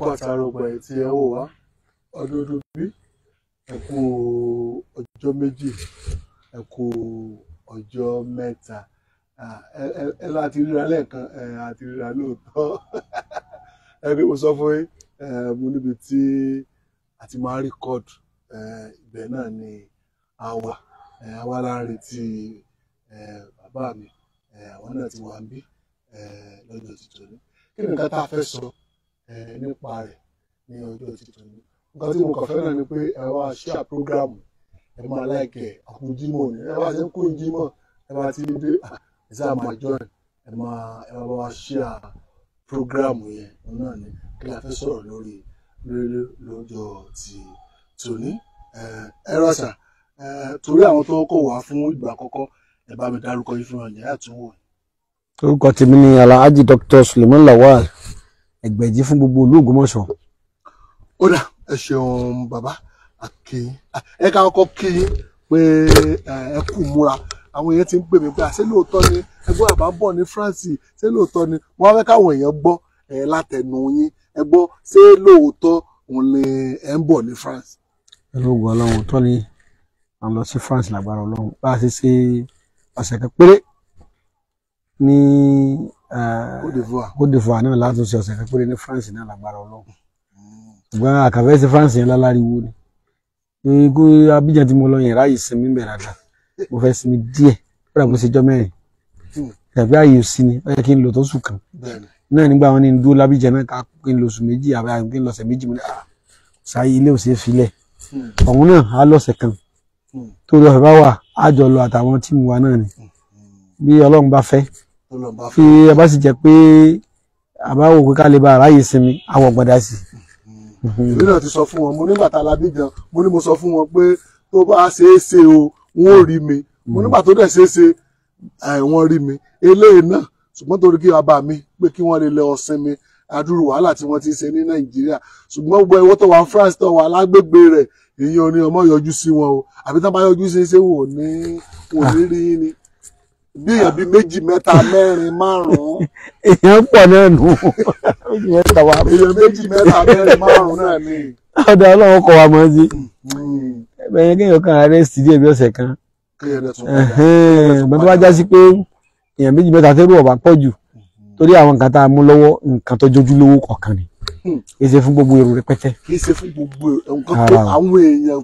kú àtàrọ̀gbà ẹ̀ tí ẹ wò wá ọdọọdún bí ẹ kú ọjọ́ méjì ẹ kú ọjọ́ mẹ́ta ẹ láti ríra lẹ́ẹ̀kan ẹ àti ríra lóòótọ́ ẹ bí mo sọ fún yín mo níbi tí a ti máa rìkọ́dù ibẹ̀ náà ni a wà a wà láàrin ti bàbá mi àwọn náà ti wà ń bí lọ́jọ́ tuntun ní kí ni nǹkan tá a fẹ́ sọ nípa rẹ̀ ní ọjọ́ títún ní. nǹkan tí mo kàn fẹ́ràn ni pé ẹ wá ṣíà prógráàmù ẹ máa láìkẹ́ àkójímọ̀ ni ẹ bá ti ń kó ìjímọ̀ ẹ bá ti dé ẹ sáà máa join ẹ máa ẹ bá wá ṣíà prógráàmù yẹn náà ni kí la fẹ́ sọ̀rọ̀ lórí lórí lọ́jọ́ ti tòní ẹ rọ̀ṣà torí àwọn tó kọ̀ wá fún ìgbà àkọ́kọ́ ẹ bá mi dárúkọ yín fún ọ̀nà ẹ̀ àtúnwò. orúkọ tèmi ni alhaji dr suleiman lawal ẹgbẹ̀jì fún gbogbo olú Ògbómọ̀ṣọ́. ó dà ẹ ṣeun bàbá àkè ẹ ká kọ́kọ́ kí yín pé ẹ kú múra àwọn èèyàn ti ń pè mí pé àṣẹ lóòótọ́ ni ẹgbọ́n bàbá ń bọ̀ ní France ṣé lóòótọ́ ni wọ́n fẹ́ káwọn èèyàn gbọ́ ẹ látẹnu yín ẹ gbọ́ ṣé lóòótọ́ òun ni ẹ ń bọ̀ ní France. ẹ ló gbọ́ ọlọ́run tó ní à lọ sí France lágbára ọlọ́run bá a ṣe ṣe ọ̀sẹ̀ kan péré ní Eh, Côte d'Ivoire náà látún ṣe ọ̀sẹ̀ kan péré ní France náà lágbára ọlọ́run ṣùgbọ́n àkàfẹ́ sí France yẹn láláriwo ni ikú Abidjan tí mo lọ yẹn ráàyè sinmi ń bẹ̀rẹ̀ àdá mo fẹ́ sinmi díẹ̀ kódà mo ṣe jọ mẹ́rin tàbí àyè òsì ni ó yẹ kí n lò tó sùn kan náà nígbà wọn ni n dúró lábíjẹ náà ká kí n lò sùn méjì àbí kí n lọ̀sẹ̀ méjì mo ní sáyé ilé òsè filẹ̀ ọ̀hún náà á lọ̀sẹ̀ kan torí ọ̀fẹ́ bá wà á jọ lọ àtàwọn tíìmù wa náà ni bí Ọlọ́run bá fẹ́ fi ẹ bá sì jẹ pé àbá wò pé ká lè bá aráyè sinmi àwọn ọ̀gbọ̀dá sí. Mm-hmm. èmi náà ti sọ fún wọn mo nígbà tá a la bí gan mo ní mo sọ fún wọn pé tó bá ṣeé ṣe o wọn ò rí mi mo nígbà mm. tó dẹ̀ ṣeé ṣe wọn rí mi eléyìí náà ṣùgbọ́n torí kí bàbá mi pé kí wọ́n lè lọ ọ̀sìn mi adúrú wàhálà tí wọ́n ti ṣe ní nàìjíríà ṣùgbọ́n gbogbo ẹwọ́ tó wà France tó wà lágbègbè rẹ̀ èyí ò ní ọmọ yọjú sí wọn o àbí tá bá yọjú sí ṣé wò ní wò ní rí ni bí èèyàn bíi méjì mẹ́ta mẹ́rin márùn-ún. èèyàn pọ̀ náà nù. méjì mẹ́ta wà. èèyàn méjì mẹ́ta mẹ́rin márùn-ún náà ni. ọ̀dọ̀ ọlọ́run kọ̀ wá mọ́ sí. Hmm. ẹ̀yìn kéèyàn kan ààrẹ sì díẹ̀ bí ọ̀sẹ̀ kan. gbọ́dọ̀ wá já sí pé èèyàn méjì mẹ́ta tẹ́rù ọ̀bà pọ̀ jù hmm. torí àwọn nǹkan tá a mú lọ́wọ́ nǹkan tó jójú lówó kọ̀ọ̀kan ni hmm. kì í ṣe fún gbogbo èrò rẹpẹtẹ. kì í ṣe fún gbogbo nǹkan tó àwọn èèyàn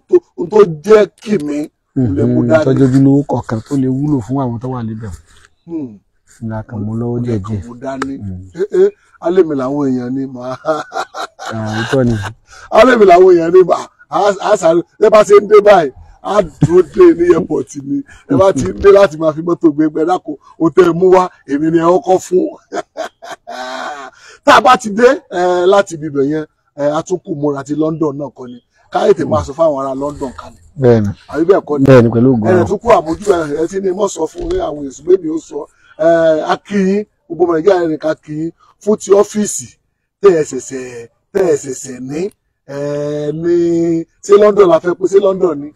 tó jẹ́ kìmí Hm, hm, tọ́jú ojúlówó kọ̀ọ̀kan tó lè wúlò fún àwọn tó wà níbẹ̀ hmm. nla kan mú lọ́wọ́ díẹ̀ díẹ̀ hm. alẹ́mi làwọn èèyàn ni mà á alẹ́mi làwọn èèyàn ni mà á sáré ẹ bá ṣe ń dé báyìí á dúró dé ní airport ni ẹ bá ti dé láti máa fi mọ́tò gbé ẹgbẹ́ dáko o tẹ́ ẹ mú wá èmi ni ẹ kọ́kọ́ fún tá a bá ti dé láti ibibẹ̀ yẹn a tún kù múra ti London náà kọ́ ni káyọ̀tẹ̀ máa sọ fáwọn ará London kalẹ̀ bẹ́ẹ̀ni àbí bẹ́ẹ̀ kọ́ ni bẹ́ẹ̀ni pẹ̀lú ògùn ẹrẹ tó kó àmójú ẹ ti ní mọ sọ fún ní àwọn èsì bébì ó sọ akínyín gbogbo ọmọ nàìjíríà rìn ká kínyín fún ti ọ́fíìsì tẹ ẹ ṣẹ̀ṣẹ̀ tẹ ẹ ṣẹ̀ṣẹ̀ ní ní ṣé London la fẹ́ pé ṣé London ni.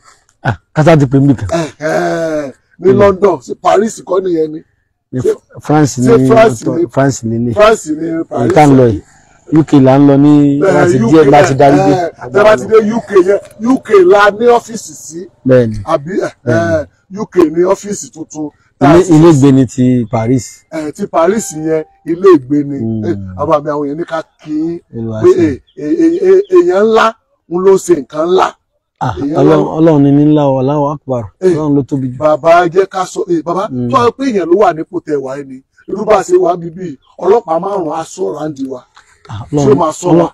kátà ah, ti pè mí kan. Eh, eh, ní London sí Paris kọ́ nìyẹn ni. France ni France ni France ni Paris. UK là ń lọ ní eh, láti díẹ̀ láti darí dé. Eh, ẹ bá ti dé UK yẹn UK la ní ọ́fíìsì sí àbí eh, UK ní ọ́fíìsì tuntun ilé ìgbé ni ti Paris. ẹ ti Paris yẹn ilé ìgbé ni hmm. àwọn àmì àwọn èèyàn ní ká kí pé èèyàn ńlá ń ló ṣe nǹkan ńlá. Ah, Ọlọ́run ni ńlá o Allahu Akbar Ọlọ́run ló tóbi jù. bàbá jẹ́ ká sọ bàbá hmm. tó wá pé èèyàn ló wà nípò tẹ̀wá ẹni irú bá ṣe wá bíbí ọlọ́pàá márùn-ún aṣọ ràǹdì wa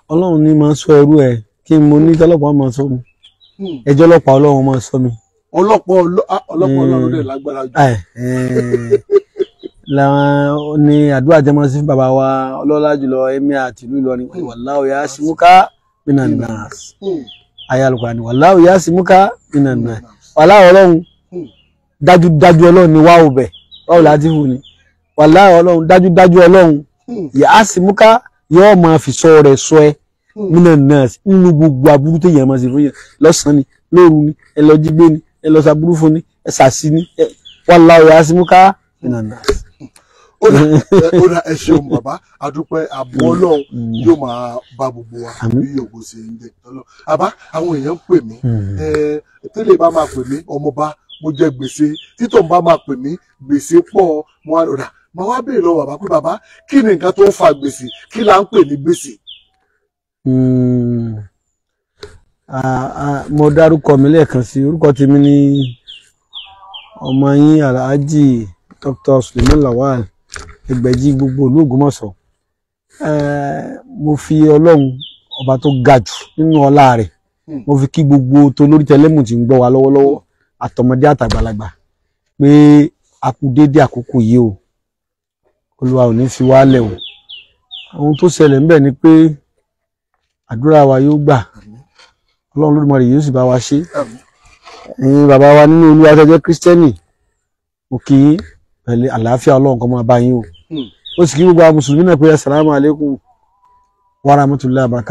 ọlọ́run ní máa ń sọ ẹrú ẹ kí n mo ní tọ́lọ́pàá máa sọ mi hmm. ẹjọ́ ọlọ́pàá ọlọ́run máa sọ mi. ọlọ́pàá ah, ọlọ́pàá hmm. ọlọ́run rẹ̀ lágbára jù. làwọn ni àdúrà jẹ́ máa sí fún bàbá wa ọlọ́lá jùlọ emir àti ìlú Ìlọrin wàláwò yá sí múká mínà hmm. náà ayálùkọ́ ni wàláwò yá sí múká mínà náà wàláwò ọlọ́run dájúdájú ọlọ́run ni wá ò bẹ̀ wáwò láti wù ni wàláwò ọlọ́run dájúdájú ọlọ́run yà á sí múká mínà náà yóò máa fi sọ rẹ̀ sọ ẹ́ hmm. nínú náà nínú gbogbo aburú téèyàn máa ṣe fún yẹn lọ́sàn ni lóru ni ẹ lọ jígbé ni ẹ lọ ṣàbúrú fún ni ẹ ṣàṣì ni wallahu yasimuka nínú náà. ó dà ẹ ṣeun bàbá àdúpẹ́ àbọ̀ hmm. ọlọ́run hmm. yóò máa bá gbogbo wa bí yòókù ṣe ń jẹ tọ́lọ́ àbá àwọn èèyàn pè mí tẹ́lẹ̀ bá máa pè mí ọmọba mo jẹ gbèsè títọ̀ bá máa pè mí gbèsè pọ̀ mo wá mà wá béèrè lọ bàbá pé bàbá kí ni nǹkan tó ń fa gbèsè kí la ń pè ní gbèsè. Hmm. mo dárúkọ mi lẹ́ẹ̀kan sí orúkọ tèmi ní ọmọ yín alhaji dr suleiman lawal ẹgbẹ̀jì gbogbo ìlú Ògbómọ̀ṣọ́ mo fi ọlọ́run ọba tó ga jù nínú ọlá rẹ̀ hmm. mo fi kí gbogbo tó lórí tẹlẹ́mù tí ń gbọ́ wa lọ́wọ́lọ́wọ́ àtọmọdé àtàgbàlagbà pé a kú déédé àkókò yìí o olúwa ò ní fi wá lẹ̀ o ohun tó ṣẹlẹ̀ ńbẹ̀ ni pé àdúrà wa yóò gbà ọlọ́run lódìmọ̀rì yóò sì bá wa ṣe ẹ̀yin bàbá wa nínú olúwa tó jẹ́ kírísítẹ́nì mo kì í pẹ̀lú àlàáfíà ọlọ́run kan máa bá yín o ó hmm. sì kí gbogbo àwọn mùsùlùmí náà pé assalamu alaikum wa rahmatullahi wa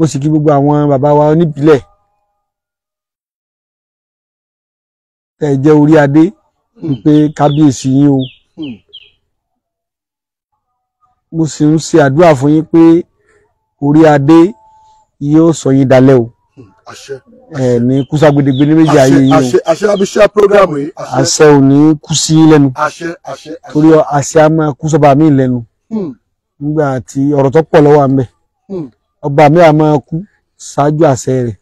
ó sì kí gbogbo àwọn bàbá wa níbílẹ̀ tẹ́ orí adé hmm. wípé kábíyèsí yín o mo sì ń ṣe àdúrà fún yín pé orí adé yóò sọ yín dalẹ̀ o hmm, ẹ ní kúsàgbèdègbè ní méjì ayé yìí o àṣẹ abiṣẹ́ programu yìí àṣẹ ò ní kú sí lẹ́nu torí àṣẹ a máa kú sọ́ba mi lẹ́nu hmm. nígbà tí ọ̀rọ̀ tó pọ̀ lọ́wọ́ à ń bẹ̀ hmm. ọba mi a máa kú ṣáájú àṣẹ rẹ̀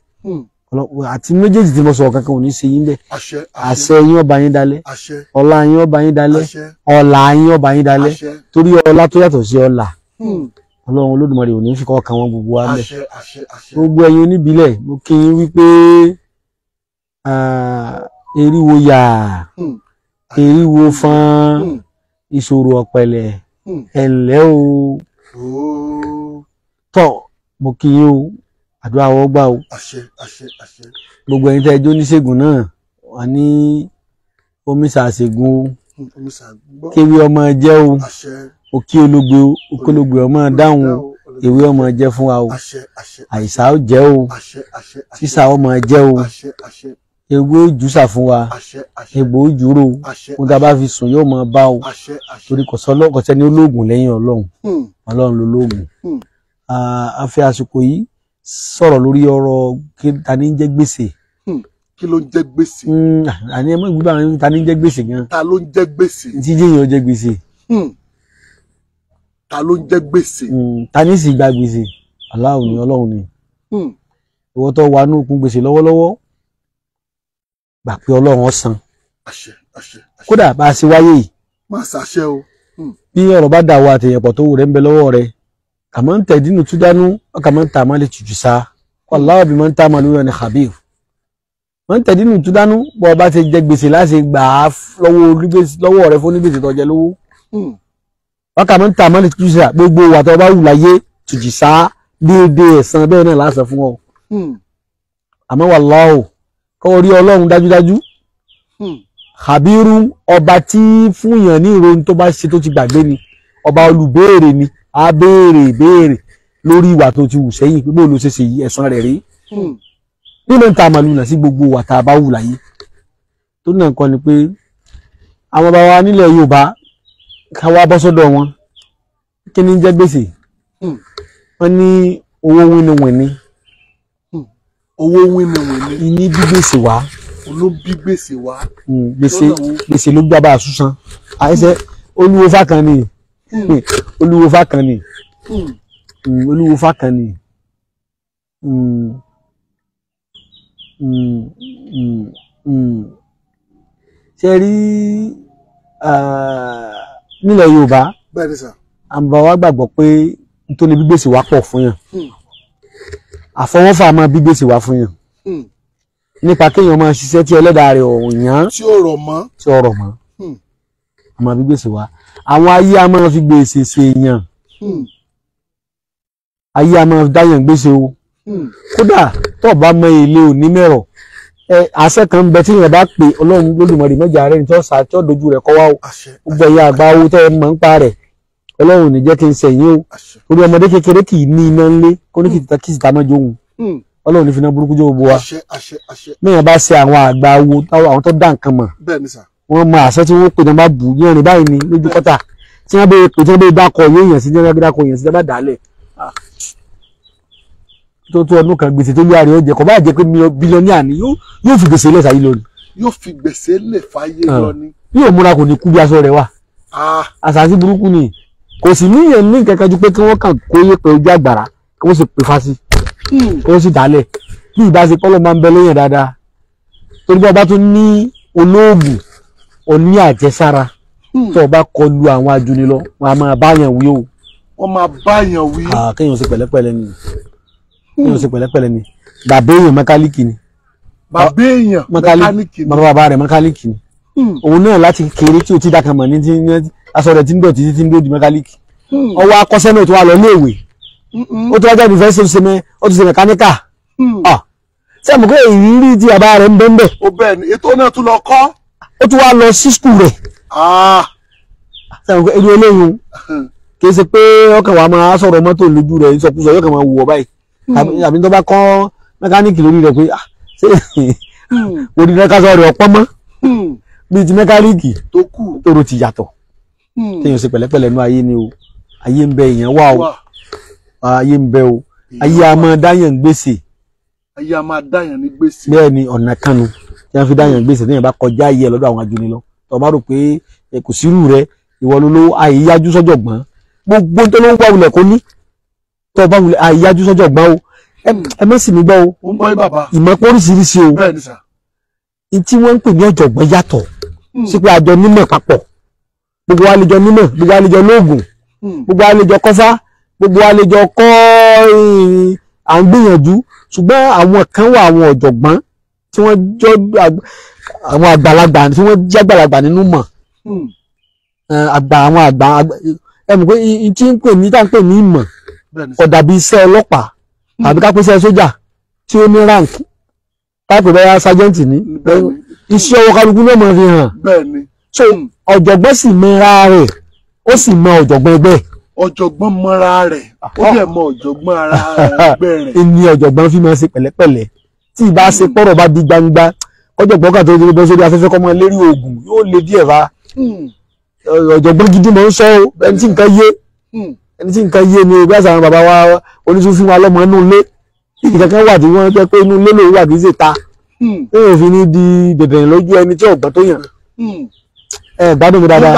àti méjèèjì tí mo sọ kankan ò ní ṣe yín bẹ àṣẹ yín ọba yín dalẹ̀ ọlá yín ọba yín dalẹ̀ ọlà yín ọba yín dalẹ̀ torí ọlá tó yàtọ̀ sí ọlà hmm. Ọlọ́run Olódùmarè ò ní fi kọkàn wọn gbogbo wa bẹ gbogbo ẹ̀yin oníbílẹ̀ mo kí yín wípé eriwo yà hmm. eriwo fan hmm. ìṣòro ọ̀pẹ̀lẹ̀ ẹnlẹ́ o tọ mo kí yín o àdúrà wọ́n gbà o gbogbo ẹ̀yin tẹ́ jó níṣègùn náà wà ní omi ṣàṣègùn o kéwì ọmọ jẹ́ o òkè ológbe o òkè ológbe ọmọ dáhùn o ìwé ọmọ jẹ́ fún wa o àìsà ó jẹ́ o sísà ọmọ jẹ́ o egbò ojúṣà fún wa egbò ojúro ohun tá a bá fi sùn yóò máa bá o torí kò sẹ́ni olóògùn lẹ́yìn ọlọ́run hmm. ọlọ́run lolóògùn hmm. a fi àsìkò yìí sọ̀rọ̀ lórí ọ̀rọ̀ ta ni ń jẹ́ gbèsè. Hmm, kí ló ń jẹ́ gbèsè. Hmm, àní ẹmọ ìgbìmọ̀ àwọn ta ni ń jẹ́ gbèsè gan. ta ló ń jẹ́ gbèsè. ti jẹ́ èèyàn jẹ́ gbèsè. Hmm, ta ló ń jẹ́ gbèsè. ta ni sì gba gbèsè aláwo ni ọlọ́run ni. ìwọ tó wà ní òkun gbèsè lọ́wọ́lọ́wọ́ gbà pé ọlọ́run ó kódà bá a ṣe wáyé yìí. máa ṣàṣẹ o. bí ọ̀rọ̀ bá dà wọ àtẹ̀yẹ̀pọ̀ tó wù rẹ̀ ń bẹ lọ́wọ́ rẹ̀ Kama kaman tadinu tudanu kaman tamale tujusa wallahi bi man tamalu ya ni khabir man tadinu tudanu bó bá ṣe jẹ gbèsè la ṣe gbà lọ́wọ́ olùgbèsè lọ́wọ́ rẹ̀ fún gbèsè tó jẹ lọ́wọ́ hmm wa kaman tamale tujusa gbogbo wa tó bá wù láyé tujusa dédé ẹ̀san bẹ́ẹ̀ náà la ṣe fún ọ hmm àmọ́ wallahi kò rí Ọlọ́hun dájú dájú hmm khabiru ọba tí fún yan ní ìròyìn tó bá ti gbàgbé ni ọba olùbéèrè ni á béèrè béèrè lórí ìwà tó ti wù sẹ́yìn pé bó ló ṣe ṣe yí ẹ̀sán rẹ̀ rí hmm. nínú ta màlúù náà sí gbogbo ìwà tá a bá wù láyé tó náà kọ́ ni pé àwọn bàbá wa nílẹ̀ Yorùbá ká wá bọ́ sọ́dọ̀ wọn kí ni jẹ́ gbèsè hmm. wọ́n ní owó wíníwíní hmm. owó wíníwíní ìní bí gbèsè wá ló bí gbèsè wá gbèsè gbèsè ló gbá bá a sùn san àìsẹ olúwo fákan ni olúwo fá kan ni hmm, olúwo fá kan ni hmm, hmm, ṣe rí nílẹ̀ Yorùbá àbá wa gbàgbọ́ pé nítorí gbígbèsè wa pọ̀ fún yàn àfọwọ́fà máa gbígbèsè wa fún yàn nípa kéèyàn máa ṣiṣẹ́ tí ẹlẹ́dàá rẹ̀ ọ̀yàn tí ọ̀rọ̀ mọ́ àmọ́ gbígbèsè wa àwọn ayé a máa fi gbèsè so èèyàn hmm. ayé a máa dáyàn gbèsè o hmm. kódà tó bá mọ èlé òní mẹ́rọ̀ àṣẹ kan bẹ tí yẹn bá pè ọlọ́run lódùmarè mẹ́jà rẹ̀ nítorí ọ̀sà tí ó dojú rẹ̀ kọ́ wá o gbogbo ẹ̀yà àgbà owó tẹ́ ẹ mọ̀ ń pa rẹ̀ ọlọ́run ò ní jẹ́ kí n sẹ̀yìn o orí ọmọdé kékeré kì í ní iná ńlé kó ní kìtìtà hmm. kìtìtà mọ́ jóun ọlọ́run ní fi iná burúkú jó gbogbo wa mẹ́yìn bá ṣe àwọn àgbà owó àwọn tó dá nǹkan mọ̀ wọ́n mọ àṣẹ tí wọ́n pè náà bá bù ní ẹ̀rìn báyìí ni lójú kọ́tà tí wọ́n bẹ̀rẹ̀ pé tí wọ́n bẹ̀rẹ̀ dákọ̀ yé èèyàn sí ní ẹgbẹ́ dákọ̀ èèyàn sí ní ẹgbẹ́ dálẹ̀ tó tó ọdún kan gbèsè tó lé àrè oúnjẹ kò bá jẹ́ pé bílíọ̀nì àní yóò fi gbèsè lẹ̀ sáyé lónìí. yóò fi gbèsè lẹ̀ fáyé lónìí. yóò múra kò ní kú bí aṣọ rẹ̀ wà. àṣàṣì burúkú ni kò sì ní ìyẹn ní kankan ju pé kí wọ́n kàn kó yé pé ojú àgbàrá kí wọ́n sì pè fásí kí wọ́n sì dálẹ̀ bí ìbáṣepọ̀ lọ́ máa ń bẹ lóyìn dáadáa torí bí ọba tún ní olóògùn oní àjẹsára hmm. tó o bá kọlu àwọn ajuni lọ wọn a máa báyàn wí o. wọn máa báyàn wí. Ah, kéèyàn ṣe pẹ̀lẹ́pẹ̀lẹ́ ni kéèyàn ṣe pẹ̀lẹ́pẹ̀lẹ́ ni bàbá èèyàn mẹkáníìkì ni. bàbá èèyàn mẹkáníìkì ni bàbá rẹ̀ mẹkáníìkì ni. Hmm. òun náà láti kéré tí o ti dàkàn mọ̀ ní ti aṣọ rẹ̀ ti ń dọ̀tí ti ń dọ̀tí mẹkáníìkì. ọwọ́ hmm. akọ́ṣẹ́ náà tó wà lọ léèwé ó tó wájú ìfẹ́ ṣe ṣe mẹ́ ó ti ṣe mẹkáníkà. sẹ́mu ah. kó ìrírí ti bàbá rẹ̀ ń bẹ́ńbẹ́. ó bẹ́ẹ̀ ni ètò náà tún lọ kọ́ ó tún wá lọ sí skul rẹ̀ ah. irú eléyìí hmm. kì í ṣe pé ọkàn wa máa sọ̀rọ̀ mọ́tò lójú rẹ̀ ìsọkúsọ yóò kàn máa wù ọ báyìí hmm. àbí tó bá kọ́ mẹkáníìkì lórí rẹ̀ pé òdìdá ah, hmm. kásọ̀ rẹ̀ ọ̀pọ̀ mọ́ bíi ti mẹkáníìkì tóró ti yàtọ̀ téèyàn ṣe pẹ̀lẹ́pẹ̀lẹ́ nú ayé ni o ayé ń bẹ èèyàn wà o ayé ń bẹ o ayé a máa dáyàn gbèsè ayé a máa dáyàn ní gbèsè bẹ́ẹ̀ ni ọ̀nà kanu tí wọ́n fi dáyàn gbèsè tí yẹn bá kọjá ayé ẹ lọ́dọ̀ àwọn ajuni lọ tó má rò pé kò sírù rẹ ìwọ ló ló àyíyájú sọ́jọ̀ gbọ́n gbogbo tó ló ń wá wulẹ̀ kó ní tó bá wulẹ̀ àyíyájú sọ́jọ̀ gbọ́n o ẹ mẹ́sìn mi gbọ́ o ìmọ̀ pé oríṣiríṣi o tí wọ́n ń pè ní ọ̀jọ̀gbọ́n yàtọ̀ hmm. sí pé àjọ nímọ̀ papọ̀ gbogbo wa lè jọ nímọ̀ gbogbo wa lóògùn hmm. gbogbo wa lè gbogbo wa kọ́ à gbìyànjú ṣùgbọ́n àwọn kan wà àwọn ọ̀jọ̀gbọ́n tí wọ́n jọ àwọn àgbàlagbà tí wọ́n jẹ́ àgbàlagbà nínú mọ̀ hmm. eh, àgbà àwọn àgbà ẹ̀mí pé tí ń pè ní tá ń pè ní ìmọ̀ kò dàbí iṣẹ́ ọlọ́pàá tàbí hmm. kápẹ́ iṣẹ́ sójà tí ó ní rank táìpẹ́ bẹ́ẹ̀ sájẹ́ǹtì ní iṣẹ́ ọwọ́ kálukú ló mọ̀ fi hàn so hmm. ọ̀jọ̀gbọ́n sì mẹ́ra rẹ̀ ó sì mọ ọ̀jọ̀gbọ́n ẹgbẹ́ ọ̀jọ̀gbọ́n mọ́ra rẹ̀ ó ah. dẹ̀ mọ ọ̀jọ̀gbọ́n ara ẹgbẹ́ rẹ̀ ni ọ̀jọ̀gbọ́n fi máa ṣe pẹ̀lẹ́pẹ̀lẹ́ tí ìbá ṣe hmm. pọ́rọ̀ bá di gbangba ọjọ́ gbọ́kà tó bọ́ sórí afẹ́fẹ́ kọ́mọ lérí oògùn yóò le díẹ̀ fa hmm. ọ̀jọ̀gbọ́n gidi mọ̀ ń sọ ọ́ hmm. ẹni tí nǹkan yé ẹni tí nǹkan yé ni bí àṣà àwọn bàbá wa oníṣu fún wa lọ́mọ inú ilé ìdí kankan wà tí wọ́n jẹ́ pé inú ilé lòun wà kì í ṣe ta yóò fi ní di bẹ̀bẹ̀ lójú ẹni tí ọ̀gbọ́n tó yàn ẹ gbádùn mi dáadáa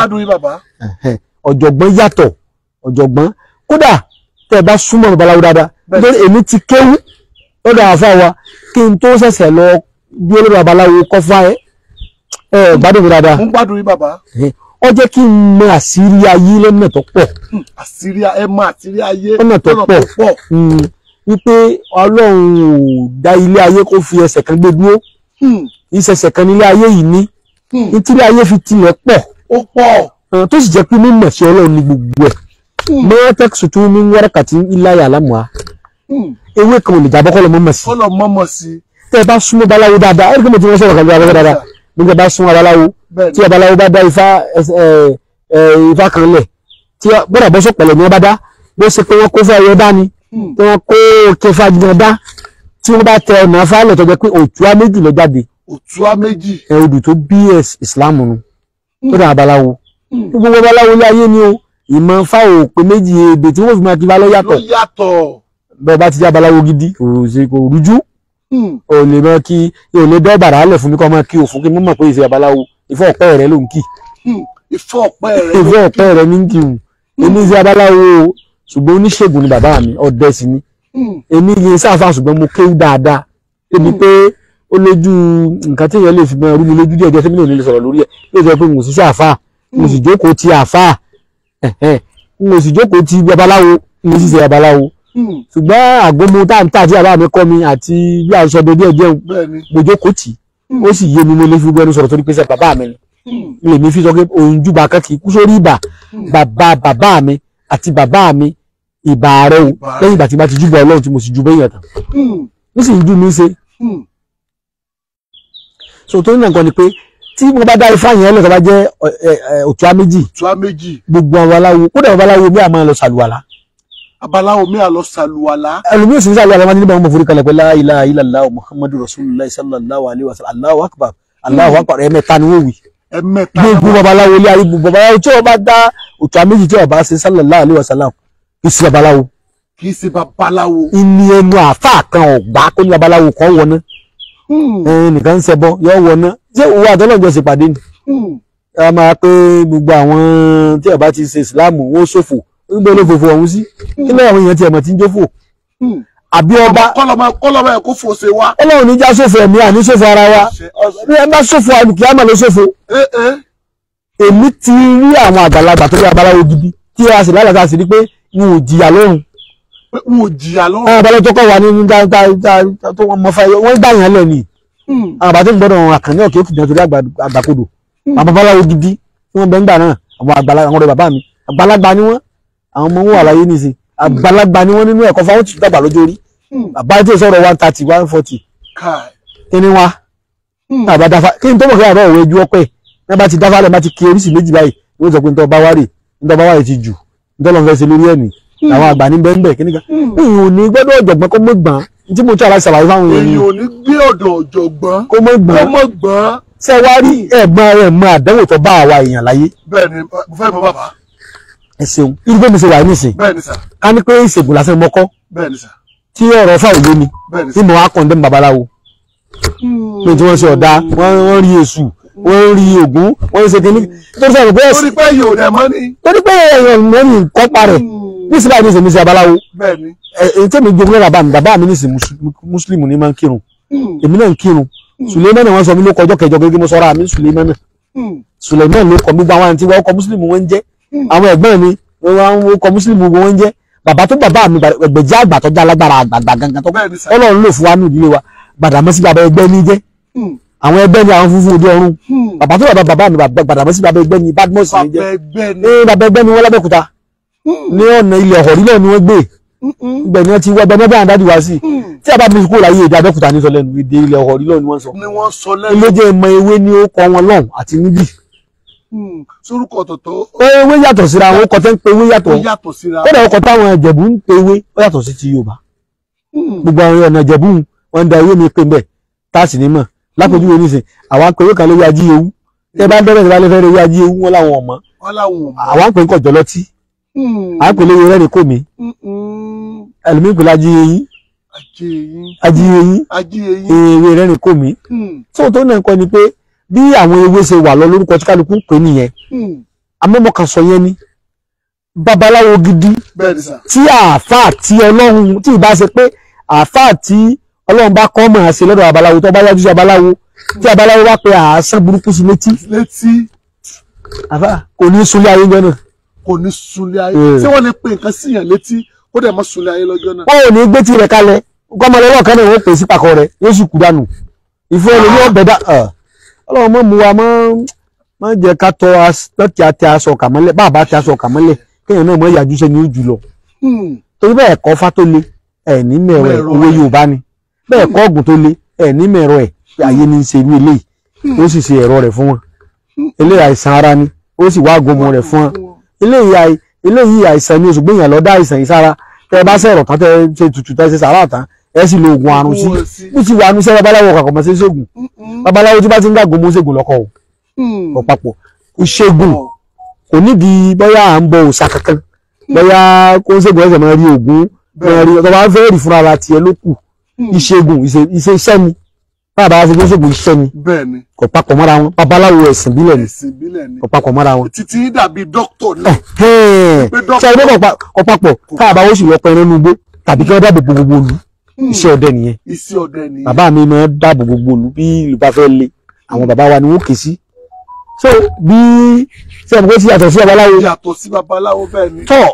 ọ̀jọ̀gbọ́n yàtọ̀ ọ̀jọ̀gbọ́n lọ́dọ̀ àfa wa kí n tó ṣẹ̀ṣẹ̀ lọ bí olórí babaláwo kọ́fà ẹ ẹ gbádùn mi dáadáa. mo ń gbádùn yín bàbá. ó jẹ́ kí n mọ àṣírí ayé lọ́nà tó pọ̀. Hmm, àṣírí ẹ mọ àṣírí ayé lọ́nà tó pọ̀. Hmm, wípé ọlọ́run ò dá ilé ayé kó fi ẹsẹ̀ kan gbé dúró hmm. ìṣẹ̀ṣẹ̀ kan nílé ayé yìí ní ìtìlẹ̀ ayé fi tilẹ̀ pọ̀. tó sì jẹ́ pé mímọ̀ sí ọlọ́run ní gbogbo ẹ̀. mọ́tẹ́kì sùtú mi ń wọ́rẹ́kàtí ńlá yàrá mọ́ ewé kan ò lè jábọ́ kọ́lọ̀ mọ́mọ́ sí. kọ́lọ̀ mọ́mọ́ sí. tẹ́ ẹ bá súnmọ́ babaláwo dáadáa ẹ̀rí kí mo ti wọ́n sọ̀rọ̀ kàlùwà lọ́wọ́ dáadáa mo ti bá súnmọ́ babaláwo tí babaláwo bá dá ifá ifá kan lẹ̀ tí bọ́dà bọ́sọ̀ pẹ̀lẹ́ ni wọ́n bá dá bó ṣe pé wọ́n kó fẹ́ ẹyẹ dání hmm. tí wọ́n kó kẹfà jìnnà dá tí wọ́n bá tẹ ọ̀nà afáàlẹ̀ tó jẹ́ pé òtúá méjì lọ jáde òtúá méjì ẹ odù tó bí Islam hmm. hmm. o ìmọ̀ fáwọn òpè méjì ebè tí wọ́n fi máa bẹ́ẹ̀ bá ti jẹ́ abaláwo gidi kò rújú hmm. ò lè mọ kí ò lè dọ́ bàrà lẹ̀ fún mi kọ́ mọ kí òfun kí mo mọ̀ pé ìṣe abaláwo ìfọ́ ọ̀pẹ́ rẹ ló ń kì. Hmm. ìfọ́ ọ̀pẹ́ rẹ ló ń kì. ìfọ́ ọ̀pẹ́ rẹ ní kì hmm. èmi ṣe abaláwo ṣùgbọ́n oníṣègùn ni bàbá mi ọdẹ sì ni èmi yẹn sáfà ṣùgbọ́n mo kéwú dáadáa débi pé ó lójú nǹkan tí èèyàn lè fi máa rú mi lójú díẹ̀ mo sì jókòó ti àfà mo sì ṣe babaláwo Hmm. ṣùgbọ́n àgbọ̀mọ táǹtà àti àbá mi kọ́ mi àti bí àṣọ bẹbí ẹ̀jẹ̀ gbòjó kò tì ó sì yé mi mo lè fi gbẹnu sọ̀rọ̀ torí pé sẹ́ bàbá mi ni lèmi hmm. fi sọ pé òun júbà kan kì í kú sórí ìbà hmm. bàbá bàbá mi àti bàbá mi ìbà rẹ o lẹ́yìn ìgbà tí bá ti júbà ọlọ́run tí mo sì ju bẹ́yìn ẹ̀tàn ó sì ń dùn mí ṣe. so tó ní nǹkan ni pé tí mo bá dá ifá yẹn lọ́sọ̀ bá jẹ́ òtúá méjì gbogbo àwọn aláwo kódà àwọn aláwo bí a máa abala omi àlọ sàlùwàlá. ẹlòmíì sì ń sàlùwàlá wọn nígbà wọn forí kalẹ̀ pé la ilaha illallah muhammadu rasulillah sallallahu alayhi wa sallam allahu akbar allahu akbar ẹ̀mẹ́ta ni wọ́n wí. ẹ̀mẹ́ta ni wọ́n wí. gbogbo babaláwo ilé ayé gbogbo babaláwo tí wọ́n bá dá òtún àméjì tí wọ́n bá ṣe sallallahu alayhi wa sallam kì í ṣe babaláwo. kì í ṣe babaláwo. ìní ẹnu àáfàá kan ọ̀gbá kó ní babaláwo kan wọná. Hmm. nìkan ń ṣẹbọ yọ wọná ṣé òwò àtọ́lọ́jọ́ ṣèpàdé ni. Hmm. a máa pé gbogbo àwọn tí wọ́n gbọ́n ló fòfò ọ̀hún sí hmm. kí lọ́wọ́ èèyàn tiẹ̀ mọ̀ tí ń jó fò hmm. àbí ọba kọlọmọ ẹ kó fòsè wa. ọlọ́run níjà ṣòfò ẹ̀mí àní ṣòfò ara wa bí ẹ bá ṣòfò àlùkìyàmọ̀ ló ṣòfò. èmi ti rí àwọn àgbàlagbà tó bí abaláwo gidi tí a sì lálàtà sí ni pé wọn ò jìyà lọ́rùn. wọn ò jìyà lọ́rùn. àwọn abaláwo tó kọ̀ wá ní tó wọn mọ fáyọ hmm. wọn gbà yẹn lẹ́ni. àwọn àbátí gbọ́dọ̀ àkànní ọ̀kẹ́ òkè jẹ́ torí àgbàkodò àbábaláwo gidi tí wọ́n bẹ́ ń gbà náà àwọn àgbàlagbà ni wọ́n àwọn ọmọ wà láyé nìsín àgbàlagbà ni wọ́n nínú ẹ̀kọ́ fáwọn ti dàgbà lójó rí hmm. bàbá tí one thirty one forty kíni wa hmm. bàbá dáfà kí n tó mọ̀ kí àbá òwe ju ọpẹ́ ní bá ti dáfà lẹ́ẹ̀ bá ti kí oríṣi méjì báyìí ni wọ́n sọ pé ntọ́ bá wà rè ntọ́ bá wà rè ti jù ntọ́ lọ́n fẹ́ ṣe lórí ẹ̀mí hmm. àwọn àgbà ní bẹ́ńbẹ́ kíní kan èyí ò ní gbọ́dọ̀ ọ̀jọ̀gbọ́n kó mọ̀ gbọ́n tí mo tí ara ṣàlàyé fáwọn èèyàn èyí ò ní gbé ọ̀dọ̀ ọ̀jọ̀gbọ́n kó mọ̀ gbọ́n ṣe wá rí ẹ̀gbọ́n rẹ̀ mọ àdánwò tó bá àwa èèyàn láyé. bẹ́ẹ̀ni mo fẹ́ mọ bàbá ẹ ṣeun irú bẹ́ẹ̀ mi ṣe wà nísìn ká ní pé ìṣègùn lásán mọ́ kọ́ tí ọ̀rọ̀ fàwùjọ ni tí mo wá kàn dé babaláwo pé hmm. tí wọ́n ṣe ọ̀dà wọ́n rí èṣù wọ́n rí ògún wọ́n ṣe kíní tó ṣe àgbẹ̀ ẹ̀sìn. torí pé ni. torí èèyàn mọ́ ni nǹkan parẹ̀ níṣẹ́ báyìí níṣẹ́ mi ṣe abaláwo èyí tẹ́mi jogún lọ́la bá mi bàbá mi níṣẹ́ mùsùlùmí ni máa ń kírun hmm. èmi náà ń kírun hmm. sùlẹ́mẹ́nà wọn sọ mi ló kọjọ́ kẹjọ gẹ́gẹ́ mo sọ́ra mi sùlẹ́mẹ́nà sùlẹ́mẹ́nà ló kọ mi gbọ́ àwọn àti wọn kọ mùsùlùmí wọn ń jẹ́ àwọn ẹ̀gbọ́n mi wọ́n wá ń kọ mùsùlùmí gbogbo wọn jẹ́ bàbá tó bàbá mi ẹgbẹ̀jẹ́ àgbà tó já lágbára àgbà gangan tó ọlọ́run lò fún wa ní ìdílé wa Gbàdàmọ́sí bàbá ẹgbẹ́ ní jẹ́ hmm. àwọn ẹgbẹ́ ni àwọn funfun òde ọ̀run hmm. bàbá tó bàbá bàbá mi Gbàdàmọ́sí bàbá ẹgbẹ́ ni Badmus ní jẹ́ ee eh, bàbá ẹgbẹ́ ni wọ́n lábẹ́kúta hmm. ní ọ̀nà ilẹ̀ ọ̀họ̀rí náà ni wọ́n gbé ibẹ̀ ni wọ́n ti wọ́ ẹgbẹ́ náà dáàdì wá sí tí a bá mi kúrò láyé èdè Abẹ́òkúta ní sọ lẹ́nu èdè ilẹ̀ ọ̀họ̀rí náà ni wọ́n sọ ilé jẹ́ ìmọ̀ ewé ni ó kọ wọn lọ́hùn àti níbí Hmm, sórúkọ ọ̀tọ̀tọ̀. ewé yàtọ̀ síra àwọn ọkọ̀ tẹ́ ń pe ewé yàtọ̀ kódà ọkọ̀ táwọn ẹ̀jẹ̀bú ń pe ewé ó yàtọ̀ sí ti Yorùbá hmm. gbogbo àwọn ọ̀nà ẹ̀jẹ̀bú wọn da ewé mi pé mbẹ̀ tá a sì ní mọ̀ lápòjúwe nísìn àwọn akọ̀wé kan lórí ají ewu tẹ́ bá ń bẹ̀rẹ̀ síra lẹ́fẹ̀ẹ́ lórí ají ewu wọn làwọn ọmọ àwọn akọ̀wé kọ̀ jọlọ́tí àpèlè rẹ̀ ní kò mí ẹlòmíkùn lájí eyín ají eyín eyín ewé rẹ̀ ní kò mí tó tó náà kọ́ ni pé bí àwọn ewé ṣe wà lọ lórúkọ tí kálukú ń pè nìyẹn amẹ́mọ̀kànsọ hmm. yẹn ni babaláwo gidi tí àáfàá tí ọlọ́run tí ìbá ṣe pé àáfàá tí ọlọ́run bá kọ́ mọ̀ á ṣe lọ́dọ̀ babaláwo tó bá yájú sí babaláwo tí babaláwo wá pé àásán burúkú sí létí kò ní sunlé ayé jọ náà. kò ní sunlé ayé tí hmm. wọ́n lè pe nǹkan sí yàn létí kó dẹ̀ mọ́ sunlé ayé lọ́jọ́ náà. wọ́n ò ní gbé tirẹ̀ kalẹ̀ gọ́mọlẹ́wọ̀ kan náà wọ́n pè sí pàkọ́ rẹ̀ yóò sì kú dànù ìfowópamọ́ bẹ̀dá. Ah ọlọ́run mọ̀ mú wa mọ́ mọ́ jẹ́ ká tọ́ láti àti aṣọ ọ̀kà mọ́lẹ̀ bá a bá ti aṣọ ọ̀kà mọ́lẹ̀ kéèyàn náà mọ̀ yàjú sẹ́ni ó jù lọ. Hmm. torí bẹ́ẹ̀ kọ́ fá tó le ẹ̀ ní mẹ̀rọ ẹ̀ owó Yorùbá ni bẹ́ẹ̀ hmm. kọ́ ọ̀gùn tó le ẹ̀ ní mẹ̀rọ ẹ̀ ayé ni ń ṣe irú eléyìí hmm. ó sì ṣe ẹ̀rọ rẹ̀ fún wọn eléyìí àìsàn ara ni ó sì wá agomo rẹ̀ fún wọn eléyìí àìsàn ni oṣù gbìyànjú lọ́dá àìsàn yìí sára tẹ ẹ sì lo oògùn àrùn sí mo ti wà níṣẹ́ babaláwo kàkọ́ mọ́ sí ṣègùn babaláwo tí bá ti ń gàgò mọ́ ṣègùn lọ́kọ̀ o ọ̀pápọ̀ hmm. ṣègùn kò nídìí bóyá à ń bọ òòṣà kankan hmm. bóyá kó ṣègùn ẹsẹ̀ máa rí oògùn máa rí ọ̀tọ̀ bá fẹ́ rí fúnra ara tiẹ̀ ló kù hmm. ìṣègùn ìṣe iṣẹ́ ni bá a bá ṣe gbóṣègùn iṣẹ́ ni kò papọ̀ mọ́ra wọn babaláwo ẹ̀sìn bílẹ̀ ni kò papọ̀ wọn. títí dàbí dókítà náà. ṣé ẹgbẹ́ kò papọ̀ káàbáwó sì lọ pẹ́ tàbí kí wọ́n dábò gbogbo olú. Hmm. iṣẹ́ ọdẹ nìyẹn iṣẹ́ ọdẹ nìyẹn bàbá mi máa dáàbò gbogbo olú bí ìlú bá fẹ́ le àwọn bàbá wa ni wọ́n ké sí so bí ṣe àmọ́ sí yàtọ̀ sí babaláwo yàtọ̀ sí babaláwo bẹ́ẹ̀ ni tọ́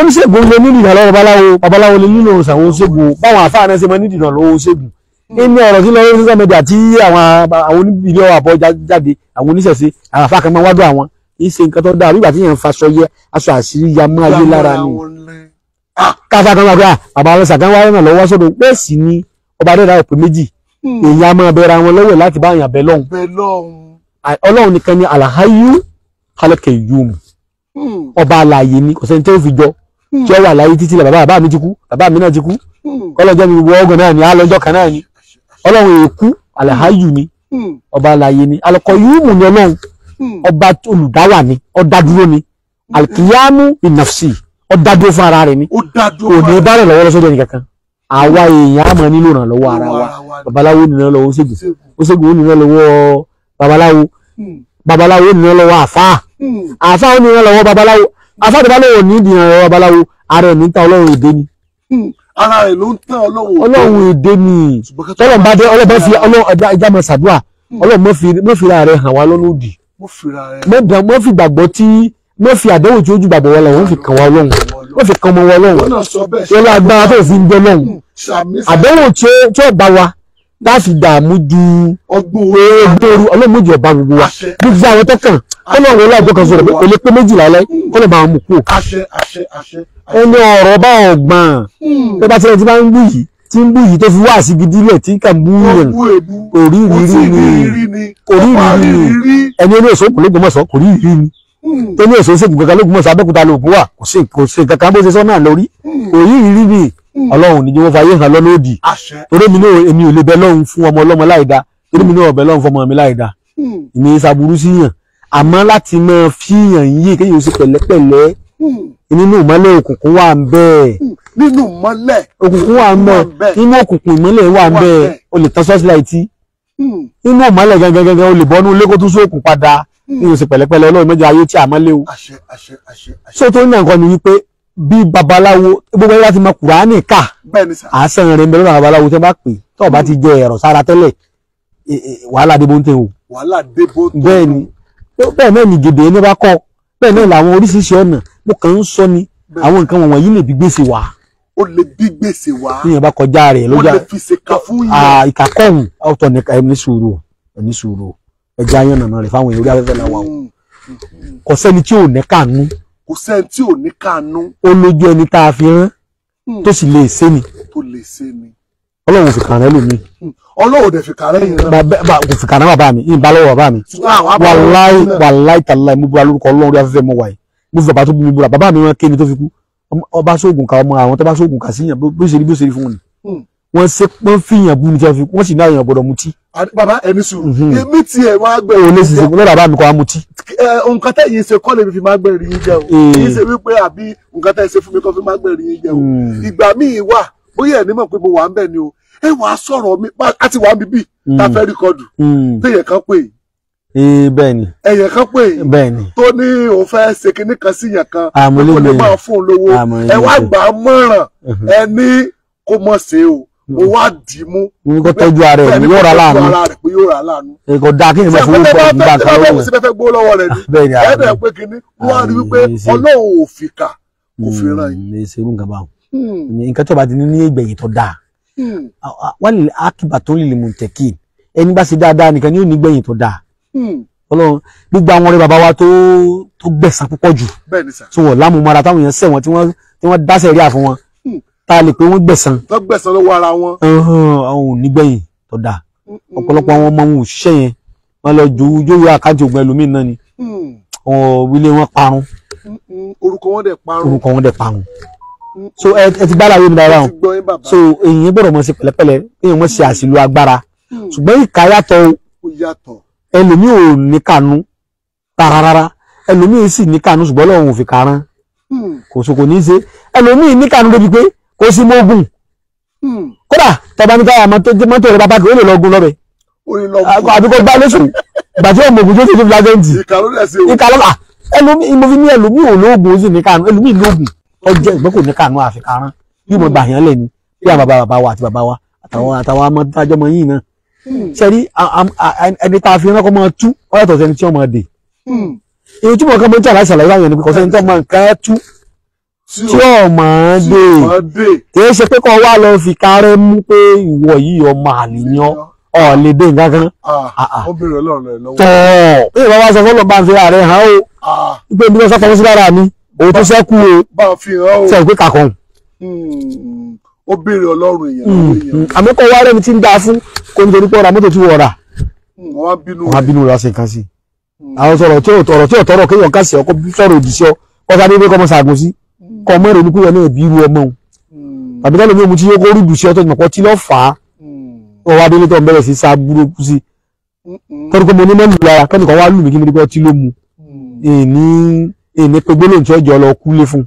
oníṣègùn lè nílò ìdàlọ́ babaláwo babaláwo lè nílò ìṣàwọn oníṣègùn báwọn àfáà náà ṣe máa nídìí ìdàlọ́ oníṣègùn nínú hmm. ọ̀rọ̀ sí lọ́wọ́ social media tí àwọn àwọn oníbìlẹ̀ ọ̀bọ̀ jáde àwọn oníṣẹ̀ṣe àwọn àfáà kan máa wádùn àwọn ìṣe nǹkan tó dáa bí ìgbà tí yẹn ń faṣọ yẹ aṣọ àṣírí ya mọ́ ayé lára ni káfá kan wà pé ah, bàbá ọlọ́sà kan wáyé náà lọ́wọ́ sọ́dọ̀ pé sì ni ọba dẹ́dà òpè méjì hmm. èèyàn máa bẹ̀rẹ̀ àwọn lọ́wọ́ láti bá àyàn bẹ̀ lọ́hùn ọlọ́hun nìkan ni àlàháyú kálọ̀kẹ̀ yùmù ọba àlàyé ni kò sẹ́ni tó fi jọ hmm. tí ó wà láyé títí la bàbá mi ti kú bàbá mi náà ti kú hmm. ọlọ́jọ́ mi gbogbo ọgàn náà ni alọ́jọ́ kan náà ni ọlọ́hun èkú àlàháyù ni ọba àlàyé ni alọ́kọ̀ yùmù ni ọlọ́hun ọba olùdáwà ni ọdádúró ni alkiyamu ìnàfsì ó dádúró fún ara rẹ̀ ni kò ní bá rẹ̀ lọ́wọ́ lọ́sọ́dọ̀ nìkan kan àwa èèyàn àmọ́ nílò ìrànlọ́wọ́ ara wa babaláwo nìyẹn lọ́wọ́ ṣègùn ṣègùn ó nìyẹn hmm. hmm. lọ́wọ́ babaláwo babaláwo nìyẹn lọ́wọ́ àfáà àfáà ó nìyẹn lọ́wọ́ babaláwo àfáà tẹ́lá lọ́wọ́ ní ìdìyàn lọ́wọ́ babaláwo ara ẹ̀ ní ta ọlọ́run èdè ni. Hmm. ara ẹ̀ ló ń tán ọlọ́run èdè ọlọ́run èdè ni tọ́lọ́mbà dé ọlọ́bẹ̀ fi ẹja mọ sàdúà ọlọ́run mọ́ fi ra rẹ̀ hàn wá lọ́nà òdì mọ́ fi gbàgbọ́ tí wọ́n fi àdánwò tí ó bàbá wọn wọ́n fi kàn wá ọlọ́run wọ́n fi kàn ọmọ wọn ọlọ́run wọ́n lọ agbára tó fi ń bẹ lọ́run àdánwò tí ó bá wa láti dààmú ju ọgbọ́n ọlọ́run méjì ọba gbogbo wa gbogbo àwọn tó kàn kọ́nà àwọn ọlọ́àjọ kan sọ̀rọ̀ kò pé méjìlá lẹ́ kọ́nà bá wọn mú kú. ẹni ọ̀rọ̀ bá ọ̀gbọ̀n hmm. tó bá tilẹ̀ tí bá ń wí yìí tí ń bí yìí tó fi wá àsìgidì lẹ̀ tí kà ń bú rẹ̀ kò rí ìrírí ni kò rí ìrírí ni ẹni olóòsó kò lè kò rí ìrírí ni tó hmm. ní èso ṣègùn kankan lóògùn mọ̀sá abẹ́kúta lóògùn wà kò sí kò sí kankan bó ṣe sọ náà lórí hmm. òyìn ìrírí mi hmm. ọlọ́run níjẹ́ wọ́n fa ayé hàn lọ́lọ́dì torí mi náà èmi ò lè bẹ lọ́run fún ọmọ ọlọ́mọ láìda torí mi náà bẹ lọ́run fún ọmọ mi láìda ìní ìsàbùrú sí yàn àmọ́ láti máa fi yàn yí kéyìn oṣù pẹ̀lẹ́pẹ̀lẹ́ nínú ìmọ́lẹ̀ òkùnkùn wà ń bẹ́ẹ̀. nínú òkùnkùn ìmọ́lẹ̀ wà ń bẹ́ẹ̀ o lè tan sọ́sílẹ̀ ìtì nínú ìmọ́lẹ̀ gangan gangan o lè bọ́ nínú ilé kó tún sóòkùn padà ní oṣù pẹ̀lẹ́pẹ̀lẹ́ ọlọ́run mẹ́jọ ayé tí a mọ́ léwu. so tó ní nǹkan ni wípé bí babaláwo gbogbo ẹgbẹ́ láti mọ kùránì ká àásán rẹ̀ ń bẹ lọ́nà babaláwo tẹ́ bá pè tó bá ti jẹ ẹ̀rọ sára tẹ́lẹ̀ e, e, wàhálà dé bó ń tẹ̀ o. wàhálà dé bó ń tẹ̀ o. bẹ́ẹ̀ ni bẹ́ẹ̀ náà ni gèdè ẹni bá kọ́ bẹ́ẹ̀ náà làwọn oríṣiríṣi ọ̀nà mo kàn ń sọ ni àwọn nǹkan wọ̀nyí lè bí gbèsè wá ó lè bí gbèsè wá. ní ìyẹn bá kọjá rẹ̀ lọ́jà ó lè ọ̀tọ̀ ní sùúrù ní sùúrù ẹja yan nànà rẹ fáwọn èèyàn orí afẹ́fẹ́ làwọn àwọn kò sẹ́ni tí ò ní kànú. kò sẹ́ni tí ò ní kànú. ó lójú ẹni tá a fi rán hmm. tó sì lè ṣe ni. tó lè ṣe ni. ọlọ́run fi kàn rẹ lómi. ọlọ́run dẹ̀ fi kàn rẹ yìí rán. bàbá kò fi kàn rẹ bàbá mi ìyìnbá lọ́wọ́ bàbá mi. wàláì wàláì tàláì mo búra lórúkọ ọlọ́run orí afẹ́fẹ́ mo wà mo fi bàbá tó bí mi búra bàbá mi rán kéènì tó fi kú ọba sóògùn ká ọmọ àwọn tó bá sóògùn ká síyàn bó ṣe rí bó ṣe rí fún wọn wọ́n ṣe pọ́n fìyàn bú ni tí wọ́n fi wọ́n sì ní àyàn gbọ́dọ̀ mutí. bàbá ẹni sùn mhm. èmi ti ẹ̀ wá gbẹ̀ òun lè ṣiṣẹ́ lọ́dà bá mi kọ́ amutí. nǹkan tẹ́ yìí ṣe kọ́ lèmi fi máa gbẹ̀ rí yín jẹ́ o eh. kì í wípé àbí nǹkan tẹ́ ṣe fún mi kọ́ fi máa gbẹ̀ rí yín jẹ́ o hmm. ìgbà míì wà bóyá ẹ̀ nímọ̀ pé mo wà ń bẹ̀ ni o ẹ wà á sọ̀rọ̀ mi a ti wà á bíbí hmm. ta fẹ́ rìkọ́dù hmm. téèyàn eh, kan pè é bẹ́ẹ̀ ni ẹ̀yàn kan pè é tó ní òun fẹ́ ṣe kinní kan síyàn kan kó lè máa fún un lówó ẹ wá gbà á mọ̀ràn mhm. ẹ ní kó mọ̀ ṣe o mo hmm. wá dì í mú. ní kò tọ́jú ara ẹ̀ ní yóò rà láàánú. pé yóò rà láàánú. èkó da kí èèyàn fún yóò gbà kan lọ́wọ́. ṣé fẹ́fẹ́ gbó lọ́wọ́ rẹ̀ ni. bẹ́ẹ̀ ni àbẹ̀ ẹ̀ pé kínní wọ́n á rí wípé ọlọ́run ò fi kà kò fi hmm, ràn yín. ní ṣerú nǹkan báwọn hmm. nǹkan tó bá ti ní ní ìgbẹ̀yìn tó dáa wọ́n lè akíba tó lè mú tẹ̀kí ẹni bá ṣe dáadáa nìkan ni ó ní ìgbẹ̀yìn tó dáa ọlọ́run gbogbo àwọn ọ̀rẹ́ bàbá wa tó gbẹ̀san púpọ̀ jù tó wọ̀ lámùmára ta lè pé wọ́n gbẹ̀san. wọ́n gbẹ̀san wa. ara wọn. àwọn ò ní gbẹ̀yìn tó dáa ọ̀pọ̀lọpọ̀ àwọn ọmọ wọn ò ṣiṣẹ́ yẹn wọ́n lọ ju yóò àkájọ ògbẹ́ lómi náà ni ilé mm. wọn parun. orúkọ wọn dẹ̀ parun. orúkọ wọn dẹ̀ parun. so ẹ ti bá láyé mi dára o so èyí gbọ́dọ̀ mọ̀ sí pẹ̀lẹ́pẹ̀lẹ́ èyí mọ̀ sí àṣìlò agbára mm. ṣùgbọ́n ìka yàtọ̀ o ẹlòmíì ò ní kànú tararara ẹlòmíì sì ní kànú ṣùgbọ́n Ọlọ́run ò fi kàrán mm. kò sókò ní í ṣe ẹlòmíì ní kànú débi pé ó sì mógùn kódà tọba ní káyà mọ́tò rẹ̀ bàbá kì ó lè lọ gun lọ́bẹ̀ àbíkó gbá lóṣù gbàtí ó mọ̀gùn tó ti fi lájẹ́ǹtì ìkàlọ́lá ah, ẹlòmí mo fi ní ẹlòmí ò lóògùn ó sì ní kàánú ẹlòmí lóògùn ọjọ́ ìgbẹ́ kò ní kàánú àfi kárán yóò mọ̀ gbà yán lẹ̀ ni bí àwọn bàbá bàbá wa àti bàbá wa àtàwọn àtàwọn ọmọ tájọ́ mọ yìí náà hmm. ṣẹ́rí ẹni tá a fi rán kọ́ máa tú ọ̀yàtọ̀ sẹ́ni tí wọ́n máa dè hmm. èyí túbọ̀ kan mo ń tí àlàyé ṣàlàyé àwọn ènìyàn kọ́sẹ́ni tí wọ́n máa ń ká tú tí ò mọ̀ ọ́n dé kì í ṣe pé kọ́ wá lọ fi kárẹ́ mú pé ìwọ yìí ọmọ àníyàn ọ̀lẹ́ dé nǹkan kan. Ah, ah, ah. ó bèrè ọlọ́run rẹ̀ lọ́wọ́. tọ́ọ̀ bí ìwọ bá sọ fọlọ́ bá ń fi ààrẹ hàn ó pé bí wọ́n sọ fọwọ́ sí lára mi òun tó sẹ́kù o bá ń fi hàn ó sẹ́kù pé kàkọ́. Hmm, ó bèrè ọlọ́run èèyàn. Hmm, hmm. àmọ́ kọ́ wá rẹ́mi tí ń dáa fún kó nítorí pé ọ̀rà mọ́tò tí wọ́n rà. wọ́n á bínú rẹ̀ ṣe nǹkan sí. àwọn sọ̀rọ̀ tí ò tọ̀rọ̀ kéèyàn kásì ọkọ̀ sọ̀rọ̀ òdì sí ọ kọ́sá dé kọ mọ́ ìrònú pé wọn náà bí irú ọmọ òun hmm. tàbí ká lómi òun tí yóò kó rúdù sí ọtọ́ ìmọ̀pọ̀ tí lọ́ọ́ fà á wọn hmm. wá délé tó ń bẹ̀rẹ̀ sí sá burúkú sí hmm. tọ́jú pé mo ní mẹ́lù lára kẹ́nìkan wá lù mí kí mo ní pé ọtí ló mu èní èní pé gbólóhùn tí ọjọ́ lọ kúlé fún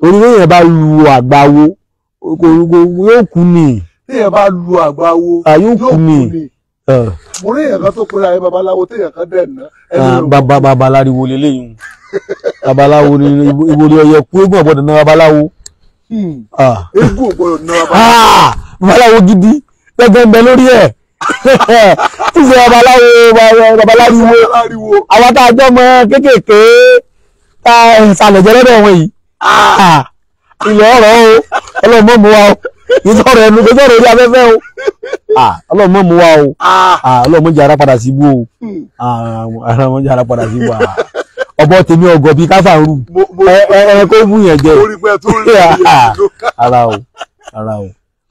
torí lóyìn bá lu àgbáwo yóò kú ni téèyàn bá lu àgbáwo yóò kú ni mo rí èèyàn kan tó pera ẹ babaláwo téèyàn kan dẹ̀ ná. babaláwo lélẹ́yìn babaláwo ni ìwò ni ọyẹ kú eégún ọgbọdọ náà babaláwo. Hmm. eégún ọgbọdọ náà babaláwo. babaláwo gidi gẹ́gẹ́ ń bẹ lórí ẹ tí ṣe babaláwo babaláwo àwọn tá a jọ mọ kéékèèké tá a ṣàlẹ̀jẹ́ lọ́dọ̀ wọn yìí ilẹ̀ ọ̀rọ̀ o ọlọ́mọ mu wa o kì í sọ̀rọ̀ ẹnu kì í sọ̀rọ̀ orí afẹ́fẹ́ o ọlọ́mọ mu wa o ọlọ́mọ jẹ́ ara sí ibú o hmm. ọlọ́mọ jẹ́ ara padà sí ibú o ọ̀bọ tèmi ọgọ bíi káfàrú ẹ kó mú yẹn jẹ ah, ara o ara o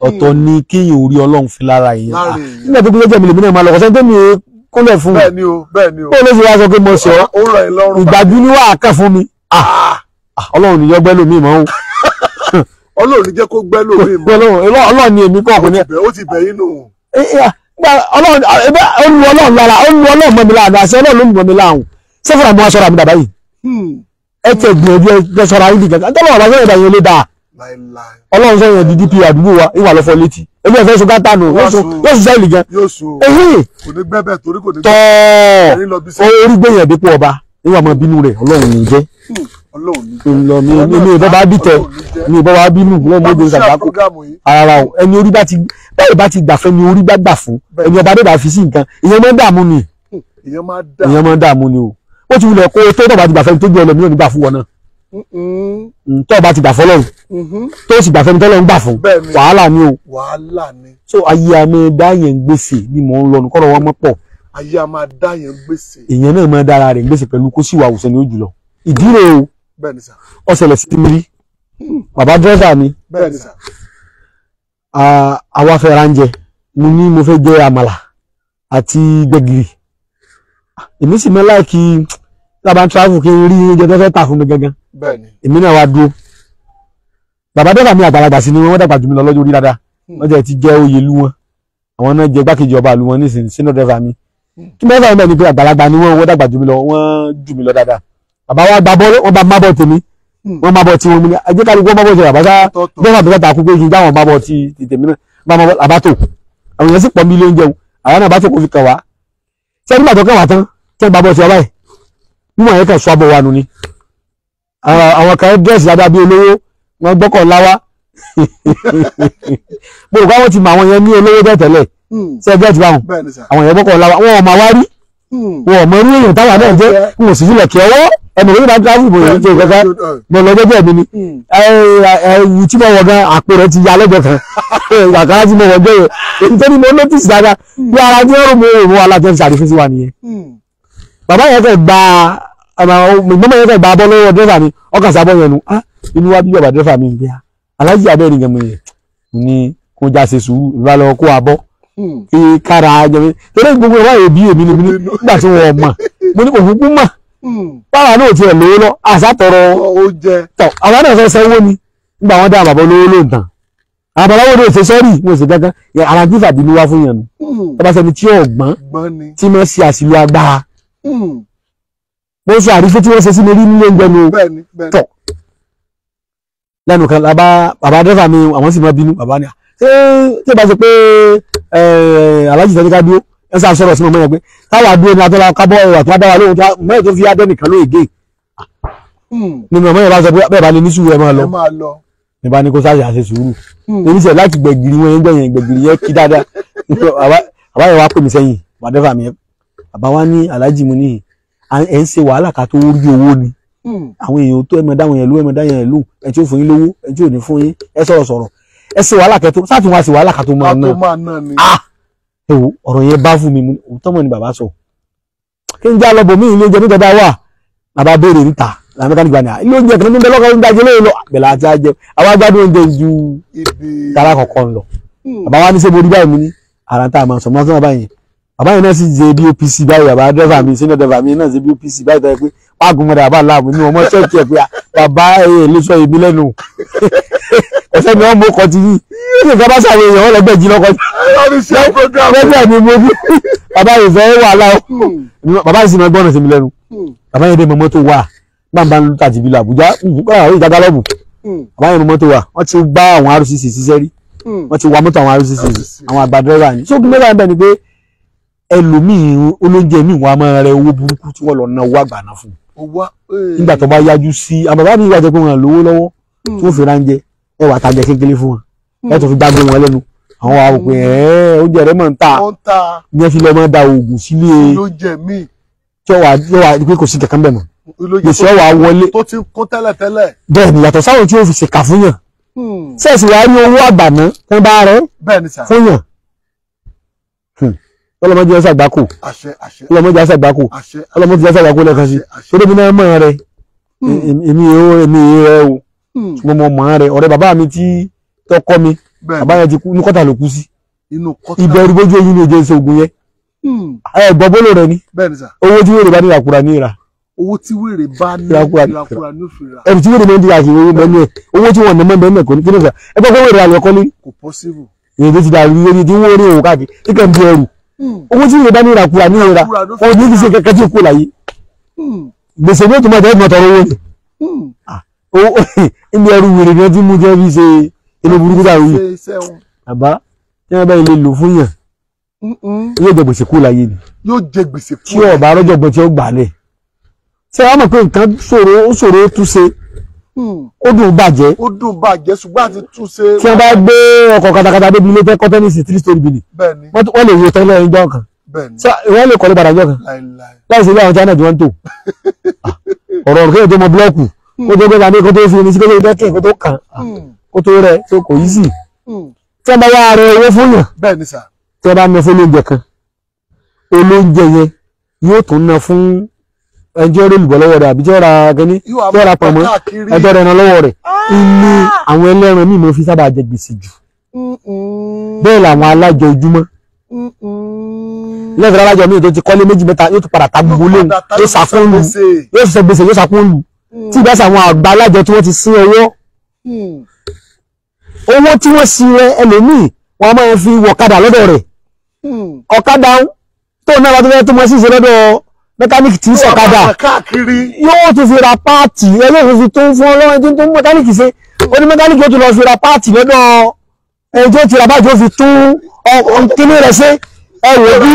ọ̀tọ̀ ni kíyìn orí Ọlọ́run fi lára yẹn ah, nígbà tó gbé jẹmí lèmi náà máa lọ kọsẹ tó mi kólẹ fún mi bẹ́ẹ̀ni o bẹ́ẹ̀ni o bẹ́ẹ̀ ló fi wá sọ pé mo sọ ìgbàgbé ni wàá kàn fún mi ah, Ọlọ́run nìyọ gbẹlú mi mọ o. Ọlọ́run ní jẹ́ kó gbẹ lómi mọ Ọlọ́run ni èmi kọkùn ní. ó ti bẹ inú. Eh, eh, Ọlọ́run ó lu Ọlọ́run lára ó lu Ọlọ́run mọ mi lára àṣẹ Ọlọ́run ló mọ mi lára ṣé fúnra mọ́ sọ́ra mi bàbá yìí hmm. ẹ tẹ̀ gbìyànjú ẹ sọ́ra yìí nìkan àtọ́lọ́ bàbá sọ́yìn ìdàyẹn lé dáa ọlọ́run sọ́yìn di dp àdúgbò wa ìwà lọ́fọ́ létí ebi ẹ̀fẹ́ so gáta nù yóò sọ sẹ́ẹ̀lì gan ehin tọ́ orí gbẹ̀yìn ẹ̀dínkù ọba ìwà máa bínú rẹ̀ ọlọ́run ní hmm. jẹ́ mi ìbọn bá bìtẹ̀ mi ìbọn bá bínú wọn mú ìgbésẹ̀ àgbákò ara o ẹni orí bá ti báyìí bá ti gbà fẹ́ ni orí bá gbà fún ẹni ọba dẹ́gbà fi sí nǹkan ìyẹn máa dààmú ni hmm. ìyẹn máa dààmú ni o ó ti wulẹ̀ kó tó tọ́ba ti gbàfẹ́ni tó ju ọlọ́mí ò ní gbà fún wọn náà mm-hmm. mm, tọ́ba ti gbà fọlọ́run mm-hmm. tó sì gbàfẹ́ni tọ́lọ́run gbà fún wàhálà ni o wàhálà ni so ayé àmì dáyẹn gbèsè ni mò ń lọ nù kọ́rọ̀ wọn mọ́ pọ̀ ayé a máa dáyẹn gbèsè èèyàn náà máa dára rẹ̀ gbèsè pẹ̀lú kó sì wà àwùsàn ní ó jùlọ ìdí rẹ̀ o ọ̀sẹ̀lẹ̀ sí mi rí bàbá dírẹ́fà mi àwa fẹ́ ránjẹ mo ní mo fẹ́ jẹ àmàlà àti gbẹ̀gìrì èmi sì mọ́ láìkí. Like tábà ń travel kí n rí oúnjẹ tó fẹ́ tà fún mi gangan èmi náà wá dúró bàbá dọ́là mi àgbàlagbà sí ni wọ́n dàgbà jù mí lọ lọ́jọ́ orí dáadáa hmm. wọ́n jẹ́ ti jẹ́ oyè lu wọn àwọn náà jẹ́ gbákejì ọba lu wọn nísìnyí sínú dẹ́fà mi kí mẹ́fà mi ní pé àgbàlagbà ni wọ́n wọ́n dàgbà jù mí lọ wọ́n jù mí lọ dáadáa bàbá wa gbà bọ́ọ̀lù wọ́n bá má bọ̀ tèmi hmm. wọ́n má bọ̀ tí wọ́n mú ni ajé kárí wọ́n má bọ̀ tí bàbá sá bẹ́ẹ̀ bàbá ta kú pé kí n dáwọn má mímọ̀ yẹn kàn sọ abọ́ wa nù ni àwọn kan dẹ́sì dáadáa bí olówó wọn gbọ́kọ̀ láwá mo rò pé àwọn ti mọ àwọn yẹn ní olówó bẹ́ẹ̀ tẹ́lẹ̀ ṣe ẹgbẹ́ ti bá wọn àwọn yẹn gbọ́kọ̀ láwá wọn ò máa wá rí hmm. wọn ò mọ irú èèyàn táwọn náà jẹ́ n ò sì fi lẹ̀kẹ́ ọwọ́ ẹnì lórí máa ń tráfù bò ṣe kankan mo lọ gbẹ́gbẹ́ mi ni hmm. ẹ̀yìn tí mo wọ̀ gan àpò rẹ̀ ti ya lẹ́gbẹ̀ẹ́ kan ìgbàkan tí mo wọ̀ gbẹ́ e. yẹn nítorí mo notice dáadáa hmm. bí ara tí wọ́n rò mo rò mo alájọ́ ti sí wa nìyẹn bàbá yẹn fẹ́ gba mọ́mọ́ yẹn fẹ́ gba abọ́ lọ́wọ́ dẹ́fà mi ọkàn sábọ́ yẹn nu ah, inú wa bí bàbá dẹ́fà mi ń bíyà aláàjì abẹ́rẹ́ nìkan mi ní kó já ṣe sùúrù ìbá lọ kó abọ́ hmm. kára jẹmi torí gbogbo ẹ̀ wá èbí èmi ni mi ní nígbà tí wọ́n mọ̀ mo ní òfin kún mọ̀ hmm. báwa náà tiẹ̀ lówó lọ àsátọrọ tọ̀ àwa náà fẹ́ sanwó ni nígbà wọn dá àbàbọ̀ lówó lóǹtàn àbàláwo ló ṣe sọ́rí mo hmm. ṣe wọ́n sọ àrífín tí wọ́n ṣe sí mi rí nílé ń gbẹnu tọ̀ lẹ́nu kan bàbá bàbá dẹ́fà mi àwọn sì máa bínú bàbá ni ah, ṣé tí o bá ṣe pé aláàjì tẹ́lẹ̀ ká dúró ẹ sá sọ̀rọ̀ sínú ọmọ yẹn pé táwa dúró ní atọ́lá kábọ̀ ọ̀rọ̀ àti wábára lóhun tó mẹ́rin tó fi adé nìkan ló ègé nínú ọmọ yẹn bá sọ pé bẹ́ẹ̀ bá ní ní sùúrù ẹ máa lọ ní bá ní kó sáàyè àṣẹ sùúrù hmm. èmi sẹ̀ láti gbẹ̀gìrì wọn yẹn gbẹ̀yìn gbẹ̀gìrì yẹn kí dáadáa àbáyọ̀ wa pè mí sẹ́yìn bàdẹ́fà mi bàbá wa ní aláàjì mo níyìn ẹ̀ ń ṣe wàhálà ká tó rí owó ni hmm. àwọn èèyàn tó ẹmọ dáwọn yẹn ló ẹmọ dáwọn yẹn ló ẹ tí ó fún yín lówó ẹ tí ò ní fún yín ẹ sọ̀rọ̀ sọ̀rọ̀ ẹ ṣe wàhálà kẹtó sáà tún wá ṣe wàhálà ká tó máa ná ah! ẹ wò ọ̀rọ̀ yẹn bá fún mi mu tọmọ ni bàbá sọ kí n já lọ bò mí ilé oúnjẹ níta wà bàbá béèrè níta làwọn mẹ́ta nígbà ní ilé oúnjẹ kan níbẹ̀ lọkọ níta jẹ lóyún lọ bẹ̀rẹ̀ àti ajẹ àwọn agbádọ oúnjẹ ju tara kọkọ lọ hmm. bàbá wa ní sẹ mo rí báyìí mu ní àrà tá a máa bàbá yìí náà sì jẹ bí opc báyìí bàbá dẹ́fà mi sínú dẹ́fà mi náà sì bí opc báyìí tọ́ ẹ pé páàgùn mọ́ra bàbá láàmú ní ọmọ ṣọ́ọ̀kì ẹ̀ pé ah, bàbá ẹ̀ lè sọ èmi lẹ́nu ẹ̀fẹ́ mi wọ́n mú ọkọ̀ ti yí kí nǹkan bá sàrò èèyàn wọ́n lọ́gbẹ̀jì lọ́kọ̀ lọ́gbẹ̀ mi mo bí bàbá yìí fẹ́ wà láwọ́ hmm. bàbá yìí sì máa gbọ́nà sí mi lẹ́nu hmm. bàbá yìí dé mọ mọ́tò wà bàbá ń tà tìbí lọ Àbújá kọ́ra àwọn ìjàgá lọ́bù bàbá yìí ni sókun dẹ́rẹ́bà ń ẹlòmíì olóúnjẹ míì wọn a máa rẹ owó burúkú tí wọn lọ ná owó àgbàna fún eh. nígbà tó bá yájú sí àbàbá mi wà jẹ pé wọn lówó lọ́wọ́ hmm. tí wọn fi ránjẹ ẹwà tajẹ kékeré fún wọn hmm. ẹ tó fi gbàgbé wọn lẹ́nu àwọn wa rò pé hmm. ẹ oúnjẹ rẹ máa ń ta ní ẹ lọ máa da oògùn sílé tí wọn wà pé kò sí kankan bẹ́ẹ̀ mọ́ gbèsè ọwà wọlé bẹ́ẹ̀ ni yàtọ̀ sáwọn tí wọn fi ṣèkà fún yàn sẹ́ẹ̀sì wàá rí owó àgbàna wọn bá rẹ fún yàn ọlọ́mọ jẹ́ ṣàgbákò ọlọ́mọ jẹ́ ṣàgbákò ọlọ́mọ jẹ́ ṣàgbákò lẹ́ẹ̀kan sí torí mi náà mọ̀ rẹ hmm. èmi èrò èmi rẹ o hmm. ṣùgbọ́n mo mọ̀ rẹ ọ̀rẹ́ bàbá mi tí tọkọ mi bàbá yẹn ti kú ní kọ́tà ló kú sí ìbẹ̀rù bójú ojú ni èjẹ́ ń ṣe ogun yẹn hmm. ẹ gbọ́ bólò rẹ ni owó tí wèrè bá ní ìràkúrà ní ìrà owó tí wèrè bá ní ìràkúrà ní òfìrà ẹ̀rù tí wèrè máa ń di àṣìwò owó mẹ́nu ẹ̀ owó tí wọ́n nà mẹ́nu ẹ gbọ́ owó tí ìrẹ̀bá ní ìràkúrà ní ìrẹ̀ra wọn ní ìṣe kẹkẹ tí kò láyé gbèsè ní òtún mọ̀tẹ́ ìmọ̀tọ̀ hmm. ah, owó ni ilé ẹrú wèrè ni wọ́n ti mú jẹ́ bí ṣe ilé burúkú tàbí yìí àbá tí wọ́n bá ilé lò fún yàn yóò jẹ gbèsè kó láyé ni yóò jẹ gbèsè kó láyé tí ọ̀bà arọ́jọ̀gbọ́n tí ó gbà lẹ̀ ṣé wàá mọ̀ pé nǹkan ṣòro ó ṣòro ó túnṣe ó dùn bàjẹ́. ó dùn bàjẹ́ ṣùgbọ́n àti tún ṣe. tí wọ́n bá gbé ọkọ̀ katakata débi ilé fẹ́ kọ́tẹ́nìsì three story building. bẹ́ẹ̀ni wọ́n lè wo tọ́lọ́ ẹ̀yìn jọ́ kan. bẹ́ẹ̀ni sá ìwọ́n lè kọ́lé padà jọ́ kan. láì sí ilé àwọn china tí wọ́n ń tò. ọ̀rọ̀ òkè tó mọ búlọ́ọ̀kù kó tó gbéra ní kó tó fi ní sí kó tó dẹ́kẹ̀ kó tó kàn hmm. kó tó rẹ̀ tó kò yí sí. Hmm. tí wọ́n bá wá rẹ owó fún yàn. bẹ́ẹ̀ni sá. tí wọ́n bá ná fún olóúnjẹ kan olóúnjẹ yẹn yóò tún ná fún ẹjọ́ rẹ̀ lùbọ̀ lọ́wọ́ rẹ̀ àbí jọ́ ra gẹ́ni jọ́ ra pọ̀mọ́ ẹjọ́ rẹ̀ lọ́wọ́ rẹ̀ ah! inú àwọn ẹlẹ́ran míì mo fi sábà jẹ gbèsè jù bẹ́ẹ̀ làwọn alájọ ojúmọ́ lẹ́fẹ̀ẹ́ alájọ míì tó ti kọ́lé méjì mẹ́ta yóò ti padà ta gbogbo léwu yóò sàkún lù yóò sọ gbèsè yóò sàkún lù mm. tí ìbá sàwọn àgbà alájọ tí wọ́n ti sin owó hmm. owó tí wọ́n sin rẹ ẹlòmíì wọ́n máa fi wọ̀kadà lọ́dọ̀ rẹ̀ hmm. ọ̀kadà tó náà wà tó fẹ́ tó mọ sí ìṣe lọ́dọ̀ mẹkáníìkì tí ń sọ̀kadà yóò tún fi ra páàtì ẹlẹ́yìn fi tó ń fún ọlọ́run tó ń tó ń mẹkáníìkì ṣe ó ní mẹkáníìkì yóò tún lọ fi ra páàtì lọ́dọ̀ ẹni tó ti ra báyìí tó fi tún kíní rẹ̀ ṣe ẹ wò bí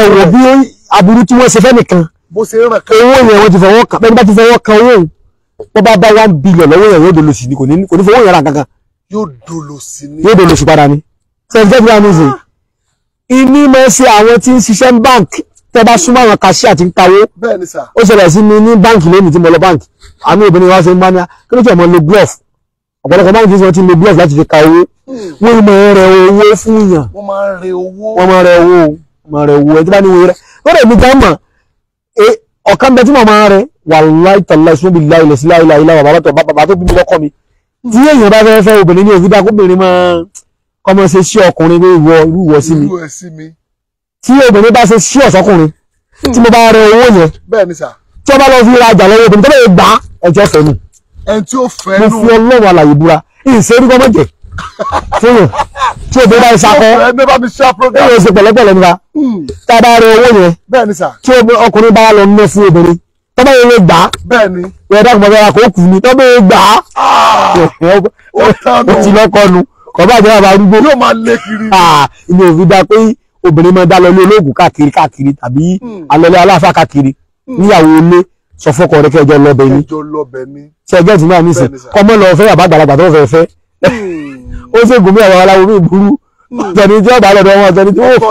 ẹ wò bí aburú tí wọ́n ṣe fẹ́ nìkan owó yẹn wọ́n ti fọwọ́ kan bẹ́ẹ̀ bá ti fọwọ́ kan owó wọ́n bá bá one billion lọ́wọ́ yẹn yóò dolo sí ni kò ní fọwọ́ yẹn ra kankan yóò dolo sí padà ni ṣe é jẹ́ bí wọ́n á ní sè é ìní mọ̀ ṣe àwọn tí ń ṣiṣẹ́ bank tẹ́ bá súnmọ́ àwọn cashier tí ń kawó ó ṣẹlẹ̀ sí mi ní báǹkì lónìí tí mo lọ báǹkì àmì obìnrin wa ṣe ń bá ní kí ló tẹ̀ mọ́ lo glove ọ̀pọ̀lọpọ̀ báǹkì tí wọ́n ti lo glove láti fi ka owó hmm. wọ́n mọ̀ ń rẹ owó fún yàn wọ́n máa ń rẹ owó wọ́n máa ń rẹ owó máa rẹ owó ẹ̀ tí bá ní wo rẹ lórí èmi gan mọ̀ e, ọ̀kan bẹ tí mo máa ń rẹ wàláì tàlá ìṣúnbí láì lọ sí láì láì láì bàbá tó bàbá tó tí obìnrin bá ṣe sí ọ̀sọ́kùnrin tí mo bá rẹ owó yẹn tí wọ́n bá lọ fi ra àjà lọ́wọ́ obìnrin tó bá yẹ gbà ọjọ́ fẹ́ nù. ẹni tí ó fẹ́ nù. mo fi ọlọ́run àlàyé búra ìṣe orí gbọ́mọ̀ jẹ fún yàn tí obìnrin bá ń sakọ ẹni oṣù pẹ̀lẹ́pẹ̀lẹ́ nira hmm. tá a bá rẹ owó yẹn tí ọkùnrin bá lọ ná fún obìnrin tó bá yẹ gbà yẹ dákun bọ́ bá kó kù ní tó bá yẹ gbà ah! ó ti lọ́kọ nu kọ́ bá jẹ́ bàbá arúgbó yóò máa lé kiri. ilé ah! òfin dá pé obìnrin máa ń dá lọ ilé olóògùn káàkiri káàkiri tàbí hmm. alọ́lẹ́ aláfà káàkiri hmm. níyàwó ilé sọ fọ́kọ rẹ kẹjọ lọbẹ ni ṣẹjọ tí máa nísìn kọmọ lọ fẹ́ yàbá àgbàlagbà tó fẹ́ fẹ́ hmm. ó sì gùn bí àwọn aláwo mi burú tẹni tí ọba lọ́dọ̀ wọn tẹni tí wọn fọ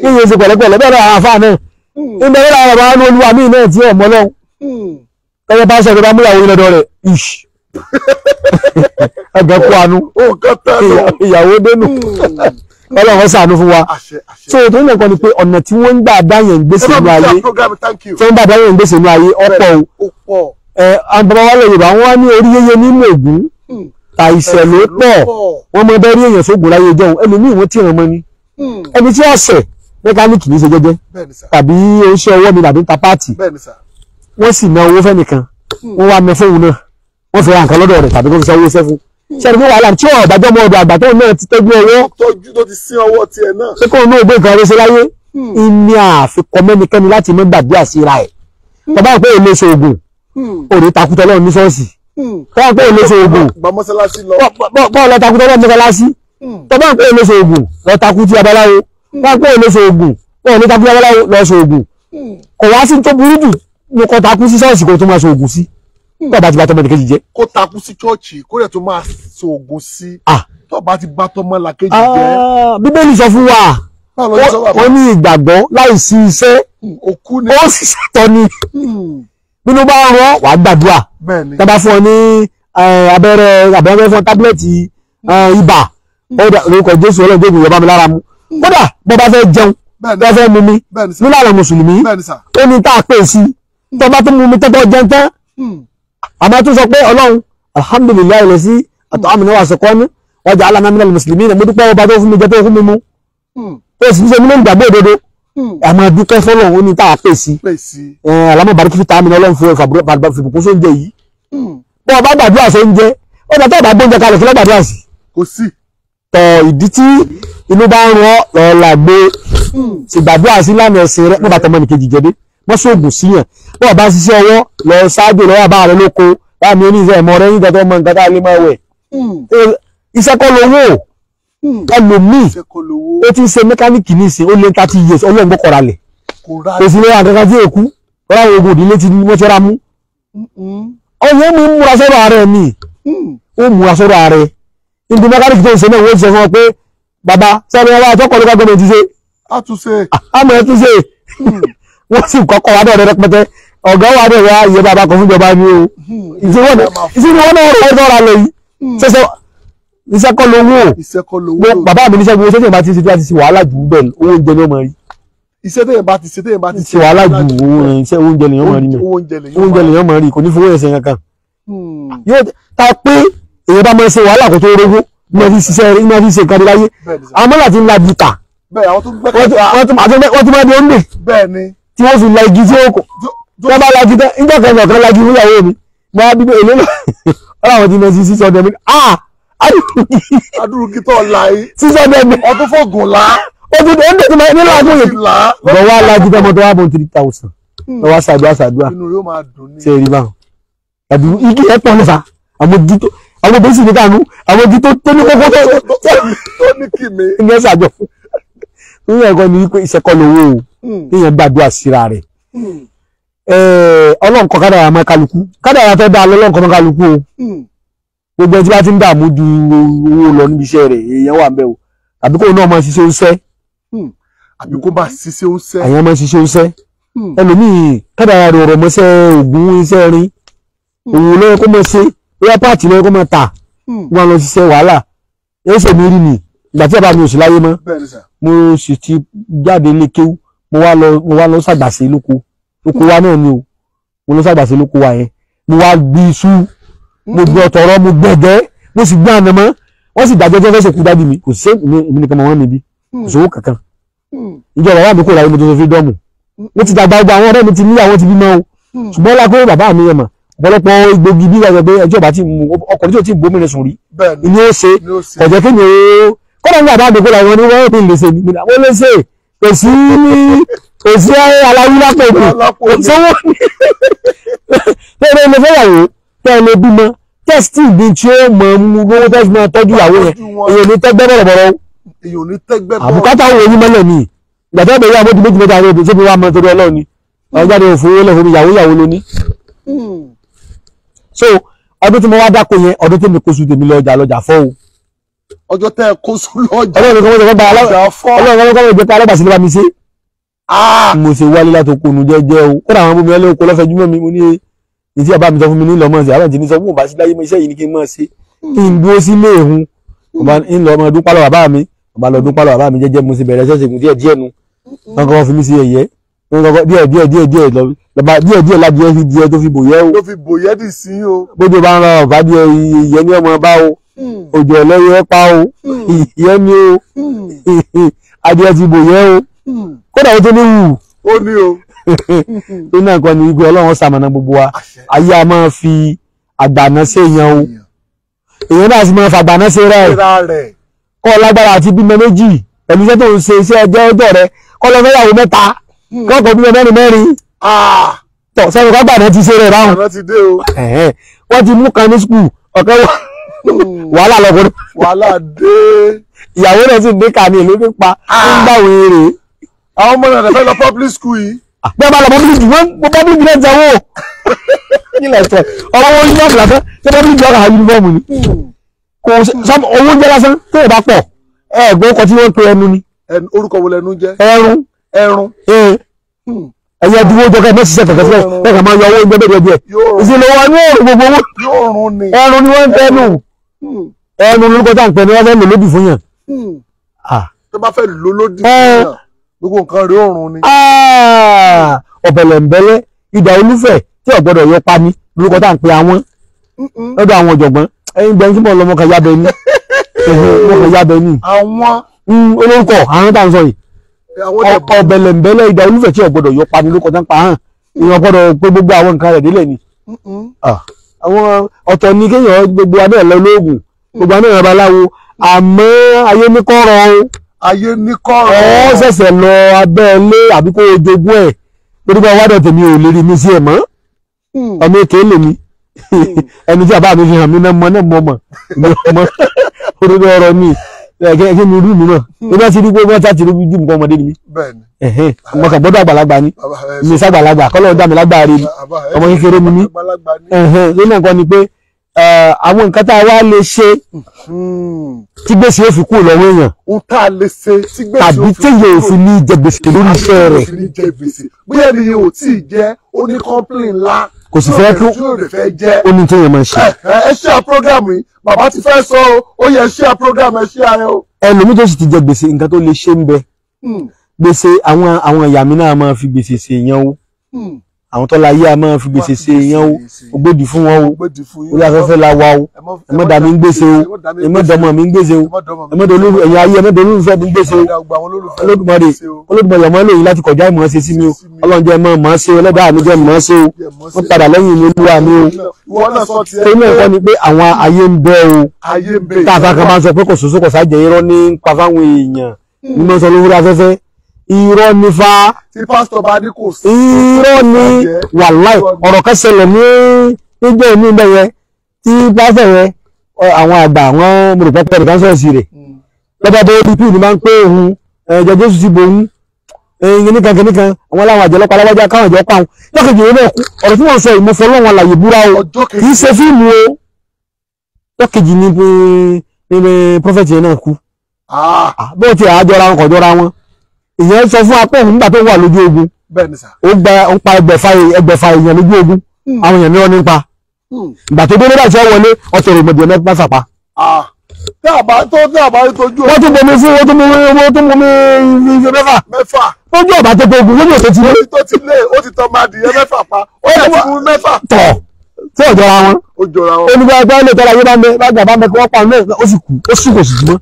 kí yẹn ṣe pẹ̀lẹ́pẹ̀lẹ́ bẹ́ẹ̀ náà àfa náà ìgbà yẹn làwọn bàbá ní olúwa míì náà tí ọmọ lọ tẹyẹ bá sọ pé bá múyàwó yìí lọ́dọ̀ rẹ ish ẹgbẹ kó àánú ìyàwó dénú ọlọ́run ṣàánú fún wa so tó ń lẹ́kọ̀ọ́ ni pé ọ̀nà tí wọ́n ń gbà dáyẹ̀ ń gbèsè inú ayé tó ń gbà dáyẹ̀ ń gbèsè inú ayé ọ̀pọ̀ o àbúrò wa lè yorùbá wọn ní orí yẹyẹ ní mògùn hmm. àìsẹ̀ ló pọ̀ wọ́n mọ bẹ́ẹ̀ rí èèyàn sógun láyé jọ̀hún ẹlòmíì wọ́n tì wọ́n mọ́ ni hmm. ẹni tí ọ̀sẹ̀ mẹkáníìkì ní í ṣe jẹ́jẹ́ tàbí oníṣẹ́ ọwọ́ mi tàbí ta páàtì wọ́n sì ná owó fẹ́nìkan hmm. wọ́n wá mẹ fóun náà wọ́n fi ra nǹkan lọ́dọ̀ rẹ̀ tàbí kó fi sanwó iṣẹ́ fún un sẹ́ni fún wàhálà tí ọ̀ọ́ bàjọ́ ọmọ ọ̀dọ̀ àgbà tóun náà ti tọ́jú ọwọ́ tọ́jú tó ti sín ọwọ́ tiẹ̀ náà pé kóun náà gbé nǹkan rẹ́sẹ̀ láyé hmm. ìní àfikọ́ mẹ́nikẹ́ni láti mọ́ gbàdúrà síra ẹ̀ bàbá hmm. pé èlé ṣoògùn òde hmm. takùtọ̀ lọ́run ní ṣọ́ọ̀ṣì bàbá pé èlé ṣoògùn bọ́ọ̀ lọ takùtọ̀ lọ́run mọ́sálásí bàbá pé èlé ṣoògùn lọ takùtì abaláwo bàbá pé èlé ṣoògùn bọ́ọ̀ lọ takùtì abaláwo lọ ṣoògùn kò wá sí tó burú jù mo kọ́ takú sí ṣọ́ọ̀ṣì kò tó máa ṣoògùn sí nígbà bá ti bá tọmọ ẹnìkejì jẹ. kó takú sí chọ́ọ̀chì kó yẹ tó máa so oògùn sí ah. tó bá ti bá tọmọ làkejì jẹ. Ah, bíbélì sọ fún wa ó ní ìgbàgbọ́ láì sí iṣẹ́ hmm, ó sì ṣètọ́ hmm. ni nínú bá ń rán wàá gbàdúrà tábà fún ọ ní abẹ́rẹ́ abẹ́rẹ́ fún tábìlẹ́tì ibà orúkọ hmm. jésù ọlọ́jọ́ ìgbìyànjú bá mi lára mu kódà bó bá fẹ́ jẹun bó fẹ́ mu mi nílànà mùsùlùmí ó ní tá a pè sí tó tó mu mi tẹ́tọ́ jẹun tán àmọ́ tún sọ pé ọlọ́run alhamdulilayi lọ sí àtọ́ àmì náà wà sọ̀kọ́ ní ọjà alámàmílẹ̀ mùsùlùmí ní mo dúpẹ́ ọba tó fún mi jẹ tó fún mi mú ó sì ń ṣe mí ló ń gbàgbé òdodo àmọ́ dúpẹ́ fọlọ́run ó ní tá a pè sí alámọ̀ bàrúkú fi tààmì ọlọ́run fún ìbùkún sóúnjẹ yìí bọ́ ọba gbàdúrà sóúnjẹ ó dàtọ́ ọba gbóúnjẹ kalẹ̀ kí gbàdúrà sí. kò sí. tọ ìdí tí inú bá ń rọ lọ́ọ́ làgbé ṣègbàdúrà hmm. sí lánàá ẹ̀sìn rẹ wọ́n ṣoògùn síyàn wọ́n bá ṣiṣẹ́ ọwọ́ lọ ṣáájú lọ́wọ́ bá rẹ lóko láàmì oníṣẹ́ ìmọ̀ rẹ nígbà tó mọ nǹkan tá a lè máa wẹ̀. Hmm. iṣẹ́ kọ́ lówó ẹlòmíì hmm. ó ti ń ṣe mẹkáníìkì ní ìsìn ó lé thirty years ọlọ́run gbọ́ kọ́ra lẹ̀ kò sí lọ́wọ́ àgàgà tí èkú ọ̀rá ogun òdìlé ti wọ́n ti ra mú. ọ̀yẹ́ mi ń múra sọ́dọ̀ ààrẹ mi hmm. ó múra sọ́dọ̀ ààrẹ níbi mẹkáníìkì tó ń ṣe náà wọ́n ti sọ fún wọn pé bàbá sẹ́ni ọba àtọ́kọ̀ọ́lùkọ́ gbọ́dọ̀ wọ́n sì kọ́kọ́ wá dọ̀rẹ́ rẹpẹtẹ ọ̀gá wa dẹ̀ wá iye bàbá kan fún ìjọba ni o ìsinmi wọn náà wọ́n tọ́ra lè yí ṣẹṣẹ iṣẹ́ o bàbá mi níṣẹ́ gbogbo ṣẹ́ṣẹ́ bá ti ṣe tí a ti ṣe wàhálà jù ú bẹ́ẹ̀ owó oúnjẹ ni ó máa rí. iṣẹ́ tẹ̀yẹ̀ bá ti ṣe tẹ̀yẹ̀ bá ti ṣe wàhálà jù owó iṣẹ́ oúnjẹ lèyàn máa rí mi oúnjẹ lèyàn máa rí kò ní fowó ẹ̀sẹ̀ kankan. Hmm. yóò ta pé èyí bá máa ṣe wàhálà kó tó rógó iná fi ṣiṣẹ́ iná wọ́n ti máa tí wọ́n fi la igi tí ó kò tó bá lagi tán nígbà kan kọ̀ọ̀kan lagi fún ìyàwó mi mo á bí pé èlé lọ ọ̀rọ̀ àwọn tí mo ti sísọ ọdẹ mi ah adúrúkí tó la yìí sísọ ọdẹ mi ọdún fọ̀gùn la ó ti dé ndé tí mo ní làágùn yìí bọ̀ wá lagi tán mo tó wá bọ̀ three thousand lọ hmm. wá ṣàdúrà ṣàdúrà ṣe èrì báwọn àdúrú igi ẹ̀ pọ̀ nífa àwọn ojú tó àwọn obìnrin sì ní kànú àwọn ojú tó ní kókó tó ní kìmí ìgbésàjọ fún ìyẹn ẹ̀kọ́ ni wípé lówó o. Hmm. èèyàn gbàdúrà síra rẹ̀ hmm. ọlọ́run kọ kádàrà mọ́ kálukú kádàrà fẹ́ dá lọ́lọ́run kọ mọ́ kálukú o hmm. gbogbo ẹni tí bá ti ń dààmú ju owó lọ níbi iṣẹ́ rẹ̀ èèyàn wà ń bẹ̀ o àbí kó náà mọ ṣiṣẹ́ oúnṣẹ́ àbí kó bá ṣiṣẹ́ oúnṣẹ́ àyàn mọ ṣiṣẹ́ oúnṣẹ́ ẹlòmíì kádàrà rẹ̀ ọ̀rọ̀ mọ́ṣẹ́ ògùn iṣẹ́ rin òwò lọ́yẹ kó mọ ṣe bóyá páàtì lọ́yẹ kó mọ tà wọn lọ ṣiṣẹ́ mo wá lọ mo wá lọ ṣàgbàṣe lóko lóko wa náà ni o mo lọ ṣàgbàṣe lóko wa yẹn mo wá gbé iṣu mo gbé mm-hmm. ọ̀tọ̀rọ̀ mo gbẹ̀gẹ́ mo sì gbé ànàmọ́ wọ́n sì dájọ́ fẹ́ sèkú dádì mi kò sí èmi nìkan mọ̀ wọ́n mi bí kò hmm. sówó kankan hmm. ìjọba wa mi kò ráyè mo tó so fi dọ́ọ̀mù mo ti dàgbà gbogbo àwọn ọ̀rẹ́ mi ti ní àwọn ti bímọ o hmm. ṣùgbọ́n lágbóyè bàbá mi yẹn mà ọ̀pọ̀lọpọ̀ egbògi bí ìyàgbẹ́ ẹjọ́ bá ti mú ọkọ̀ tí ò tí ì gbómìnira sùn rí ni ó ṣe kọ̀jẹ́ kéèyàn ó kọ́dà ní bàbá mi kó ra wọn ni wọ́n ò ní lè ṣe kò sí kò sí aláwílápò ní òṣòwò ní tẹ́lẹ̀ mo fẹ́ yàwó tẹ́lẹ̀ tẹ́sítì ìgbín tí ó mọ̀ mú owó tẹ́sí máa tọ́jú ìyàwó yẹn èyí ò ní tẹ́gbẹ́ bọ̀rọ̀ bọ̀rọ̀ àbùkátà wo yín mọ́lẹ̀ ni ìgbàtà ìbẹ̀rẹ̀ àmójú méjì mẹ́ta àwọn obìnrin tó mọ́ torí ọlọ́ọ̀ni ọjọ́dé òfurufú lẹ́fọ́ mi ìyàwó ìyàwó lóní. Hmm. so ọdún tí mo wá dáko yẹn ọdún tí mi kó su tèmi lọ ọjà lọjà fọ́ o ọjọ́ tẹ́ ẹ kó sùn lọ́jà ọlọ́run kọ́mọ̀ ìgbẹ́ta alábàṣí ló bá mi ṣe. Ah! mo ṣe wálé láti okòónù jẹ́jẹ́ o kódà àwọn ọmọ mi ẹlẹ́wọ̀n kó lọ́fẹ̀ẹ́ júmọ́ mi mo ní èyí tí bàbá mi sọ fún mi nílò ọmọ ṣe àwọn ìjìnlẹ̀ sọ fún òbá sí láyé iṣẹ́ yìí ni kí n máa ṣe kí n dúró sí léèhun ńlọ ọmọ ọdún pálọ̀ bàbá mi ọba lọ ọdún pálọ̀ bàbá mi jẹ́jẹ́ mo sì bẹ̀rẹ̀ ṣẹ́ṣẹ̀ kù díẹ̀ díẹ̀ nu wọn kọ́kọ́ fi mí sí ẹ̀yẹ́ díẹ̀ díẹ̀ díẹ̀ díẹ̀ lọ́ba díẹ̀ díẹ̀ ládìẹ fi díẹ̀ tó fi bòyẹ́ o. tó fi bòyẹ́ dì sí o òjò hmm. ẹlẹ́yẹ pa o hmm. ìyẹn ni o hmm. adìẹ ti bò yẹ o kódà ó tó ní wù. ó ní o. tó náà kọ́ ni igbó ọlọ́run ṣamọ̀nà gbogbo wa ayé a máa fi àgbàná sí èèyàn o èèyàn náà sì máa fa àgbàná sí rẹ̀ kọ́ ọ lágbára àti bímọ méjì pẹ̀lú iṣẹ́ tó ń ṣe iṣẹ́ ẹjọ́ ọjọ́ rẹ kọ́ lọ fẹ́yàwó mẹ́ta kọ́kọ́ bímọ mẹ́rin mẹ́rin tọ̀ sọ́run kágbàná ti ṣe rẹ̀ báwọn wọ́n ti mú kan ní skul ọ̀kan wàhálà lọ fún wàhálà dé ìyàwó rẹ̀ sì dé kàní ìlú pípa ń gbà ah. wèrè. àwọn ọmọ náà fẹ́ lọ public school yìí. Ah, bẹ́ẹ̀ bá lọ public wọ́n public náà jẹ́ wò nílẹ̀ sọ ọmọ wọn ní ọ̀sán lásán ṣé public jọ́ ra uniform ni kò owó jẹ́ lásán tó o bá pọ̀ ẹ gbọ́ ọkọ̀ tí wọ́n pe ẹnu ni. orúkọ wo lẹnu jẹ. ẹrun ẹrun. Hmm. ẹyẹ dúró jọ kẹ mọ ṣiṣẹ́ kẹkẹ sílẹ̀ bẹ́ẹ̀ kà máa yọ owó ìgbẹ díẹ̀ díẹ̀ ìṣèlú wa ní òòrùn ẹrun ni wọ́n ń tẹnu ẹnu olórúkọ tá à ń pẹ ní wọn fẹ́ lò lódì fún yàn. tó bá fẹ́ lò lódì fún yàn gbogbo nǹkan rí òrùn ni. ọ̀bẹ̀lẹ̀ǹbẹ̀lẹ̀ idà olúfẹ̀ tí ò gbọ́dọ̀ yọ pa ni olórúkọ tá à ń pẹ àwọn lọ́dọ̀ àwọn ọ̀jọ̀gbọ́n ẹyin gbẹ̀yìn tí mo lọ mọ̀kàn yábẹ̀ ni mọ̀kàn yábẹ̀ ni. àwọn. Mm, olórúkọ àwọn tá à ń sọ yìí ọ̀bẹ̀lẹ̀ǹbẹ̀lẹ̀ idà olúfẹ̀ tí ò gbọ́dọ̀ yọ pa ni olórúkọ tá à ń pa hàn ìyàn gbọ́dọ̀ pé gbogbo àwọn nǹkan rẹ̀ délẹ̀ ni àwọn ọ̀tọ̀ ni kéèyàn gbogbo abẹ́ lọ lóògùn gbogbo abẹ́ ìrànba aláwo àmọ́ ayé ní kọ́rọ̀ o. ayé ní kọ́rọ̀ o. ọ ṣẹ̀ṣẹ̀ lọ abẹ́ ilé àbí kó o jogún ẹ̀ torí pé wádọ̀ tèmi ò lè rí mi sí ẹ̀ mọ́ hmm. ọmọ èké lèmi hmm. ẹni tí bàbá mi fi hàn mí náà mọ́ náà mọ́ mọ́ orúkọ ọ̀rọ̀ mi ẹ̀jẹ̀ ẹ̀jẹ̀ mi rú náà hmm. bí wọ́n ti rí wọ́n ti rí ju nǹkan ọmọdé ni mí mo kàn gbọ́dọ̀ àgbàlagbà ni mi sàgbàlagbà kọ́lọ́ dá lágbàá rí ni ọmọ kékeré ni mí nínú nǹkan ni pé Eh, àwọn nǹkan tá a wá lè ṣe tí gbèsè yóò fi kú lọ́wọ́ èèyàn tàbí téèyàn ò fi ní jẹ gbèsè lórí iṣẹ́ rẹ̀. bóyá ni o tí ì jẹ́ ó ní kọ́ńpìlì ńlá kò sì fẹ́ kí ó ní téèyàn máa ṣe. Eh, eh, ẹ ṣe à program yìí bàbá ti fẹ́ sọ ó yẹ ṣe à program ẹ ṣe ààrẹ o. ẹlòmíì tó sì ti jẹ gbèsè nǹkan tó lè ṣe ń bẹ hmm. gbèsè àwọn àwọn ìyá mi náà máa fi gbèsè ṣèyàn o. Hmm àwọn tọ́lá yé a máa fi gbèsè ṣe ìyẹn o gbòdì fún wọn o orí afẹ́fẹ́ la wa o ẹmọ́dà mi ń gbèsè o ẹmọ́dọmọ mi ń gbèsè o ẹmọ́dà olórí ẹ̀yìn ayé ẹmọ́dà olólùfẹ́ mi ń gbèsè o Olódùmarè Olódùmarè ọmọ lòyìn láti kọjá ìmọ̀ ṣe sí mi o ọlọ́run jẹ́ mọ̀ mọ́ ṣe ẹlẹ́dàá mi jẹ́ mọ́ ṣe o wọ́n padà lẹ́yìn mi olúwa mi o. inú ẹ̀kọ́ ni pé àwọn ayé ń bẹ o tá kan máa sọ pé kò sòsò kò sáà jẹ́ ní pa èèyàn ní mọ́ sọ lówó afẹ́fẹ́ irọ́ ni fa tí pásítọ̀ bá ní kò sí irọ́ ni wàláì ọ̀rọ̀ kan ṣẹlẹ̀ ní nígbà inú ibẹ̀ yẹn tí pásítọ̀ yẹn àwọn àgbà àwọn mùrùpẹ́pẹ́ rẹ̀ kánsọ̀ọ̀sì rẹ̀ lọ́ba tó rí pí ni máa ń pé òun ẹ̀jẹ̀ jésù ti bòun nìkan kìnìkan àwọn aláwọ̀ àjẹ́ lọ́pàá aláwọ̀ káwọn àjẹ́ pa àwọn ọ̀rọ̀ tí wọ́n sọ yìí mo fọ́ lọ́wọ́n àlàyé búra o kì í ṣe fíìmù o lọ́kàjì ni pé prophet yẹn náà kú ah. Ah, bó ti àjọra wọn kọjọra wọn ìyẹn sọ fún apẹ́ nígbà tó wà lójú ogun ó gba ó pa ẹgbẹ̀fà ẹgbẹ̀fà èèyàn lójú ogun hmm. àwọn èèyàn mìíràn nípa hmm. ìgbà tó délé báyìí tí wọ́n wọlé ọ̀tẹ̀ rògbòdìyàn mẹ́fà sàpá. tí àbá tó tí àbá tójú ọ̀hún. wọ́n tún bomi fún wọ́n tún bomi wọ́n tún bomi iye mẹ́fà. mẹ́fà. lójú ọ̀bá tó pé ogun lójú òtó ti lé. tó ti lé ó ti tọ́ máa dìyẹ mẹ́fà pa ó yẹ ti mú mẹ́fà. tọ̀ tí ò jọra wọn. ó jọra wọn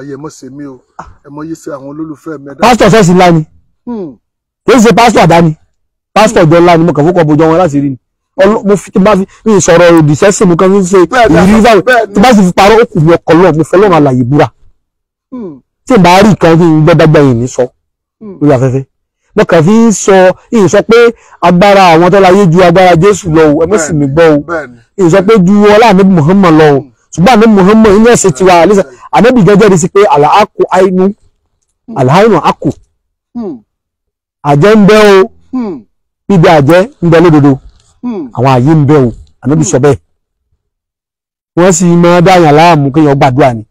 ayé ẹ mọ̀ ṣe mí o ẹ mọ̀ yìí ṣe àwọn olólùfẹ́ mi. pásítọ̀ ṣọ́ọ̀ṣì ńlá ni hmm. kì í ṣe pásítọ̀ àdáni pásítọ̀ ìjọ ńlá ni mo kàn fún kọ́ bójú ọmọ láti rí ni mo fi tí n bá fi mi sọ̀rọ̀ òdì sẹ́sìn mo kàn fi ń ṣe ìrírí báwo tí n bá sì fi parọ́ òkú mi ọkọ̀ lọ́ọ̀ mo fẹ́ lọ́ọ̀ àlàyé búra hmm. tí n bá rí nǹkan kí n yìí ní sọ hmm. lórí afẹ́fẹ́ mo kàn fi ń sọ ìyìn sọ pé agbára àwọn tó láyé ju agbára Jésù lọ o ẹ mọ̀ sì mí gbọ́ o ìyìn sọ pé ju ọlá àmì Muhammad lọ o ṣùgbọ́n àná Muhammad inú ẹ̀sìn tiwa àlẹ́sà ànábì gẹ́gẹ́ rí sí pé àlàákù àìnú àlàáìnú àkù hmm. àjẹ́ ń bẹ o hmm. bíbi àjẹ́ ń bẹ lódodo hmm. àwọn àyè ń bẹ o ànábì sọ bẹ́ẹ̀ wọ́n sì máa dáyàn láàmú kéèyàn gbàdúrà ni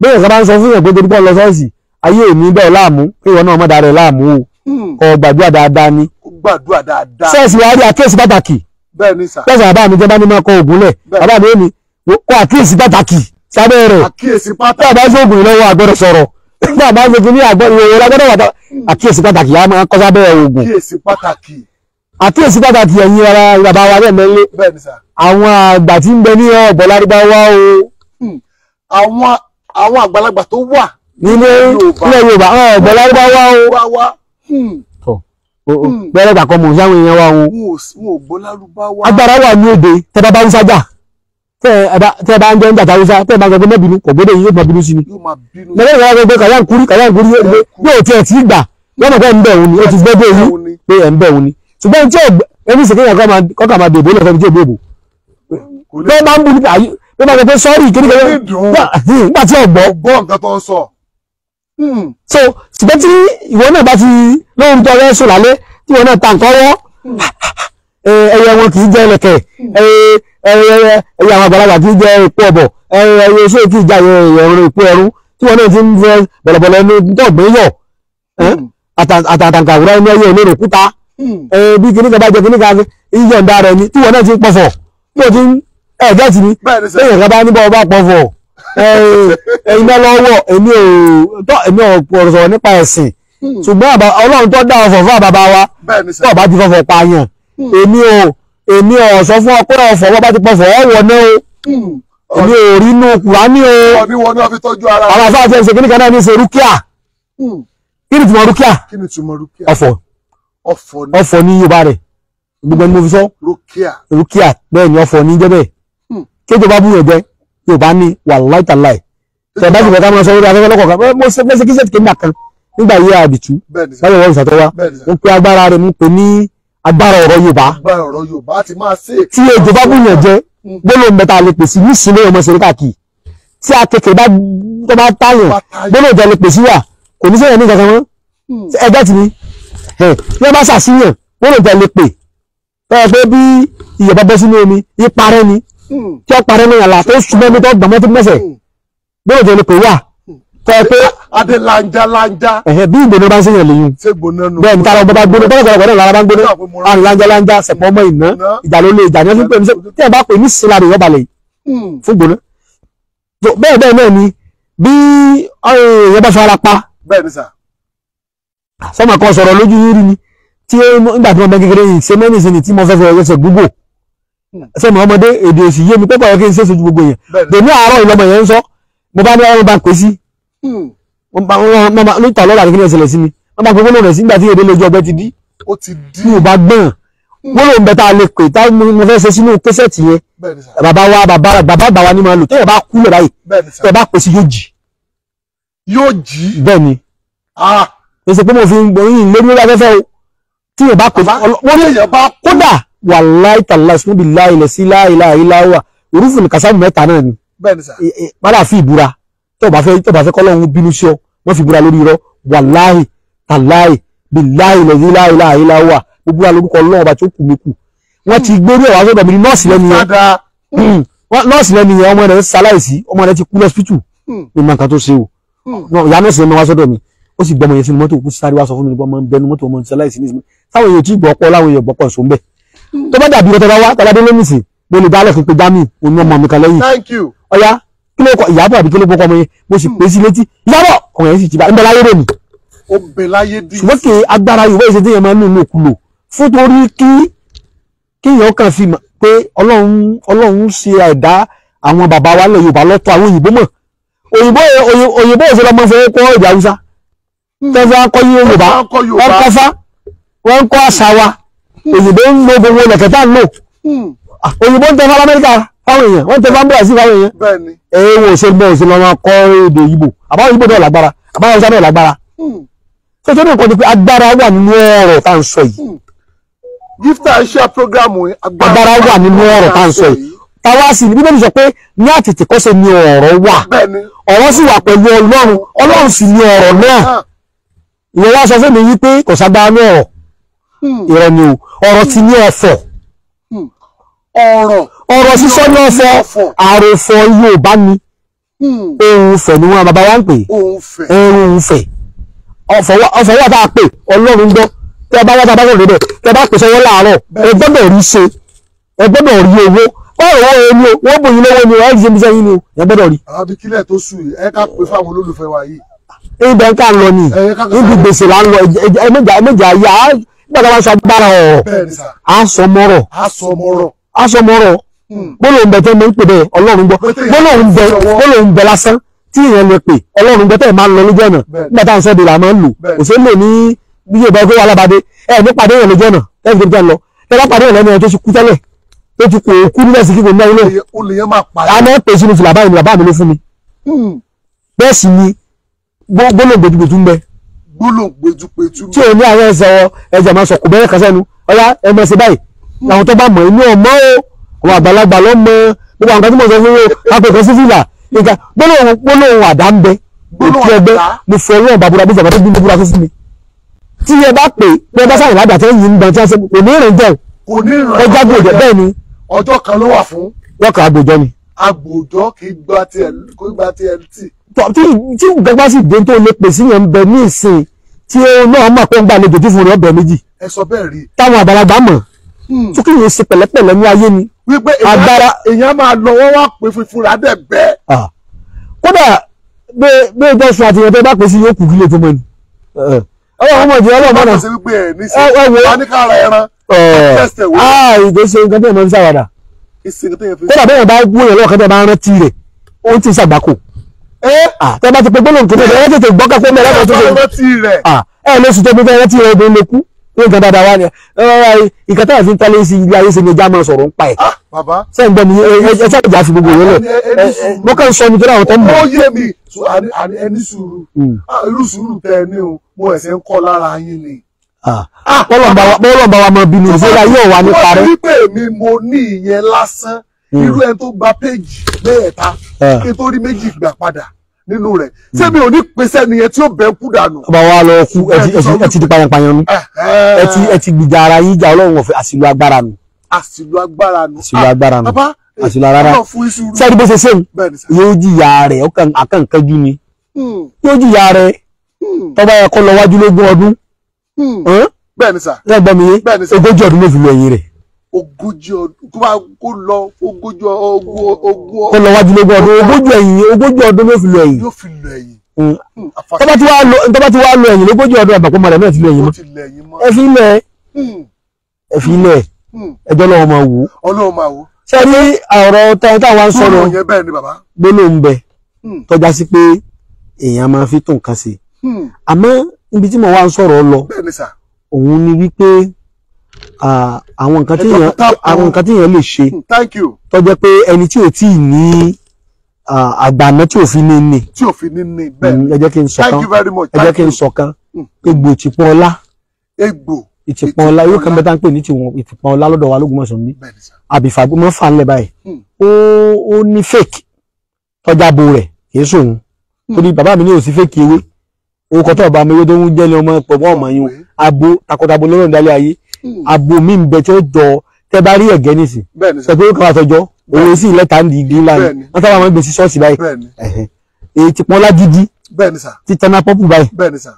bẹ́ẹ̀ sábà ń sọ fún yàn pé torí pọ́n lọ sọ́ọ̀sì ayé èmi bẹ́ẹ̀ láàmú kéèyàn náà má dára ẹ̀ láàmú o kọ gbàdúrà dáadáa ni sẹ́ẹ̀sì wa rí àkíyèsí pàtàkì bẹ́ẹ̀ ni sà bẹ́ẹ̀ sà bàbá mi jẹ́ bá ní máa kọ ògúnlẹ̀ bàbá mi ó ní kó àkíyèsí pàtàkì sábẹ́ rẹ̀ àkíyèsí pàtàkì tá a bá ṣoògùn ìlọ́wọ́ àgbọ̀dọ̀ sọ̀rọ̀ tá a bá ṣe kí ní ìwòye lágbọ́dọ̀ wà àkíyèsí pàtàkì yà máa kọ́ sábẹ́ oògùn àkíyèsí pàtàkì ẹ̀yin ara bàbá wa bẹ́ẹ̀ mẹ́lẹ́ àwọn àgbà tí ń bẹ ní ọ̀bọ̀ lárúbáwá o. Hmm. àwọn àgbàlagbà tó wà nílé ilẹ̀ Yorùbá ọ̀bọ̀ lárúbáwá o bẹ́ẹ̀rẹ̀ gbàkọ́ mọ̀ sáwọn èèyàn wa o. agbára wà ní èdè tẹ́ bá bá ń sájà tẹ bá ń jẹ ń jà tàwùsá tẹ bá ń gbẹgbẹ mẹbìnú kò yìí yóò máa bínú sí ni mẹlẹ ìwà gbẹgbẹ kàyáǹkúrí kàyáǹkúrí yóò tiẹ̀ tí gbà wọn mọ̀ pé ń bẹ̀ òun ni ó ti gbẹ́gbẹ́ yìí pé ẹ̀ ń bẹ̀ òun ni ṣùgbọ́n tí ẹbí ìṣèkéyàn kọ́kà máa dèbò lọ́fẹ́ tí ò bèbò pé bá ń bu nípa bá ń sọ́ọ̀rì kékeré nígbà tí ọ̀gbọ́. ọgbọ́ hmm ẹyẹ wọn kì í jẹ ẹlẹ́kẹ̀ hmm. ẹyẹ àwọn àgbàlagbà kì í jẹ epo ọ̀bọ̀ ẹyẹ iṣẹ́ kì í jẹ ẹ̀rọ epo ẹ̀rú tí wọn náà ti ń fẹ́ bọ̀lọ̀bọ̀lọ̀ ẹni dọ̀gbìn yọ̀ hmm. àtàtàǹkà àwùrá ẹni ẹyẹ ẹni òkúta hmm. bí kìnìkà bá jẹ kìnìkà iye ọ̀dà rẹ̀ ni tí wọn náà ti ń pọ̀fọ̀ tí wọn ti ń ẹ̀jẹ̀ tì ní ẹ̀yẹ̀ kan bá ní bọ́ ọba pọ̀fọ̀ iná lọ́wọ́ èmi ò ọ̀rọ̀ sọ̀rọ̀ nípa ẹ̀sìn ṣùgbọ́n ọlọ́run tó dá ọ̀fọ̀ fún àbàbá wa tó ọba ti fọ̀fọ̀ pààyàn Hmm. èmi ò èmi ò sọ fún ọ pé ọ̀fọ̀ bá ti pọ̀fọ̀ ọ̀wọ̀ náà o hmm. èmi ò rí inú kùránì o àwọn afáà ti ẹsẹ̀ kíníkan náà ní ṣe rúkìá hmm. kí ni tùmọ̀ rúkìá ọ̀fọ̀ ọ̀fọ̀ ní yorùbá rẹ̀ gbogbo ẹni mo fi sọ rúkìá bẹ́ẹ̀ ni ọ̀fọ̀ ní jẹ́ bẹ́ẹ̀ kéjọ bá búyàn jẹ yorùbá ní wàláì tàláì tẹ̀bá ti bẹ̀rẹ̀ ká máa sọ lórí afẹ́fẹ́ lọ́kọ̀ọ̀kan mo ṣe fẹ́ ṣe kí sẹ́ẹ̀tì kéńdà kan nígbà yìí àbìtú báyọ̀ wọ́n ìṣàtọ́wá mo pe agbára rẹ̀ mo pe ní agbára ọ̀rọ̀ yorùbá agbára ọ̀rọ̀ yorùbá ti máa ṣe. tí ejò bá bùyàn jẹ hmm. gbólóhùn mẹ́ta lè pèsè nísìnyí ọmọ ṣeré káàkiri tí akẹ́kẹ̀ẹ́ bá tó bá táyàn gbólóhùn jẹ lè pèsè wà kò ní sẹ́yìn ní kankan mọ́ ẹgbẹ́ ti ní ní wọ́n bá ṣàṣìyàn gbólóhùn jẹ lè pè ẹ pé bí ìyẹ̀ bá bẹ́ sínú omi iparẹ́ ni hmm. tí ó parẹ́ ní àlà tó súnmọ́ mi tó gbàmọ́ tó mẹ́sẹ̀ hmm. gbólóhùn jẹ lè pè wà pé adé lanja lanja. ẹ̀hẹ̀ bí ìgbóná bá ń sèyàn lẹ́yìn. ṣé gbóná nù. bẹ́ẹ̀ ni tára ọgbọ́n bá gbóná bọ́lá gbọ́dọ̀ gbọ́dọ̀ lára bá ń gbóná. a lanja lanja sẹ̀pọ̀ ọmọ ìná ìjà ló lè ìjà ní ọdún pẹ̀lú tí ẹ̀ bá pè ní sílá rẹ̀ yọba lẹ̀ fún gbóná. bẹ́ẹ̀ bẹ́ẹ̀ náà ni bí èèyàn bá fara pa. bẹ́ẹ̀ ni sà. sọ́mà kan sọ̀rọ̀ lójú yírí ni tí nígbà tí wọ́n bẹ kékeré yìí ṣe mẹ́rin sí ni tí mo fẹ́ fẹ́ ẹsẹ̀ gbogbo hmm. sẹ́mi ọmọdé èdè òsì yé mi pẹ́pọ̀ yẹ kí n ṣe sojú gbogbo yẹn dèmi àárọ̀ ìlọmọ yẹn ń sọ mo bá ní ọrùn bá pèsè Hmm. wọ́n bá wọ́n bá lóòótọ́ lọ́la kí ni ẹ̀sẹ̀lẹ̀ sí mi wọ́n bá gbogbo rẹ̀ sígbà tí èdè lójú ọgbẹ́ ti dí mi ò bá gbọ́n hmm. wọ́n lòun bẹ́ta lè pè tá mo fẹ́ ṣe sínú kẹsẹ̀tì yẹn bàbá wa bàbá bàbá wa ni máa lò tẹ́lẹ̀ bá kú lẹ̀ báyìí tẹ́lẹ̀ bá pè sí yóò jì. yóò jì. bẹ́ẹ̀ ni ah. kò sí pé mo fi ń gbòyìn lórí lórí afẹ́fẹ́ o tí yóò bá pè wọ́n ní kódà wàláì tàlá ìsúnbí láì lẹ̀ sí láì láì láì wà òrùfù ní kàsáàmù mẹ́ta náà ni. bẹ́ẹ̀ ni sà. padà fi ìbúra tó bá fẹ́ tó bá fẹ́ kọ́lọ́hún bínú sí ọ wọ́n fi búra lórí irọ́ wàláhì tàláhì bíláhì lẹ́yìn láhì láhì láwà mo búra lórúkọ ọlọ́run ọba tí ó kù mí kù wọ́n ti gbórí ẹ̀ wá sọ́dọ̀ mi ní nọ́ọ̀sì lẹ́nu yẹn nọ́ọ̀sì lẹ́nu yẹn ọmọ rẹ̀ ń ṣaláìsí ọmọ rẹ̀ ti kú lọ́sítù ní hmm. mọ̀ nǹkan tó ṣe o hmm. ìyá nọ́ọ̀sì lẹ́nu wá sọ́dọ̀ mi ó sì gbọmọ yẹn sínú mọ́tò ó sì sáré wá sọ fún mi gbọmọ bẹnu mọ́tò ọmọ ṣaláìsí ní ìsinmi táwọn èèyàn tí gbọ́ pọ̀ láwọn èèyàn gbọ́pọ̀ sọ ń bẹ̀ hmm. tó bá dàbí ọtọ́ bá wá tàbí adé lónìí sí mo lè dálẹ̀ fún pé jámì òun ọmọ mi kan lẹ́yìn ọ̀yá kí ló kọ ìyàbọ̀ àbí kí ló kọ́kọ́ ọmọ yẹn mo sì pè sí létí ìyàbọ̀ ọmọ yẹn sì ti bá ń bẹ láyé lónìí. ó bẹ láyé bí. ṣùgbọ́n kì í agbára ìwé ìṣe tí yẹn máa ń nù lòkulò fún torí kí kéèyàn kàn fi mọ̀ pé ọlọ́run ọlọ́run ṣe ẹ̀dá àwọn bàbá wa lẹ̀ yorùbá lọ́tọ̀ àwọn òyìnbó mọ̀ òyìnbó òyìnbó òṣèlú ọmọ fẹ́ kọ́ èdè haúsá hmm. tẹ́fẹ́ akọ́ kọ́ fáwọn èèyàn wọ́n tẹ fáńbúrà sí fáwọn èèyàn. bẹ́ẹ̀ni. èyí wo ṣe gbọ́ òṣèlú ọmọ akọ èdè Ìgbò àbáwọn Ìgbò náà lágbára àbáwọn Haúsá náà lágbára. sọ́jọ́ náà kọ́ ni pé agbára wà nínú ọ̀rọ̀ tá à ń sọ yìí. Hmm. gifta ṣe programu agbára wà nínú ọ̀rọ̀ tá à ń sọ yìí. táwa sì ní bíbélì sọ pé ní àtètè kọ́ ṣe ni ọ̀rọ̀ wà ọ̀rọ̀ sì wà pẹ̀lú Ọlọ́run Ọlọ́run sì ni ọ̀rọ̀ náà ah. ìyẹn wá sọ fún mi wípé kò ságbára ní ọ̀rọ̀ hmm. ìrọ̀ ni o ọ̀rọ̀ ti ní ọ̀fọ̀ hmm. ọ̀rọ̀ ọ̀rọ̀ sísọ ní ọ̀fọ̀ àròfọ̀ Yorùbá ni hmm. ohun fẹ̀ ni wọn bàbá wa ń pè ohun fẹ̀ ọ̀fọ̀ wà tá a pè Ọlọ́run gbọ́ a bá wá tá a bá wọlé a tẹ bá pèsè wọn láàárọ̀ ẹ gbọ́dọ̀ rí ṣe ẹ gbọ́dọ̀ rí owó báwo wọ́n èmi o wọ́n bòyí lọ́wọ́ mi ọ̀hún ṣẹ́mi sẹ́yìn ni o ẹ gbọ́dọ̀ rí. àbí kílẹ̀ tó sùn ẹ ká pè fáwọn olólùfẹ́ wa yìí. ibẹ̀ ń ká lọ ni ibi gbèsè là ń lọ ẹ̀mẹ́jà ayé a gbọ́dọ̀ wá sọ agbára ọ̀rọ̀ a sọ a sọ gbólóhùn hmm. bẹ tẹ́ mọ́ ń pè bẹ́ẹ̀ ọlọ́run gbọ́ gbólóhùn bẹ lásán tí èèyàn lè pè ọlọ́run gbọ́ tẹ́ máa ń lọ lójú ọ̀nà nígbà táwọn sọ́ọ̀dì là máa ń lò òṣèlè ní bí yóò bá gbé wa alábàdé ẹ ní pàdé èèyàn lójú ọ̀nà ẹ fi gbé lọ tẹ bá pàdé èèyàn lẹ́nu tó ti kú tẹ́lẹ̀ tó ti kú òkú nílẹ̀ sí kíkó náà náà àmọ́ pè sínú fìlà báyìí bàbá mi ló fún mi hmm. bẹ́ẹ̀ sì ni gbólóhùn gbẹdúgbẹdú ń bẹ tí o ní àwọn ẹsẹ̀ ẹ̀jẹ̀ máa sọ̀kù bẹ́ẹ̀ kásẹ́nu ọ̀yá ẹ mọ̀ sí báyìí làwọn hmm. tó bá mọ̀ inú ọmọ o àwọn àgbàlagbà ló mọ gbogbo àwọn kan tí mo sọ fún yóò apẹ̀kọ́ sí fìlà nǹkan gbólóhùn gbólóhùn àdá ń bẹ ètò ẹgbẹ́ mo fọ ọwọ́ bàbúrà bí sàbàtà bí bàbúrà fífi mi tí ẹ bá pè pé bá sàrìn ládàá tẹ́yìn ń dán tí a ṣe kò ní ìrìn jẹun ọjà gbòjọ bẹ́ẹ̀ ni ọjọ́ kan ló wà fún lọ́kàn agbòjọ ni. agbòjọ kì í gba tiẹ̀ kò í gba tiẹ̀ tì. tí tí nǹkan bá sì dé tó lè pèsè yẹn ń bẹ ní ìsìn tí náà mọ̀ pé ń gbà àlejò tí fún rẹ̀ ọbẹ̀ méjì. ẹ sọ bẹ́ẹ̀ rí. táwọn àgbàlagbà mọ̀ hmm. tó kí ni ṣe pẹ̀lẹ́pẹ̀lẹ́ ní ayé ni wípé èèyàn máa lọ wọ́n wá pé funfun rà dẹ̀ bẹ́ẹ̀. kódà bí ẹjọ́ sùn àti ìyẹn tó bá pè sí yóò kù kílè tó mọ̀ ni. ọlọ́run mọ̀ jẹ́ ọlọ́run mọ̀nà. ọlọ́run wípé ẹ̀ ní sí wa ní kára ẹran. ìgbésẹ̀ nǹkan tẹ̀ mọ́ ní sàwádà. kódà bẹ́ẹ̀ bá wú yẹn lọ́kàn tẹ̀ bá rántí rẹ̀ ó ti sàgbákò. tẹ́ bá ti pe gbólóhùn kò tẹ̀ ẹ ní nǹkan dáadáa wá ní ìkan táwọn fi ń tẹ́lẹ̀ sí ilé ayé ṣe ni ẹja máa sọ̀rọ̀ ń pa ẹ̀. sẹ́yìn ah, gbọ́ mi ẹ ṣáà ìjà fi gbogbo yẹn lẹ̀ mo kàn sọ mi tó dáwọn tó ń bọ̀. ó yé mi ẹni sùúrù hmm. ah, irú sùúrù tẹ ẹ ní o mo ẹ̀sẹ̀ ń kọ́ lára yín ni. Ah, bọ́lọ̀mbà wa mọ bínú ìṣe la yóò wá ní parí. wọ́n ti pè mí mo ní ìyẹn lásán hmm. irú ẹni tó gba péjì mẹ́ẹ̀ta kí n tó rí méjì gbà padà nínú rẹ̀ hmm. ṣé mi ò ní pèsè nìyẹn tí ó bẹ̀ kú dànù. ọba wa lọ kú ẹ ti di payanpayan nu ẹ ti gbìjà ara yín jà ọlọ́run ọ̀fẹ́ àsìlò agbára nu. àsìlò agbára nu àsìlò agbára nu àsìlò rárá sẹ́ni bó ṣe ṣe yóò jìyà rẹ̀ àkànkanjú ni hmm. yóò jìyà rẹ̀ hmm. tọ́ba yẹ kó lọ wájú lógún ọdún. bẹ́ẹ̀ ni sà. ẹ gbọ́ mi yé ogójì ọdún ló fi lu ẹ̀yìn rẹ̀ ogójì ọdún kó lọ ogójì ogún ogún. kó lọ wájú lógún ọdún ogójì ẹ̀yìn ogójì ọdún ló fi lọ ẹ̀yìn. yóò fi lọ ẹ̀yìn. Mm. Hmm, tó bá ti wá lọ tó bá ti wá lọ ẹ̀yìn lógójì ọdún àgbàpọ̀ mọ̀rẹ̀ náà ti lọ ẹ̀yìn mọ́. ẹ fi lẹ̀ hmm. ẹ fi lẹ̀ hmm. ẹjọ́ lọ́wọ́ máa wò. ọlọ́wọ́ máa wò. ṣé rí ọ̀rọ̀ táwọn ń sọ̀rọ̀ gbólóhùn bẹ tọ́já sí pé èèyàn máa fi tún kan sí àmọ́ ibi tí mo wá ń sọ̀rọ̀ lọ òun ni wípé àwọn nǹkan tí èèyàn àwọn nǹkan tí èèyàn lè ṣe thank you tó jẹ́ pé ẹni tí ò tí ì ní àgbàná tí ò fi ní ní tí ò fi ní ní bẹ́ẹ̀ ẹ jẹ́ kí n sọ kan thank you very much ẹ jẹ́ kí n sọ kan mm. egbò ìtìpọ̀ ọlá egbò ìtìpọ̀ ọlá yóò kàn bẹ́ẹ̀ tá ń pè ní tiwọn ìtìpọ̀ ọlá lọ́dọ̀ wa lógúnmọ̀sán mi àbífàgbé mọ́ fà ń lẹ̀ báyìí mm. ó ó ní fake tọ́jà bo rẹ̀ kì í sòun mm. torí bàbá mi ní òsì fake ewé orúkọ tó ọba mi ewé tó ń jẹ́ ní ọmọ pọ̀ mọ́ ọmọ yín abo takọtabo lọ́rọ̀ ìdálẹ́ ayé abo hmm. mi ń bẹ tí ó jọ tẹ bá rí ẹ̀gẹ́ nísìn pẹ̀lú orúkọ àtọjọ́ òwe sí ilẹ̀ tàǹdì igi ńlá ni wọ́n sábà máa ń gbé sí ṣọ́ọ̀ṣì báyìí èyí ti pọ́n lágídí ti tẹ́ná pọ́pù báyìí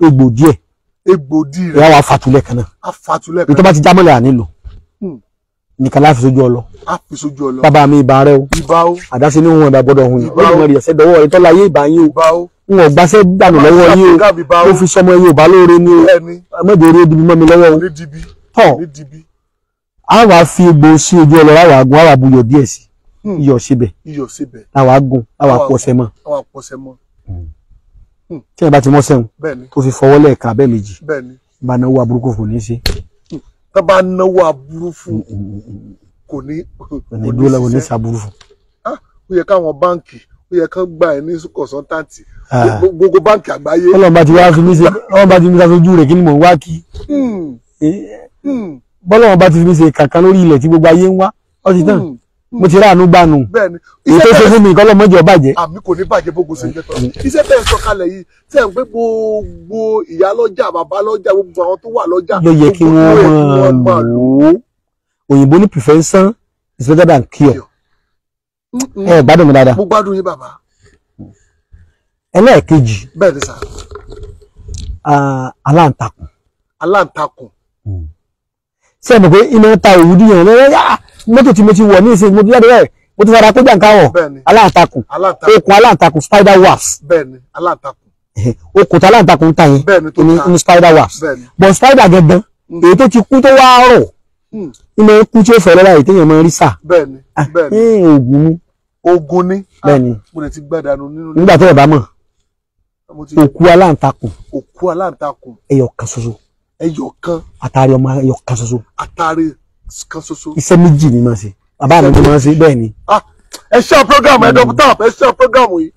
egbò díẹ̀ egbòdì rẹ wà fàtúlẹ̀ kan náà afàtúlẹ̀ kan náà ìtọ́ba ti jámọ́lẹ̀ ànílò hmm. nìkan láfi sójú ọlọ láfi sójú ọlọ bàbá mi ìbá rẹ o ìbá o àdáṣe ní òun ẹ̀dá gbọ́dọ̀ hun yìí ó dùn ẹ̀rìyẹ̀sẹ̀ dọwọ́ rẹ tọ́lá ayé ìbá yín o n ò gbàṣẹ́ dànù lọ́wọ́ yín o ó fi sọmọ Yorùbá lóore ní o mẹ́jọ orí ó dibi mọ́ mi lọ́wọ́ o tọ̀ a wá fi egbò sí ojú ọlọ́rọ̀ àwọn agun àwọn abuyọ̀ díẹ̀ sí hmm. iyọ̀ síbẹ̀ àwọn agun àwọn apọ̀sẹ̀ mọ́ hmm. Hmm. tí ẹ bá ti mọ́ sẹ́wọ̀n tó fi fọwọ́ lẹ́ẹ̀ka abẹ́ méjì bá náwó aburúkú fún ní sí. tó bá náwó aburú kò ní kò ní sísẹ́ kò ní sàbúrú ó yẹ káwọn báǹkì ó yẹ kán gbà ẹ ní kọ̀sọ́ntáǹtì ah. gbogbo báǹkì àgbáyé. ọlọ́run ti wá fi mí ṣe ọlọ́run ti mí ṣe aṣojú kí ni mò ń wá kí. Eh, bọ́lọ́wọ́n bá ti fi ṣe kankan lórí ilẹ̀ tí gbogbo ayé ń wá ó ti tán mm. mo ti ráàánú gbanu èyí tó fún mi kọ́ lọ́mọdé ọba jẹ́. àmì kò ní bàjẹ́ bógun ṣe ń jẹ́ tán iṣẹ́ bẹ́ẹ̀ sọ kalẹ̀ yìí tẹ̀ ń pé gbogbo ìyá lọ́jà bàbá lọ́jà gbogbo àwọn tó wà lọ́jà. ló yẹ kí wọ́n máa lò ó òyìnbó ní prevention is better than cure ẹ gbádùn mi dáadáa. mo gbádùn yín bàbá. ẹlẹ́ẹ̀kejì ah, aláǹtakùn. aláǹtakùn. Mm ṣe mọ̀ pé iná ta òwú dìyàn lọ́wọ́ yá mọ́tò tí mo ti wọ̀ ní ìsìn mo ti jáde rẹ̀ mo ti fara kó jàǹkáwọ̀ aláǹtakùn okùn aláǹtakùn spider webs okùn aláǹtakùn ń ta yẹn ní spider webs but spider gangan hmm. èyí tó ti kú tó wá rọ̀ iná hmm. kú tí ó fẹ̀rẹ̀ láì téèyàn máa ń rí sà ah, eh, ogun ni. ogun ni ah, mo lè ti gbàdánù nínú. nígbà tó yẹ bá mọ̀ òkú aláǹtakùn òkú aláǹtakùn ẹyọ kan ṣoṣo ẹyọ kan. àtàrí ọmọ ẹyọ kan ṣoṣo. àtàrí kan ṣoṣo. iṣẹ́ méjì ni máa ṣe bàbá mi ni máa ṣe bẹ́ẹ̀ ni. Ah, ẹ ṣe àpọ́gàmù ẹ dọ́kítà ẹ ṣe àpọ́gàmù yìí.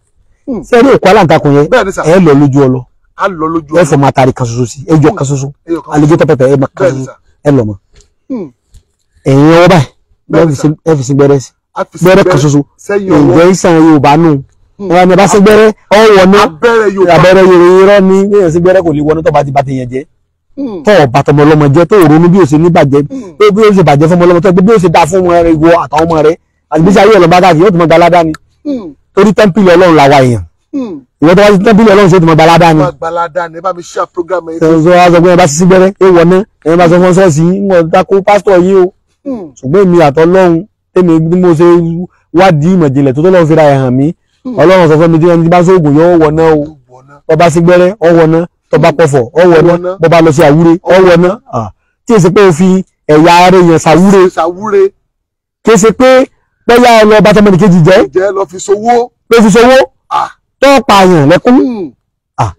Hmm. ṣé eré ìkọ́ aláǹtakùn yẹn ẹ lọ lójú ọlọ a lọ lójú ọlọ ẹ fọ máa tari kan ṣoṣo sí hmm. ẹyọ kan ṣoṣo àlejò tó pẹpẹ ẹ máa kan ṣoṣo ẹ lọ mọ. Hmm. ẹ̀yin ọwọ́ báyìí ẹ fi sí gbẹ́rẹ́ sí gbẹ́rẹ́ kan ṣoṣo ǹjẹ́ ìsàn Yorùbá nù wọn ni bá sí gbẹ́rẹ́ ọwọ́ ní abẹ́rẹ́ Yorùbá ní ẹ̀yàn sí gbẹ́rẹ́ kò lè wọnú tó bá ti bá ti yẹn jẹ́. Mm. tó ọba tọmọ ọlọmọ jẹ tó ronú bí o ṣe níbàjẹ́ mm. bí o ṣe bàjẹ́ fún ọmọ ọlọmọ tó ẹgbẹ bí o ṣe dá fún ọmọ rẹ ìwọ àtàwọn ọmọ rẹ àgbésí ayé ọlọmọ bàtà yóò tún mọ gbalada ni mm. torí tẹ́ńpìlì ọlọ́run làwa èèyàn ìwọ tó bá ti tẹ́ńpìlì ọlọ́run ṣe tún mọ gbalada ni. gbalada ni bá mi ṣe àprogramu yìí. sọ wá sọ pé ẹ bá sisi gbẹrẹ ẹ wọ ná ẹ bá sọ fún ṣọ́ọ̀ṣì sọ sí gbẹ́rẹ́ ọ̀wọ̀ tó bá pọ̀fọ̀ ọwọ́ náà bó bá lọ sí àwúre ọwọ́ náà ah. tí èsì pé o fi ẹ̀yà ara èèyàn ṣàwúre kí èsì pé bóyá ọlọ ọba tọmọdé kejì jẹ́ lọ fi sowó lọ fi sowó ah. tó pààyàn lẹ́kún hmm. ah.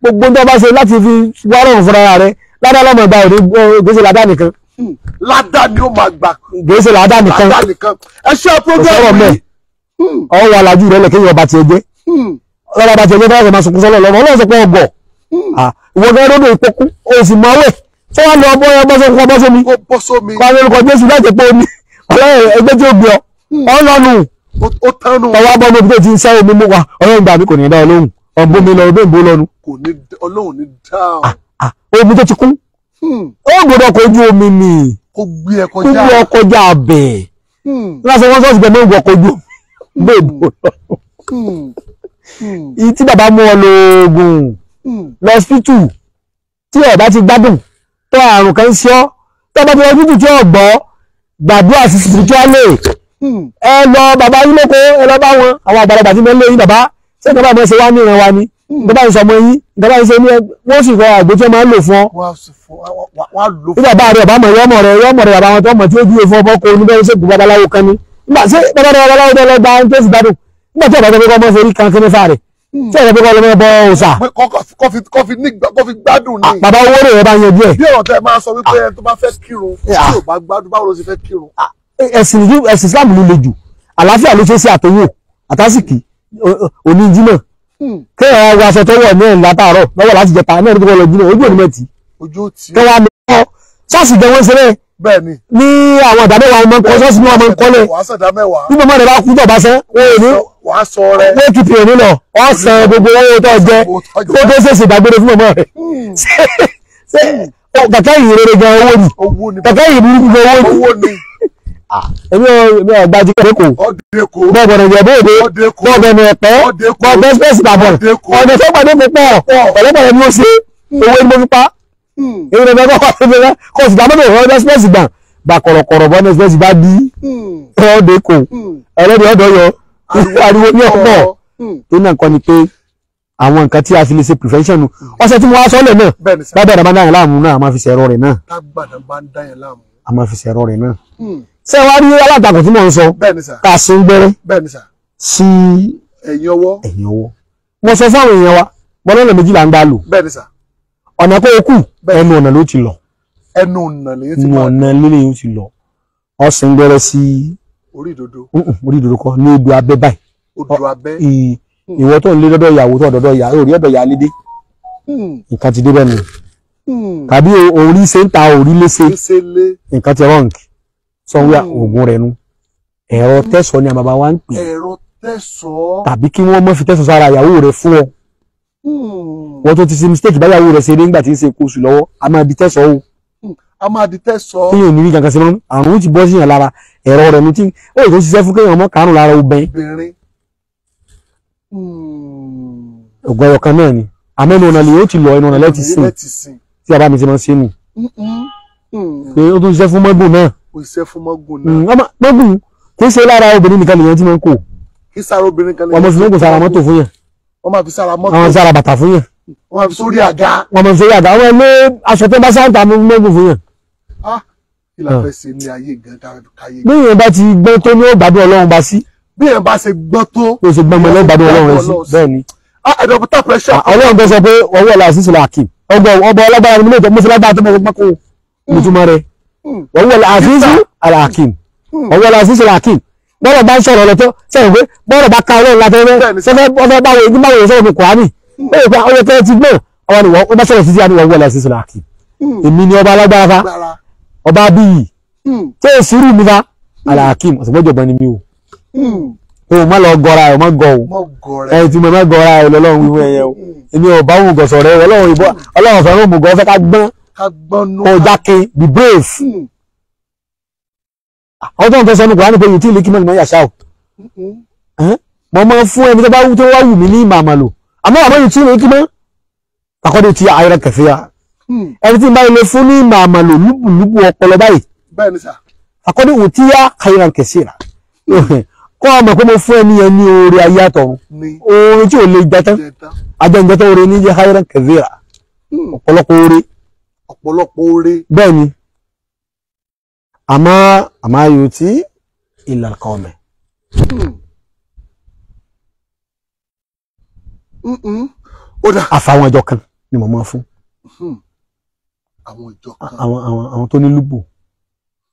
gbogbo tó bá ṣe láti fi wárọ̀rùn fúnra rẹ̀ ládá lọ́mọ ìgbà òde gbèsè ládá nìkan. Hmm. ládá ni ó máa gbà. gbèsè ládá nìkan ẹ ṣe program yìí. Hmm. ọwọ́ alájú rẹ̀ lẹ̀kẹ́yìn ọba tiẹ̀ jẹ́ ọlọ́ba tiẹ̀ jẹ́ fẹ́ràn máa sunkún sọ́lọ́ lọ́mọ ọlọ́run sọ pé ọgọ̀. Ah, ìwọ gan rodo ìpokú òsì mọ́wẹ̀ tó wà lọ bọ́ bọ́sọ́ kọ́ bọ́sọ́ mi kọ́ lórúkọ Jésù láti pé omi ọlọ́run ẹgbẹ́ tí ó gbé ọ hmm. ọlọ́nu ọwọ́ abọ́ mi tó ti ń sáré mi mú wa ọlọ́run gbà mí kò ní dá ọlọ́run ọ̀bùn mi lọ ọdún ìbò lọ́nu. ọlọ́run ní dá ọ. Ah, ah, omi tó ti kú hmm. ó gbọdọ̀ kojú omi ni kó gbé ẹ kọjá abẹ́ hmm. lásán wọ́n sọ́ọ̀sì pẹ̀lú ìwọ̀ kojú omi gbé ìbò lọ́nu. ìtí bàbá mú ọ lóògùn lọ́sítù tí o bá ti gbádùn tó àrùn kan sí ọ tó bá ti lọ títù tí ọ̀gbọ́ gbàdúrà sí spiritually ẹ lọ bàbá yín lóko ẹ lọ bá wọn àwọn àgbàlagbà tí mẹ́lẹ́ yín bàbá ṣé ìjọba ìmọ̀ ṣe wá ní ìran wa ni hmm. ìjọba ìṣọ ọmọ yín ìjọba ìṣe ní wọ́n sì rọ àgbo tí wọ́n máa ń lò fún ọ. nígbà bá rẹ ọba mọ yọmọ rẹ yọmọ rẹ bàbá wọn tó mọ tí ó dúró fún ọkọ kó oníbẹ̀rẹ̀ ṣe gbogbo babaláwo kan ni. nígbà ṣé babaláwo babaláwo tó lọ gba ẹni tó sì gbádùn nígbà tí ọba tó fi kọ́ ọmọ ṣe rí kan kí ní fa rẹ̀ tí ẹ̀rọ pípọ́ lọ́mọ bọ ọ̀sà. kọ́ fi gbádùn ni. Ah, bàbá owó rẹ̀ bá yanjú ẹ̀. bí ọ̀rọ̀ tẹ máa sọ wípé ah. ẹni tó bá fẹ́ kírun tí ah. ò bá gbádùn báwo ló ṣe fẹ́ kírun. ẹ̀sìn Islam ló le jù àlàáfíà ló ṣe sí àtòwò àtàsìkì òní jímọ̀ hmm. kéèyàn wọ aṣọ tó wọ̀ náà látàárọ̀ lọ́wọ́ láti jẹta náà ní pípọ́ lọ jímọ̀ ojú òní mẹ́tì. ojú ti. kẹwàá mi kọ́ ṣọ́ọ̀ṣì jẹ́ wọ́n ṣe bẹ́ẹ̀ bẹ́ẹ̀ni ní àwọn ìdámẹ́wàá ọmọ nǹkan ṣọ́ọ̀ṣì ní ọmọ nǹkan lẹ̀ bí mo mọ̀ rẹ̀ bá kú tọ̀ bá sẹ́ wọ́n ò ní wàá sọ rẹ. wọ́n tutù èmi lọ wọ́n san gbogbo owó tó jẹ kó tó ṣèṣì dágbére fún ọmọ rẹ. Hmm. kàkà yìí rere gan owó ni kàkà yìí burúkú gan owó ni. èmi èmi ọgbà jí kẹ́kọ̀ọ́ bọ́ọ̀ bọ̀dọ̀ yẹ̀ bóde bọ́ọ̀ bẹ̀rẹ̀ ẹ̀pẹ́ bọ́ọ̀ bẹ́ẹ̀ fẹ́ẹ̀sì bàbọ̀ ọ̀dọ̀ tó pàdé mi pọ̀ ọ̀lẹ́pàdé mi ó ṣe hmm. owó ni mo fi pa. Hmm. èmi lọ bẹ́ẹ̀ kọ́ kọ́ sì dábọ̀ bẹ̀rẹ̀ ọ̀dọ̀ fẹ́ẹ̀sì gbà bá kọ̀rọ̀kọ̀rọ̀ bọ́ọ̀ ariwo ní ọ̀pọ̀ tó náà kọ́ ni pé àwọn nǹkan tí a fi lè ṣe prevention nu hmm. ọ̀sẹ̀ tí mo wá sọ́lẹ̀ náà bàbá àdàbà dáyàn láàmú náà a máa fi ṣẹ̀rọ rẹ̀ náà a máa fi ṣẹ̀rọ rẹ̀ náà hmm. ṣé wàá rí alátakò tí mò ń sọ ká sun gbẹ́rẹ́ sí ẹ̀yìn ọwọ́ mo sọ fún àwọn èèyàn wa mo lọ́nà méjìlá ń gbà lò ọ̀nà kó o kù ẹnu ọ̀nà ló ti lọ ẹnu ọ̀nà lè yóò ti lọ ọ̀sìn gbẹ́rẹ́ sí orí ìdodo. orí ìdodo kọ ní odò abẹ́ báyìí. odò abẹ́. ìwọ tó ń lé dọ́dọ̀ ìyàwó tó dọ́dọ̀ ìyàwó orí ọ̀dọ̀ ìyá nídé. Hmm. nǹkan ti dé bẹ́ẹ̀ ni. Hmm. tàbí orí ṣe ń ta orí léṣe. nǹkan ti wrong. sanwó hmm. oògùn rẹ nu. ẹ̀rọ tẹ̀sọ̀ ni àbàbà wa ń pè. ẹ̀rọ tẹ̀sọ̀. tàbí kí wọ́n mọ̀ fi tẹ̀sọ̀ sára ìyàwó rẹ fún ọ. wọ́n tó ti ṣe mistake báyàwó rẹ̀ ṣe nígbà tí ń ṣe kóṣù lọ́wọ́ a máa di tẹ̀sọ̀ o a máa di tẹ́sọ̀. kéèyàn ní rí kankan sí mọ́ àrùn ti bọ́ sí yàn lára ẹ̀rọ rẹ̀ ní tí ó lè tó ṣiṣẹ́ fún kéèyàn mọ́ kàrùn lára obìnrin. obìnrin. Hmm. ògùn ọ̀rọ̀ kan náà ni àmọ́ ẹnu ọ̀nà lè ó ti lọ ẹnu ọ̀nà lẹ́ẹ̀tì sìn tí a bá mi ti máa ń ṣe nù. Mm. pé ó tún ṣiṣẹ́ fún mọ́gùn náà. ó ṣiṣẹ́ fún mọ́gùn náà. Mm. mọ́gùn kì í ṣe lára obìnrin nìkan lèèyàn ti máa ń kó. kì í obìnrin kan lèèyàn. wọ́n mọ̀ sí mọ́gùn sára mọ́tò fún yàn. wọ́n máa fi sára mọ́tò. àwọn sára bàtà fún yàn. wọ́n máa fi sórí àga. wọ́n máa fi sórí àga. àwọn ẹlẹ́ aṣọ tó bá sáà Ah, kí la ah. fẹ́ ṣe ní ayé gan káyé. bí èèyàn bá ti gbọ́n tó ní ó gbádùn Ọlọ́run bá sí. bí èèyàn bá ṣe gbọ́n tó. kò sì gbọ́n mọ́lẹ́ gbádùn Ọlọ́run rẹ sí bẹ́ẹ̀ ni. ẹ̀dọ̀ ah, pẹ̀tà pressure. Ọlọ́run tó sọ pé ọwọ́ ọ̀la àṣìṣe là kì ọgbọ ọgbọ ọlọ́gbàrá ni mo ṣe lágbára tó mọ̀ pé kò mùtúmọ̀ rẹ. Hmm. ọwọ́ ọ̀la àṣìṣe là kì ọwọ́ ọ̀la àṣìṣe là kì bọ́ọ̀rọ̀ bá ń sọ̀rọ̀ lọ́tọ́ sẹ́yìn pé bọ́ọ̀rọ̀ bá ka Ọlọ́run látọ̀ fẹ́ ọfẹ́ báwo ní báwo yẹn sọ̀rọ̀ kùránì hmm. bẹ́ẹ̀ pé ọyọ fẹ́ ti gbọ́n ọwọ́ ni wọ́n bá sọ̀rọ̀ títí àníwọ̀ wọ́ọ̀lá sísọ làákì èmi ni ọba alágbára fa ọba bíyì tó hmm. o sùúrù mi bá alahakim hmm. ọ̀sẹ̀gbọ́jọ̀gbọ́n ni mi o hmm. o ma lọ gọra ẹ o ma gọ o ẹ ti mo ma gọra ẹ lọ́lọ́run wíwọ ẹyẹ o èmi ò bá òun gọ̀sọ̀ rẹ ọlọ́run ìbọn ọlọ́run fẹ́ràn òmùgọ̀ ọ̀fẹ́ ká gbọ́n o jákin be brave ọjọ́ nǹkan sọ́nù kùránì pé yìí líkí mọ́lùmọ́ yàṣá o mo máa ń fún ẹni tó bá wù mí ní ìmàmà lò àmọ́ àmọ́ yìí tí líkí mọ́ àkọ́dé ti ayọ́rẹ́ kẹfẹ́ Hmm. ẹni tí n bá ilé fún ní ìmọ̀ àmàlò lúbùlúbù ọpọlọ báyìí. bẹ́ẹ̀ ni sà. àkọ́dé wò tí yá kàyíra kẹsì rà kọ́ ọmọ pé mo fún ẹni yẹn ní oore ayé àtọ̀run oore tí ò lè jẹ tán ajẹ́njẹ́ tó oore ní jẹ́ kàyíra kẹsì rà ọ̀pọ̀lọpọ̀ oore. ọ̀pọ̀lọpọ̀ oore. bẹ́ẹ̀ ni àmọ́ àmọ́ ayò tí ìlànà kan mẹ́. àfàwọn ọjọ́ kan ni mo máa fún. Hmm àwọn ìjọ kan. àwọn àwọn àwọn tó ní lúbù.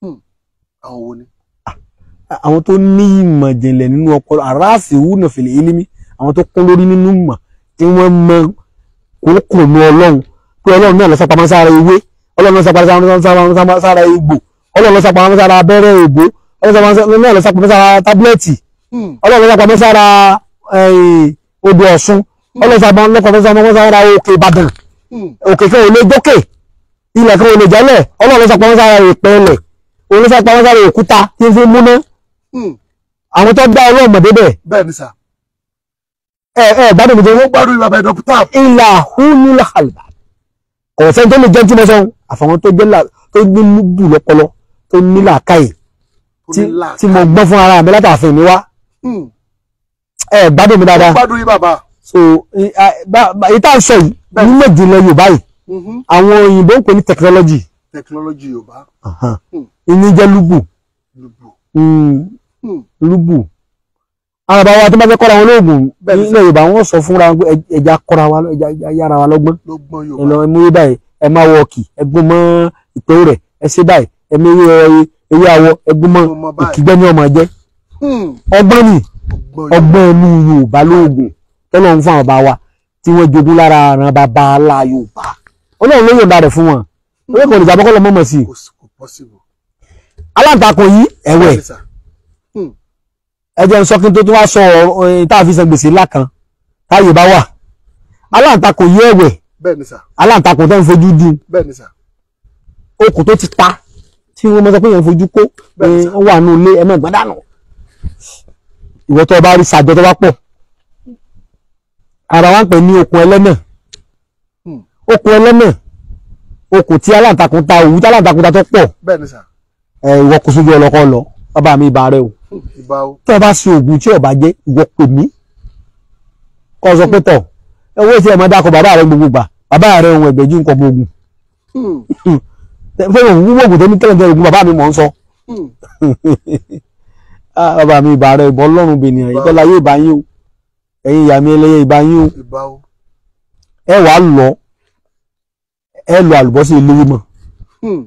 Hmm. àwọn wo ni. àwọn tó ní ìmọ̀ jìnlẹ̀ nínú ọpọlọ aráàsì wúnà fèlè ilimi àwọn tó kún lórí nínú mọ̀ tí wọ́n mọ kókò nu ọlọ́run pé ọlọ́run náà lọ sápamọ́ sára ewé ọlọ́run náà sápamọ́ sára egbò ọlọ́run náà sápamọ́ sára abẹ́rẹ́ ègbò ọlọ́run náà lọ sápamọ́ sára tábúlẹ̀tì ọlọ́run náà sápamọ́ sára hmm. eh, odò ọ̀ṣun hmm. ọlọ́run náà sápamọ́ sára òkè ìbàdàn òkè kẹ́ ò lè dókè ilẹ̀ kan olè jẹ́lẹ̀ ọlọ́run sọ pamọ́ sára ìpẹ́lẹ̀ òun sọ pamọ́ sára òkúta tí fi múná hmm. àwọn tó dá ọlọ́run mọ̀ débẹ̀. bẹ́ẹ̀ ni sà. ẹ ẹ gbádùn mi jẹ. ó gbádùn ìlànà ìdọ́kítà. ìlà húnúlà àlùbà ọ̀sẹ̀ tó lè jẹ́ tí mo sọ àfọwọ́n tó gbé tó gbé lùbù lọ́pọlọ tó ní làákàyè tí mo gbọ́ fún ara mi látàfin mi wá. Hmm. ẹ gbádùn mi dáadáa. gbádùn yín so ìta sọ yìí ní méjì lọ Yorùbá yìí Mm-hmm. àwọn òyìnbó pè ní technology. technology yorùbá. Hmm. ìní jẹ́ lúgbù. lúgbù. Hmm. Hmm. àwọn bàbá wa tó bá fẹ́ kọ́ra wọn lóògùn nílẹ̀ yorùbá wọ́n sọ fúnra ẹja kọ́ra wa ẹja yára wa lọ́gbọ́n. lọ́gbọ́n yorùbá. ẹ̀lọ́ ẹ̀mú yé báyìí ẹ máa wọ ọkì ẹgbọ́n mọ́ ìpè rẹ̀ ẹ ṣe báyìí ẹ̀mú ewé awọ ẹgbọ́n mọ́ ìkígbẹ́ ní ọmọ jẹ́. ọgbọ́n ni ọgbọ́n ẹnu yorùbá lóògùn tọ́lọ́ ń fún àwọn Ọlọ́run ló yọ̀ǹda rẹ̀ fún wọn olóògùn hmm. olùjà bọ́kọ́ lọ́mọ́ mọ̀ sí i aláǹtakùn yìí ẹ̀wẹ̀ hmm. ẹjẹ̀ ń sọ kí n tó tún wá sọ eh, tá a fi san gbèsè ńlá kan táyè bá wà aláǹtakùn yìí ẹ̀wẹ̀ aláǹtakùn tó ń fojú dín okùn tó ti ta tí wọ́n mọ̀ sọ pé yẹn ń fojú kó eh, ó wà nù ilé ẹ̀mọ́ ìgbọ́n dànù ìwọ́tọ̀ bá rí sàjọ́ tó bá pọ̀ ara wa ń pè ní okùn ẹlẹ́nà okùn ẹlẹ́mẹ̀ okùn tí aláǹtakùn ta òwú tí aláǹtakùn ta tó pọ̀ ẹ ìwọ kò sójú ọlọ́kọ lọ ọba mi ibà rẹ o tó o bá ṣe oògùn tí ọba jẹ ìwọ pè mí kọ sọ pé tọ owó tí ẹ máa dákọ bàbá rẹ gbogbo gbà bàbá rẹ ohun ẹgbẹ̀jú hmm. nǹkan ọmọ ogun fẹ́ràn òun wọ́gùn tó ní tẹ́lẹ̀tẹ́lẹ̀ ogun bàbá mi mọ̀ ń sọ hmm. ah, bàbá mi ibà rẹ ìbọn lọ́rùn bènìyàn ìtọ́láyé ìbáyín o ẹ̀yin ìyá mi ẹlẹ́yẹ ìbáyín o ẹ wàá lọ ẹ lo àlùbọ́sà eléwé mọ́ hmm.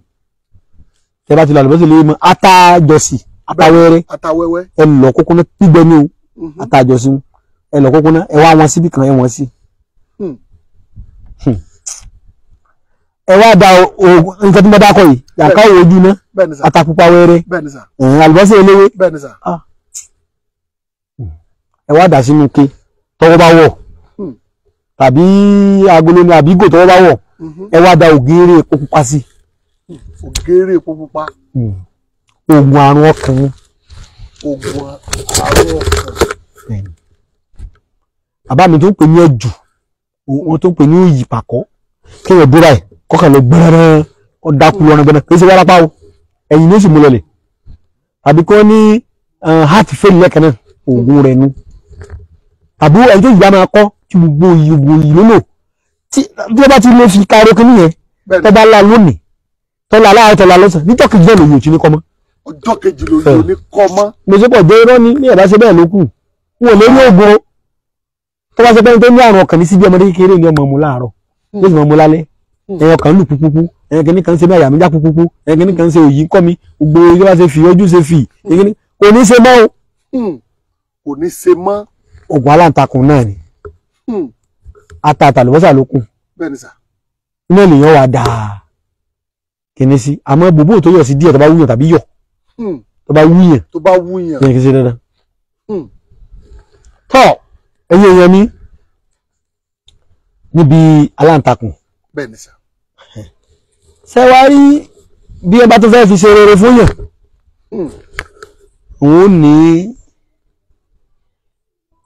tẹ bá ti lo àlùbọ́sà eléwé mọ́ atájọsì atawẹ́rẹ́ ẹ lọ kókóná gbígbẹ ní o mhm. atájọsì ẹ lọ kókóná ẹ wá wọn síbi kan ẹ wọn sí. Hmm. Hmm. ẹ wá da nǹkan tí mo dákọ yìí yàká ojú ná atapupa wẹ́rẹ́ àlùbọ́sà eléwé ah. ẹ wá dà sínú ike tọwọ́ bá wọ̀ tàbí agolo ní àbígò tọwọ́ bá wọ̀ ẹ wá da ògèrè epo pupa sí. ògèrè epo pupa. Hmm. oògùn àrùn ọkàn. oògùn àrùn ọkàn. bàbá mi tó ń pè ní ẹ̀jù wọn tó ń pè ní òyì pàkọ́ kéèyàn búra ẹ̀ kọ́kàn lọ gbẹ́rẹ́rẹ́ ọ dákú lọ́nà gbẹ́nà kì í ṣe wárápá o ẹ̀yìn ló sì mú lọlẹ̀ àbí kọ́ ní eh, heart failure lẹ́ẹ̀kan náà oògùn rẹ̀ nu tàbí ẹni tó yìí bá máa kọ́ tí gbogbo ìyí ló lò tí wọ́n bá ti lè fi karo kí nìyẹn tó bá la lónìí tó la láàárọ̀ tó la lọ́sàn níjọ́ kejì náà lòyìn òtún ní kọ́mọ́. ọjọ́ kejì lòyìn òní kọ́mọ́. mo ṣe dé irọ́ ni ní ẹ̀bá ṣe bẹ́ẹ̀ ló kù n ò lè ní ògbó tó bá ṣe pé tó ní àrùn ọkàn ní síbi ọmọdé kékeré ní ọmọ mu láàárọ̀ ló hmm. sì mọ̀ mu lálẹ́ hmm. ẹ̀yàn kan lù púpúpú ẹ̀yàn kìíní kan ṣe bẹ́ẹ̀ àmì púpúpú ẹ̀yàn kìíní kan ṣe òyì o. kò ní ata àtàlùbọ́sà ló kù iná ènìyàn wà dáa kìíní sí àmọ́ bòbó tó yọ̀ sí díẹ̀ tó bá wúyàn tàbí yọ̀ hmm. tó bá wúyàn tó bá wúyàn yẹn kìí ṣe dandan. Hmm. tọ́ ẹ̀yin èèyàn mi níbi aláǹtakùn ṣe wá rí bí ẹ bá tó fẹ́ fi ṣe rere fún yàn hmm. òun ní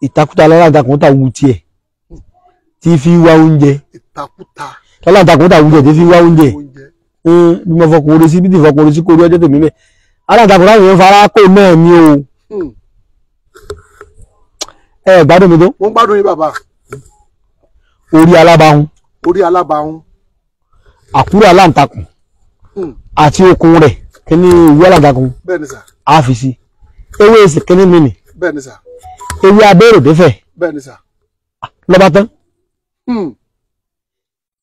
ìtakùtà aláǹtakùn tàwù tiẹ̀ tí fi wá oúnjẹ tọ́lá ìtakùntà oúnjẹ tí fi wá oúnjẹ bí mo fọkùn orí sí bí ti fọkùn orí sí kórí ọjọ́ tèmi mẹ́ aláǹtakùntà yẹn fara kó náà ni o hmm. ẹ gbádùn mi tó. wọ́n gbádùn yín bàbá. orí alábàáhùn. orí alábàáhùn. àkúrò aláǹtakùn hmm. àti okùn rẹ̀ kíní ìwé aláǹtakùn bẹ́ẹ̀ni sà á fi sí ewé ìsìn kíní mi nì bẹ́ẹ̀ni sà ewé abẹ́rò dẹ́fẹ̀ bẹ́ẹ̀ni sà lọ́ba tán. Hmm.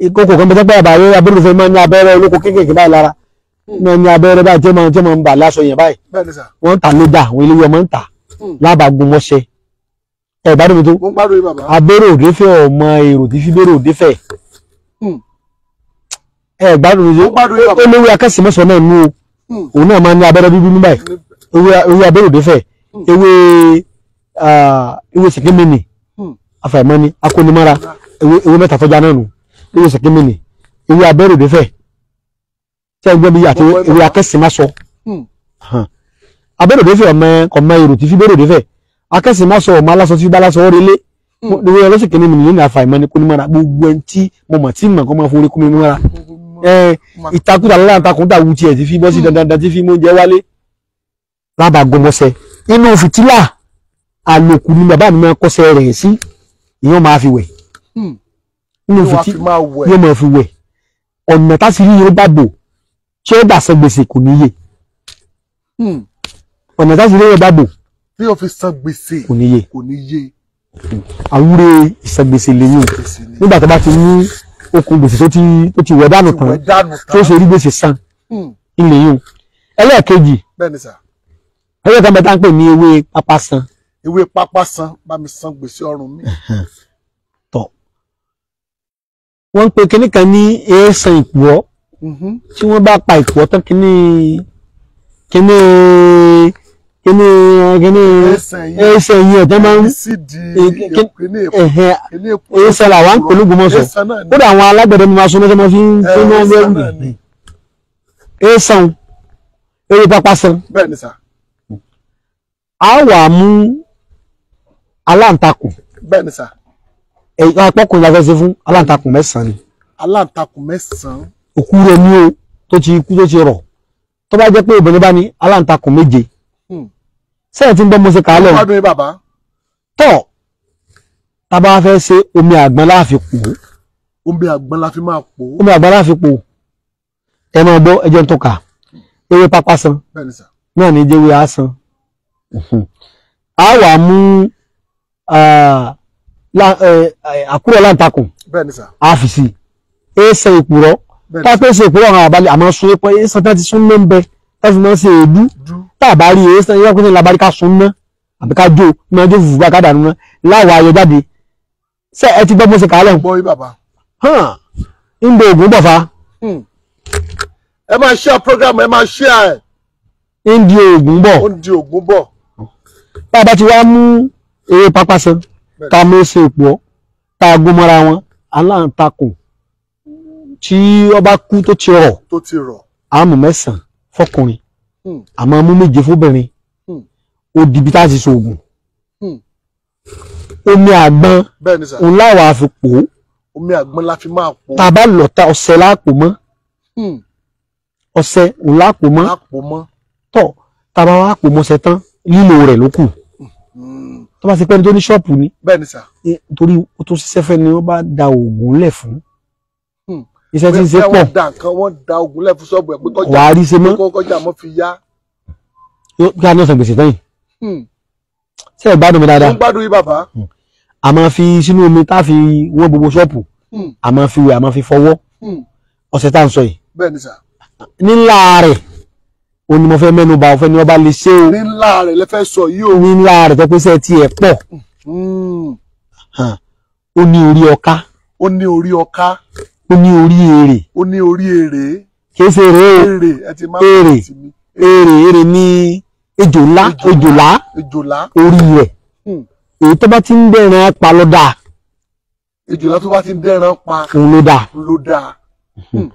ìkókò kan bẹ́tẹ́ pé àbáyé abúlé fẹ́ máa ní abẹ́rẹ́ olóko kéékèèké báyìí lára hmm. náà ní abẹ́rẹ́ báyìí tí wọ́n máa ń bà láṣọ yẹn báyìí wọ́n ń tà lódà àwọn ilé wọn máa ń tà hmm. lábàgùn mọ́ṣẹ́ ẹ̀ bá dùn mi tó abẹ́rẹ́ òde fẹ́ ọmọ èrò tí fi bẹ́rẹ̀ òde fẹ́ ẹ̀ gbádùn mi tó olówó akásímọ́sọ náà nú o òun náà máa ń ní abẹ́rẹ́ bíbí ní báyìí ewé abẹ́rẹ́ òde fẹ́ ewé ah, ewé sèkémẹ́nì afàìmọ́ni akónimára ewé mẹ́ta fọ́já náà nù ewé sẹ̀kímìnì ewé abẹ́rẹ́ òdòfẹ́ tí ẹgbẹ́ mi àti ewé akẹ́sìmáṣọ hmm. abẹ́rẹ́ òdòfẹ́ ọmọ ọmọ èrò tí fi bẹ́rẹ́ òdòfẹ́ akẹ́sìmáṣọ ọmọ aláṣọ tí fi bá aláṣọ ọrẹ́lé hmm. ewé ọlọ́sẹ̀ kìíní nìyẹn ní àfàìmọ́ ni kò ní mọ́ra gbogbo ẹni tí mo mọ̀ tí mọ̀ kọ́ máa forí kó mi mọ́ra ìtakùtà láǹtakùn dàwù tiẹ̀ ti fi bọ́ sí hmm. dandan ti fi mú oúnjẹ wálé lábàgọmọsẹ inú fìtílà àlòkù ni bàbá mi máa kọsẹ̀ rẹ̀ sí ìyẹn máa fi wẹ̀ nínú fìtí yóò máa fi wẹ̀ ọ̀nà tásìrí yóò bá bò tí ó dà san gbèsè kò níye hmm. ọ̀nà tásìrí yóò bá bò tí ó fi san gbèsè kò níye àwúre ìsangbèsè lẹ́yìn nígbà tó bá ti ní okùn gbèsè tó ti tó ti wẹ̀ dànù tán tó ṣe rí gbèsè san hmm. ilé yìí ẹlẹ́ẹ̀kejì ẹlẹ́ẹ̀kan bẹ́ẹ̀ tá ń pè ní ewé pápá san ewé pápá san bá mi san gbèsè ọrùn mi wọ́n ń pe kinní kan ní èèsàn ìpùọ́ mm-hmm. tí wọ́n bá pa ìpùọ́ tán kinní kinní kíní kíní ẹsẹ yìí ẹjẹ máa ń ẹsẹ làwọn ń pèlú gbọmọsọ kódà àwọn alágbẹ̀dẹ mi máa sọ mẹsẹ máa fi ń fi ń wọ́n wẹrù ẹsàn eré pápá sàn. a wà mú aláǹtakùn. bẹ́ẹ̀ni sà ẹ̀yìn apọ́kùnrin la fẹ́ ṣe fún aláǹtakùn mẹ́sàn-án ni. aláǹtakùn mẹ́sàn-án. òkú rẹ ní o tó ti kú tó ti rọ̀ tó bá jẹ́ pé obìnrin bá ní aláǹtakùn méje. sẹ́yìn hmm. tí ń bọ́ mo ṣe kàálẹ̀ o. ọdún bàbá. tọ́ tábà fẹ́ ṣe omi àgbọn la pò. omi àgbọn la máa pò. omi àgbọn la pò. ẹ máa gbọ́ ẹjọ́ tó kà ewé pápá san náà ní jẹ́wé á san. a wà mú. Ah, àkúrọ̀ láǹtakùn àfìsì èsè ìpùrọ̀ tápẹ́ èsè ìpùrọ̀ àwọn àbálẹ̀ àmọ́ sun epo èsè tí sun ní bẹ táfi mọ́ sí èédú tàbá rí èsè ìyàkùnrin labarí ká sun ná àbí ká jó iná jó fùfú bá ká dànù ná láwọ̀ ayọ̀ jáde ṣé ẹ ti gbọ́ mọ́sẹ̀ kálẹ̀ ń. bọ́yì bàbá. ń bọ oògùn bọ̀fà. Hmm. ẹ máa share program ẹ máa share ẹ. ń di oògùn bọ̀. ń di oògùn bọ̀. bá a bá ti wá mú eré pápá ta mẹ́sẹ̀ pọ̀ ta gómọ́ra wọn aláǹtakùn tí ọba kú tó ti rọ̀ tó ti rọ̀ àmú mẹ́sàn-án fọkùnrin àmọ́ hmm. mú méje fóbìnrin hmm. ó dìbí tá a ti ṣoògùn hmm. omi àgbọn òun àfipò omi àgbọn la fi máa pò tá a bá lọ ta ọṣẹ láàpò mọ́ ọṣẹ òun láàpò mọ́ tọ́ tá a bá wá tán lílo rẹ̀ ló kù tó bá ṣe pẹ́ni tó ní ṣọ́ọ̀pù ni bẹ́ẹ̀ ni sà torí ó tó ṣiṣẹ́ fẹ́ ni wọ́n bá da oògùn lẹ̀ fún hmm. iṣẹ́ tí ń ṣe pọ̀ wọ́n da oògùn lẹ̀ fún ṣọ́ọ̀bù ẹ̀ pé kọjá wàá rí ṣe mọ́ kọjá mọ́ fi yá. kí a ní ọ̀sán gbèsè tán yìí hmm. ṣe ìgbádùn mi dáadáa ìgbádùn yìí bàbá hmm. a máa fi sínú omi tá a fi wọ́n gbogbo ṣọ́ọ̀pù a máa fi wẹ̀ a máa fi fọwọ́ ọ̀sẹ̀ tá à ń sọ yìí bẹ́ẹ̀ ni rẹ̀ o ni mo fẹ́ mẹ́nu bà o fẹ́ ni ọba lè ṣe o. ní ńlá rẹ̀ lẹ fẹ́ sọ yìí o. ní ńlá rẹ̀ tọpẹ́ sẹ́ tiẹ̀ pọ̀. Hmm. ó ní orí ọká. ó ní orí ọká. ó ní orí èrè. ó ní orí èrè. kìí ṣe èrè o èrè èrè èrè ní ejò ńlá ejò ńlá orí rẹ̀ hmm. èyí tó bá ti ń dẹ̀ran pa ló dáa. tó bá ti ń dẹ̀ran pa. òun ló hmm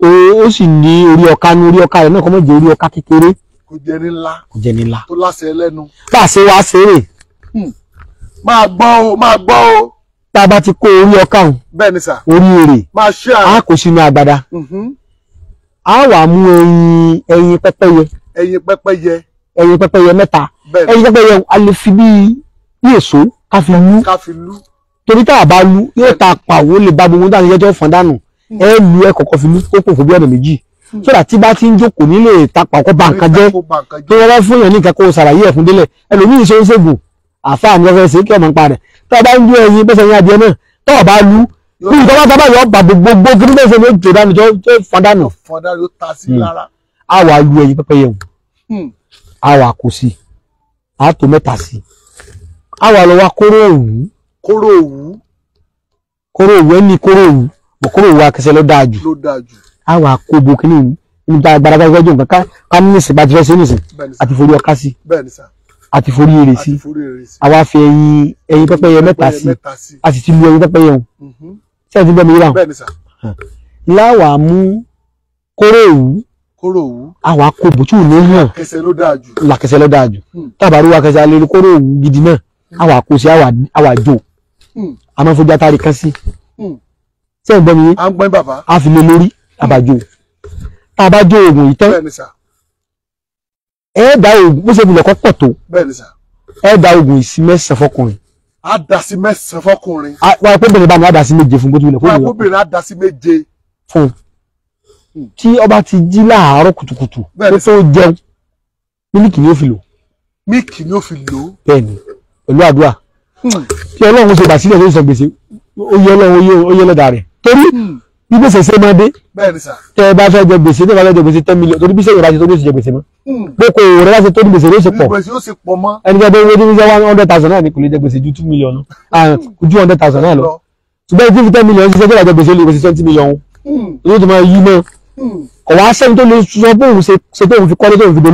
ó sì ní orí ọ̀ka ní orí ọ̀ka rẹ̀ náà kọ́ mọ̀ jẹ́ orí ọ̀ka kékeré. kò jẹ́ ní ńlá kò jẹ́ ní ńlá tó láṣẹ lẹ́nu. bá a ṣe wá ṣeré. Hmm. máa gbọ́ o máa gbọ́ o. tá a bá ti kó orí ọ̀ka hùn. bẹ́ẹ̀ ni sà. orí èrè. máa ṣe àná. a kò sínú agbada. Mm-hmm. a wà mú ẹyin ẹyin pẹ́pẹ́yẹ. ẹyin pẹ́pẹ́yẹ. ẹyin pẹ́pẹ́yẹ mẹ́ta. bẹ́ẹ̀ ẹyin pẹ́pẹ́yẹ a lè fi bí bí èso ká fi lú. ká fi lú. torí tá a bá lú yóò ta pàwó lè ba gbogbo dáhùn yẹjọ́ fọ́n dànù ẹ lu ẹ kọ̀kọ́ fi mú kókò fún bí ọ̀nà méjì sódà tí bá ti ń jókòó nílé ìtapà kọ́ bá nǹkan tó wọ́n bá fún yẹn ní nǹkan kó o ṣàlàyé ẹ̀ fún délẹ̀ ẹlòmíì ṣe ń ṣègùn àfáà ní ọ̀fẹ́ ṣe kí ọmọ ń pa rẹ̀ tó o bá ń dún ẹyin bẹ́sẹ̀ yín adìẹ náà tó o bá lu bí ìtọ́wọ́ tábà yọ ọba gbogbo kí nígbà ìṣẹ́ni ó jò dánù tó fọdánù hmm. a wà lu ẹyin pẹ́pẹ́yẹ o hmm. a wà kó sí a tó mẹ́ta sí a wà lọ wa kóró òwú kóró òwú ẹni kóró òwú bọ̀kúrò wa kẹsẹ̀ ló dáa jù á wà kó bo kínní níta gbàdàgbà ìgbẹ́jọ nǹkan ká ní ìsìn bá ti fẹ́ sí nìsín àti forí ọká sí àti forí èrè sí àwa fi ẹyin ẹyin pẹ́pẹ́yẹ mẹ́ta sí a sì ti lu ẹyin pẹ́pẹ́yẹ hùn sí àti bẹ́ẹ̀ mi yíra hùn láwàá mú kóró òwú kóró òwú àwa kó bò tí ò ní hàn làkẹsẹ̀ ló dáa jù tábàárù wa kẹsẹ̀ alẹ́ kóró òwú gidi náà àwa kó sí àwa jò àmọ́ hmm. fojú atari kan sí. Hmm ṣé ẹ gbọ́ mi yé à ń gbọ́ bàbá a fi lé lórí àbájọ tá a bá jó oògùn yìí tán ẹ dá oògùn bó ṣe bulẹ̀ kọ́ pọ̀ tó ẹ dá oògùn yìí sí mẹ́sàn-án fọkùnrin. a dà sí mẹ́sàn-án fọkùnrin. wọ́n á pé bẹ̀rẹ̀ báyìí a dà sí méje fún bó ti bulẹ̀ kó bulẹ̀ kọ́. wọ́n á pé bẹ̀rẹ̀ a dà sí méje. fún tí ọba ti jí láàárọ̀ kùtùkùtù tó tó jẹun mílíkì ni ó fi lò. mílíkì ni ó fi lò. bẹ́ẹ̀ni pẹ̀lú àdúrà hmm. kí Ọlọ́run ṣe bàsílẹ̀ tó sọ gbèsè ó yẹ Ọlọ́run ó yẹ lọdà rẹ torí hmm. bí gbèsè ṣe máa dé tẹ ẹ bá fẹ́ jẹ gbèsè tẹ ẹ bá fẹ́ jẹ gbèsè ten million torí bí sẹ́yìn bá ṣe tó ní oṣù jẹ gbèsè mọ́ gbogbo hmm. òwò rẹ bá ṣe tó ní gbèsè ló ṣe pọ̀ ẹni jẹ́ pé owó tó ní jẹ́ one hundred thousand náà ni kò lè jẹ gbèsè ju two million lọ ah, ju hundred thousand náà lọ ṣùgbọ́n fífi ten million ṣiṣẹ́ tó lè jẹ gbèsè lè gbèsè twenty million hmm. yóò tó máa yí mọ́ kò wá sẹ́ni tó lè sọ pé òun ṣe pé òun fi kọ́lé tó òun fi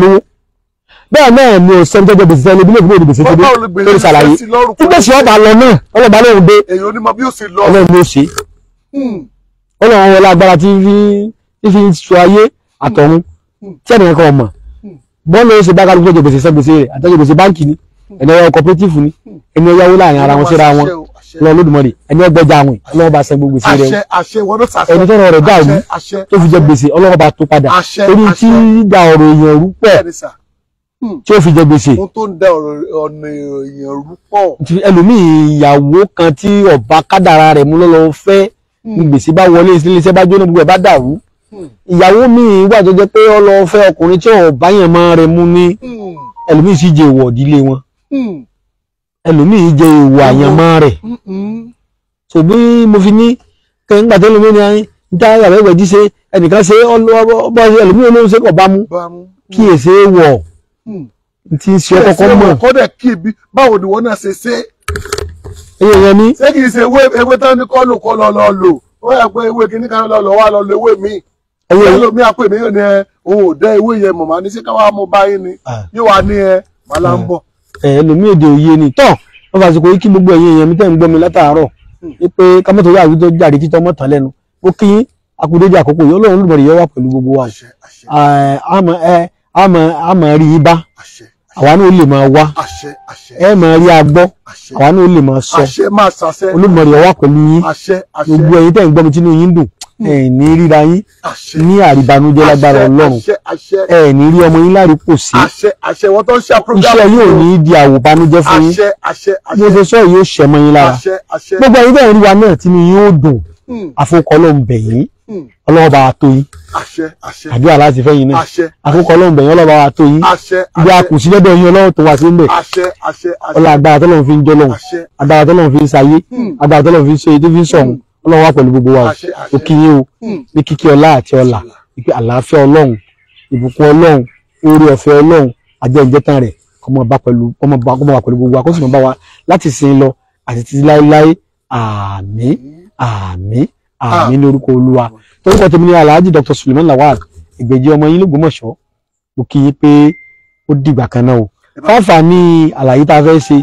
bẹ́ẹ̀ náà ni òsè ń gbèsè ẹni bí lóògùn òdì gbèsè tó dé lórí ṣàlàyé nígbèsè ọba lọ náà ọlọ́ba lóhùn dé ọlọ́run ló ṣe Hmm. ọlọ́run wọlé agbára tí fi ń sọ ayé àtọ̀run hmm. tí ẹnìyàn kan mọ̀ hmm. bọ́ọ̀lù ó ṣe bá kálukú jẹ gbèsè sẹ́gbèsè rẹ̀ àtọ́jú gbèsè báǹkì ni ẹni ọyọ cooperative ni ẹni ọyáwó láàrin ara wọn síra wọn lọ lódùmọ̀rì ẹni ọgbẹ́jà àwọn ọlọ́wọ́ bá san gbogbo gbèsè rẹ̀ ẹni tọ́nà rẹ̀ dà òní tó fi jẹ gbèsè ọlọ́wọ́ bá tó padà torí tí da ọ̀rọ̀ èèyàn rú pọ̀ tí ó fi jẹ gbèsè. ohun tó ń da ọ̀rọ̀ ọ̀nà èèyàn rú pọ̀. ẹlòmíì ìyàwó kan tí ọ̀bá kádàrà rẹ̀ mú lọ́lọ́ fẹ́ gbèsè bá wọlé iléeṣẹ́ bá jóná gbogbo ẹ̀ bá dàrú ìyàwó mi wà tó jẹ́ pé ó lọ fẹ́ ọkùnrin tí ò bá yẹn máa rẹ mú ní ẹlòmíì sì jẹ ìwọ̀ ìdílé wọn ẹlòmíì jẹ ìwọ̀ àyànmọ́ rẹ̀ ṣùgbọ́n mo fi ní kẹ́ńgbà tó lómi ní ayé dá yàrá ìwẹ̀ jí ṣe ẹnìkan ṣe ọba ẹlòmíì olóhùn ṣe kọ̀ bá mú kí èsè wọ̀ hmm. tí ń ṣe ọkọ̀ mọ̀. kọ́dẹ̀ kí báwo ni wọ́n náà ṣe ṣe èèyàn ni. ṣé kìí ṣe ewé ewé tán ní kọ́lù kọ́ lọ lọ lò ó yà pé ewé kìíní kan lọ lọ wá lọ lo ewé mi. ẹyẹ ló mi àpè mí yóò ní ẹ òun ò dẹ ewé yẹn mọ̀ máa ní ṣé káwá mo bá ni ah. yóò wá ní ẹ màá là ah. ẹ èdè òye ni wọn fà kí gbogbo mi ń mi hmm. pé yà wí tó jáde kí tọmọ àwa náà ó lè máa wá ẹ máa rí agbọ́ àwa náà ó lè máa sọ Olódùmarè ó wà pẹ̀lú yín gbogbo ẹ̀yin tẹ̀ ń gbọ́ mi tínú yín dùn hmm. ẹ ní ríra yín ní àríbanújẹ́ lágbára Ọlọ́run ẹ ní rí ọmọ yín lárí kò sí iṣẹ́ yóò ní di àwòbanújẹ́ fún yín yóò ṣe sọ yóò ṣẹmọ yín lára gbogbo ẹ̀yin tẹ̀ ń rí wa náà tínú yín ó dùn hmm. àfọkọ Ọlọ́run bẹ̀ Hmm. ọlọ́wọ́ bá wa tó yín àdúrà láti fẹ́ yín náà àkókò ọlọ́run bẹ̀yìn ọlọ́wọ́ bá wa tó yín ibi àkù sí lẹ́bẹ̀ yín ọlọ́run tó wá sí ńbẹ̀ ọlọ́ agbára tọ́lọ́run fi ń jọlọ́run agbára tọ́lọ́run fi ń sayé hmm. agbára tọ́lọ́run fi ń ṣe ètò fi ń sọ̀run hmm. ọlọ́run wà pẹ̀lú gbogbo wa o kí yín o ní kíkí ọlá àti ọlà ipe àlàáfíà ọlọ́run ìbùkún ọlọ́run oore ọ̀fẹ́ ọlọ́run àjẹ ìjẹtàn rẹ̀ ọmọ bá pẹ̀lú ọmọ bá pẹ̀lú gbogbo wa kó sì mọ̀ bá wa láti sin lọ àti títí láéláé àmín Ah. àmín lórúkọ olúwa orúkọ tèmi ni alhaji dr suleiman lawal ìgbèjì ọmọ yín lógbómọ̀ṣọ́ mo kí yín pé ó dìgbà kan náà o fáfà ní àlàyé tá a fẹ́ ṣe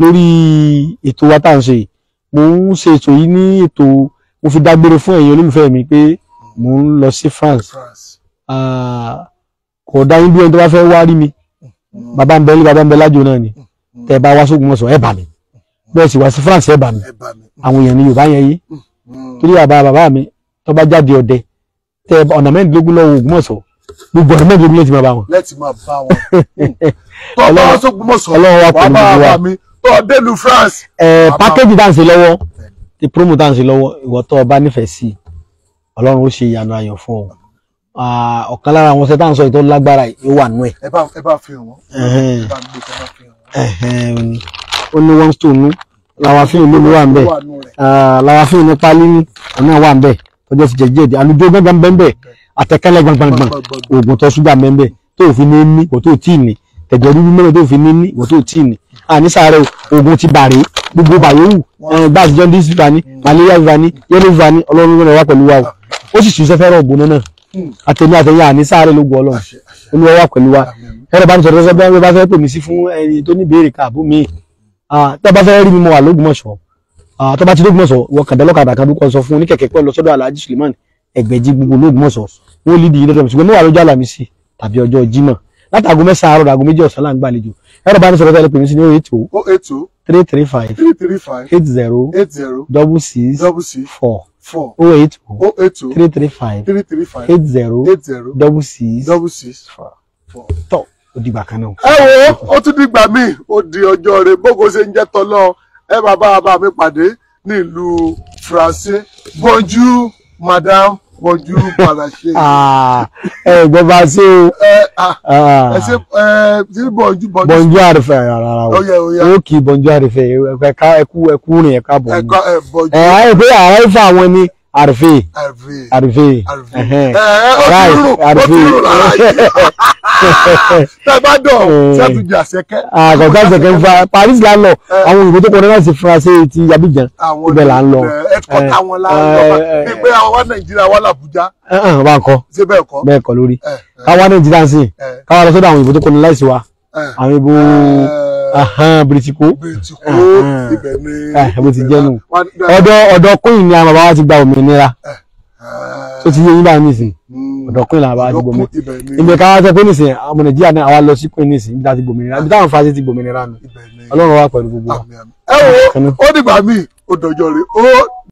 lórí ètò wa tá à ń ṣe mo ń ṣe ètò yìí ní ètò mo fi dágbére fún ẹ̀yin olólùfẹ́ mi pé mo ń lọ sí France ah, kò dá yín bí ẹni tó bá fẹ́ wá rí mi bàbá ń bẹ ní bàbá ń bẹ lájò náà ni tẹ́ bá wá sógun mọ̀sán ẹ̀ bà mí bẹ́ẹ̀ sì wá sí France ẹ̀ bà mí àwọn èèyàn ní Yorùbá yẹn yìí torí bàbá bàbá mi tó bá jáde ọdẹ tẹ ọ̀nà mẹ́rìndínlógún lọ́wọ́ Ògbómọ̀ṣọ́ gbogbo ọ̀nà mẹ́rìndínlógún lẹ́tì máa bá wọn. lẹ́tì máa bá wọn. tó bá wọn s'Ògbómọ̀ṣọ́ wàá bá bàbá mi tó délu France. ẹ pákéjì tá à ń ṣe lọ́wọ́ ti promo tá à ń ṣe lọ́wọ́ ìwọ tó o bá nífẹ̀ẹ́ sí Ọlọ́run ó ṣe ìyanu ayọ̀ fún ọ ọ̀kan lára àwọn ṣẹ́ tá à ń sọ ìtọ́ lágbára yóò wà nú ẹ̀. ẹ bá fi hàn wọ́n. ó ní one stone làwàfín olómi wà nbẹ làwàfín ah, ní pálíní ọ̀nà wà nbẹ tọjọ ti jẹ jẹdi àlùjọ gbọngàn bẹnbẹ àtẹkẹlẹ gbọngbọngbọn oògùn tó ṣúgà bẹnbẹ tó fi ní ní wọ́n tó tì ní tẹ̀jọ́ dúdú mẹ́rin tó fi ní ní wọ́n tó tì ní àní sàárẹ̀ oògùn ti bàrẹ̀ gbogbo bàyẹ̀wù gbáàsì jaundice fífa ní malaria fífa ní yellow fífa ní ọlọ́run rẹ̀ wá pẹ̀lú wa o ó sì Ah, tó bá fẹ́ rí mi mo wà lógbòmọ̀ṣọ́ ah, tó bá ti lógbòmọ̀ṣọ́ wọ kàdálọ́kadà kan dúkọ́ sọ fún oníkẹ̀kẹ́ pẹ́ lọ sọ́dọ̀ alhaji suleiman ẹgbẹ̀jì gbogbo lógbòmọ̀ṣọ́ wọ́n lè di ilé dọ́dọ̀ ṣùgbọ́n mo wà lọ́jọ́ àlàmísì tàbí ọjọ́ jímọ̀ látàgọ́ mẹ́sàn-án àárọ̀ àgọ́ méjì ọ̀sán láǹgbà àlejò ẹ̀rọ bá ní sọ̀rọ̀ tẹ́lẹ̀ pè sí ní oh, oh, oh eight oh three three five three three five eight zero eight zero double six double six four four oh eight oh, oh eight oh three three five three three five eight zero eight zero double six double six four four ó dìgbà kan náà. ẹ wo ó tún dìgbà míì ó di ọjọ́ rẹ̀ bógo ṣe ń jẹ́ tọ́lọ́ ẹ bàbá bàbá mi pàdé nílùú faransé bonjú madam bonjú faransé. Ah, ẹ gbọ́ bá ṣe o. ẹ ah, ah. ṣe ẹ ti bonjú bonjú. bonjú àrífẹ́ rárá o kì í bonjú àrífẹ́ ẹ̀ka ẹ̀kú ẹ̀kú rìn ẹ̀ka bonjú. ẹ̀ ẹ̀ bonjú. ẹ̀ ẹ̀ pé àrífẹ́ àwọn ni. Harvey Harvey rice Harvey. tẹ́gbàdọ̀ sẹ́tùjì àṣẹkẹ́. àgọ̀gá àṣẹkẹ́ ń fa Paris là ń lọ àwọn òyìnbó tó kọjá láti France ti Abidjan ibẹ̀ là ń lọ. ẹ̀ẹ́dkọ́tà wọn là ń lọ pípẹ́ àwa Nàìjíríà wà l'Àbújá. wa ń kọ́ bẹ́ẹ̀ kọ́ lórí káwa Nàìjíríà ń sìn káwa lọ sọ́dọ̀ àwọn òyìnbó tó kọjá láìsí wa àwọn ìbò bìrìtìkó eh, eh, bó ti jẹ́ nù ọ̀dọ̀ ọ̀dọ̀ kóyìn ni àwọn wa ti gba òmìnira tó ti yé yín báyìí nìsín ọ̀dọ̀ kóyìn làwọn bàbá ti gbòmí ìgbẹ́ ká wá sọ pé nìsín ọmọ nàìjíríà náà àwa lọ sí kóyìn nìsín níbi táwọn fàṣẹ ti gbòmìnira níbi táwọn fàṣẹ ti gbòmìnira nù ọlọ́run wà pẹ̀lú gbogbo wa. ẹ wo ó dìgbà míì ó dọjọ́ rẹ̀ ó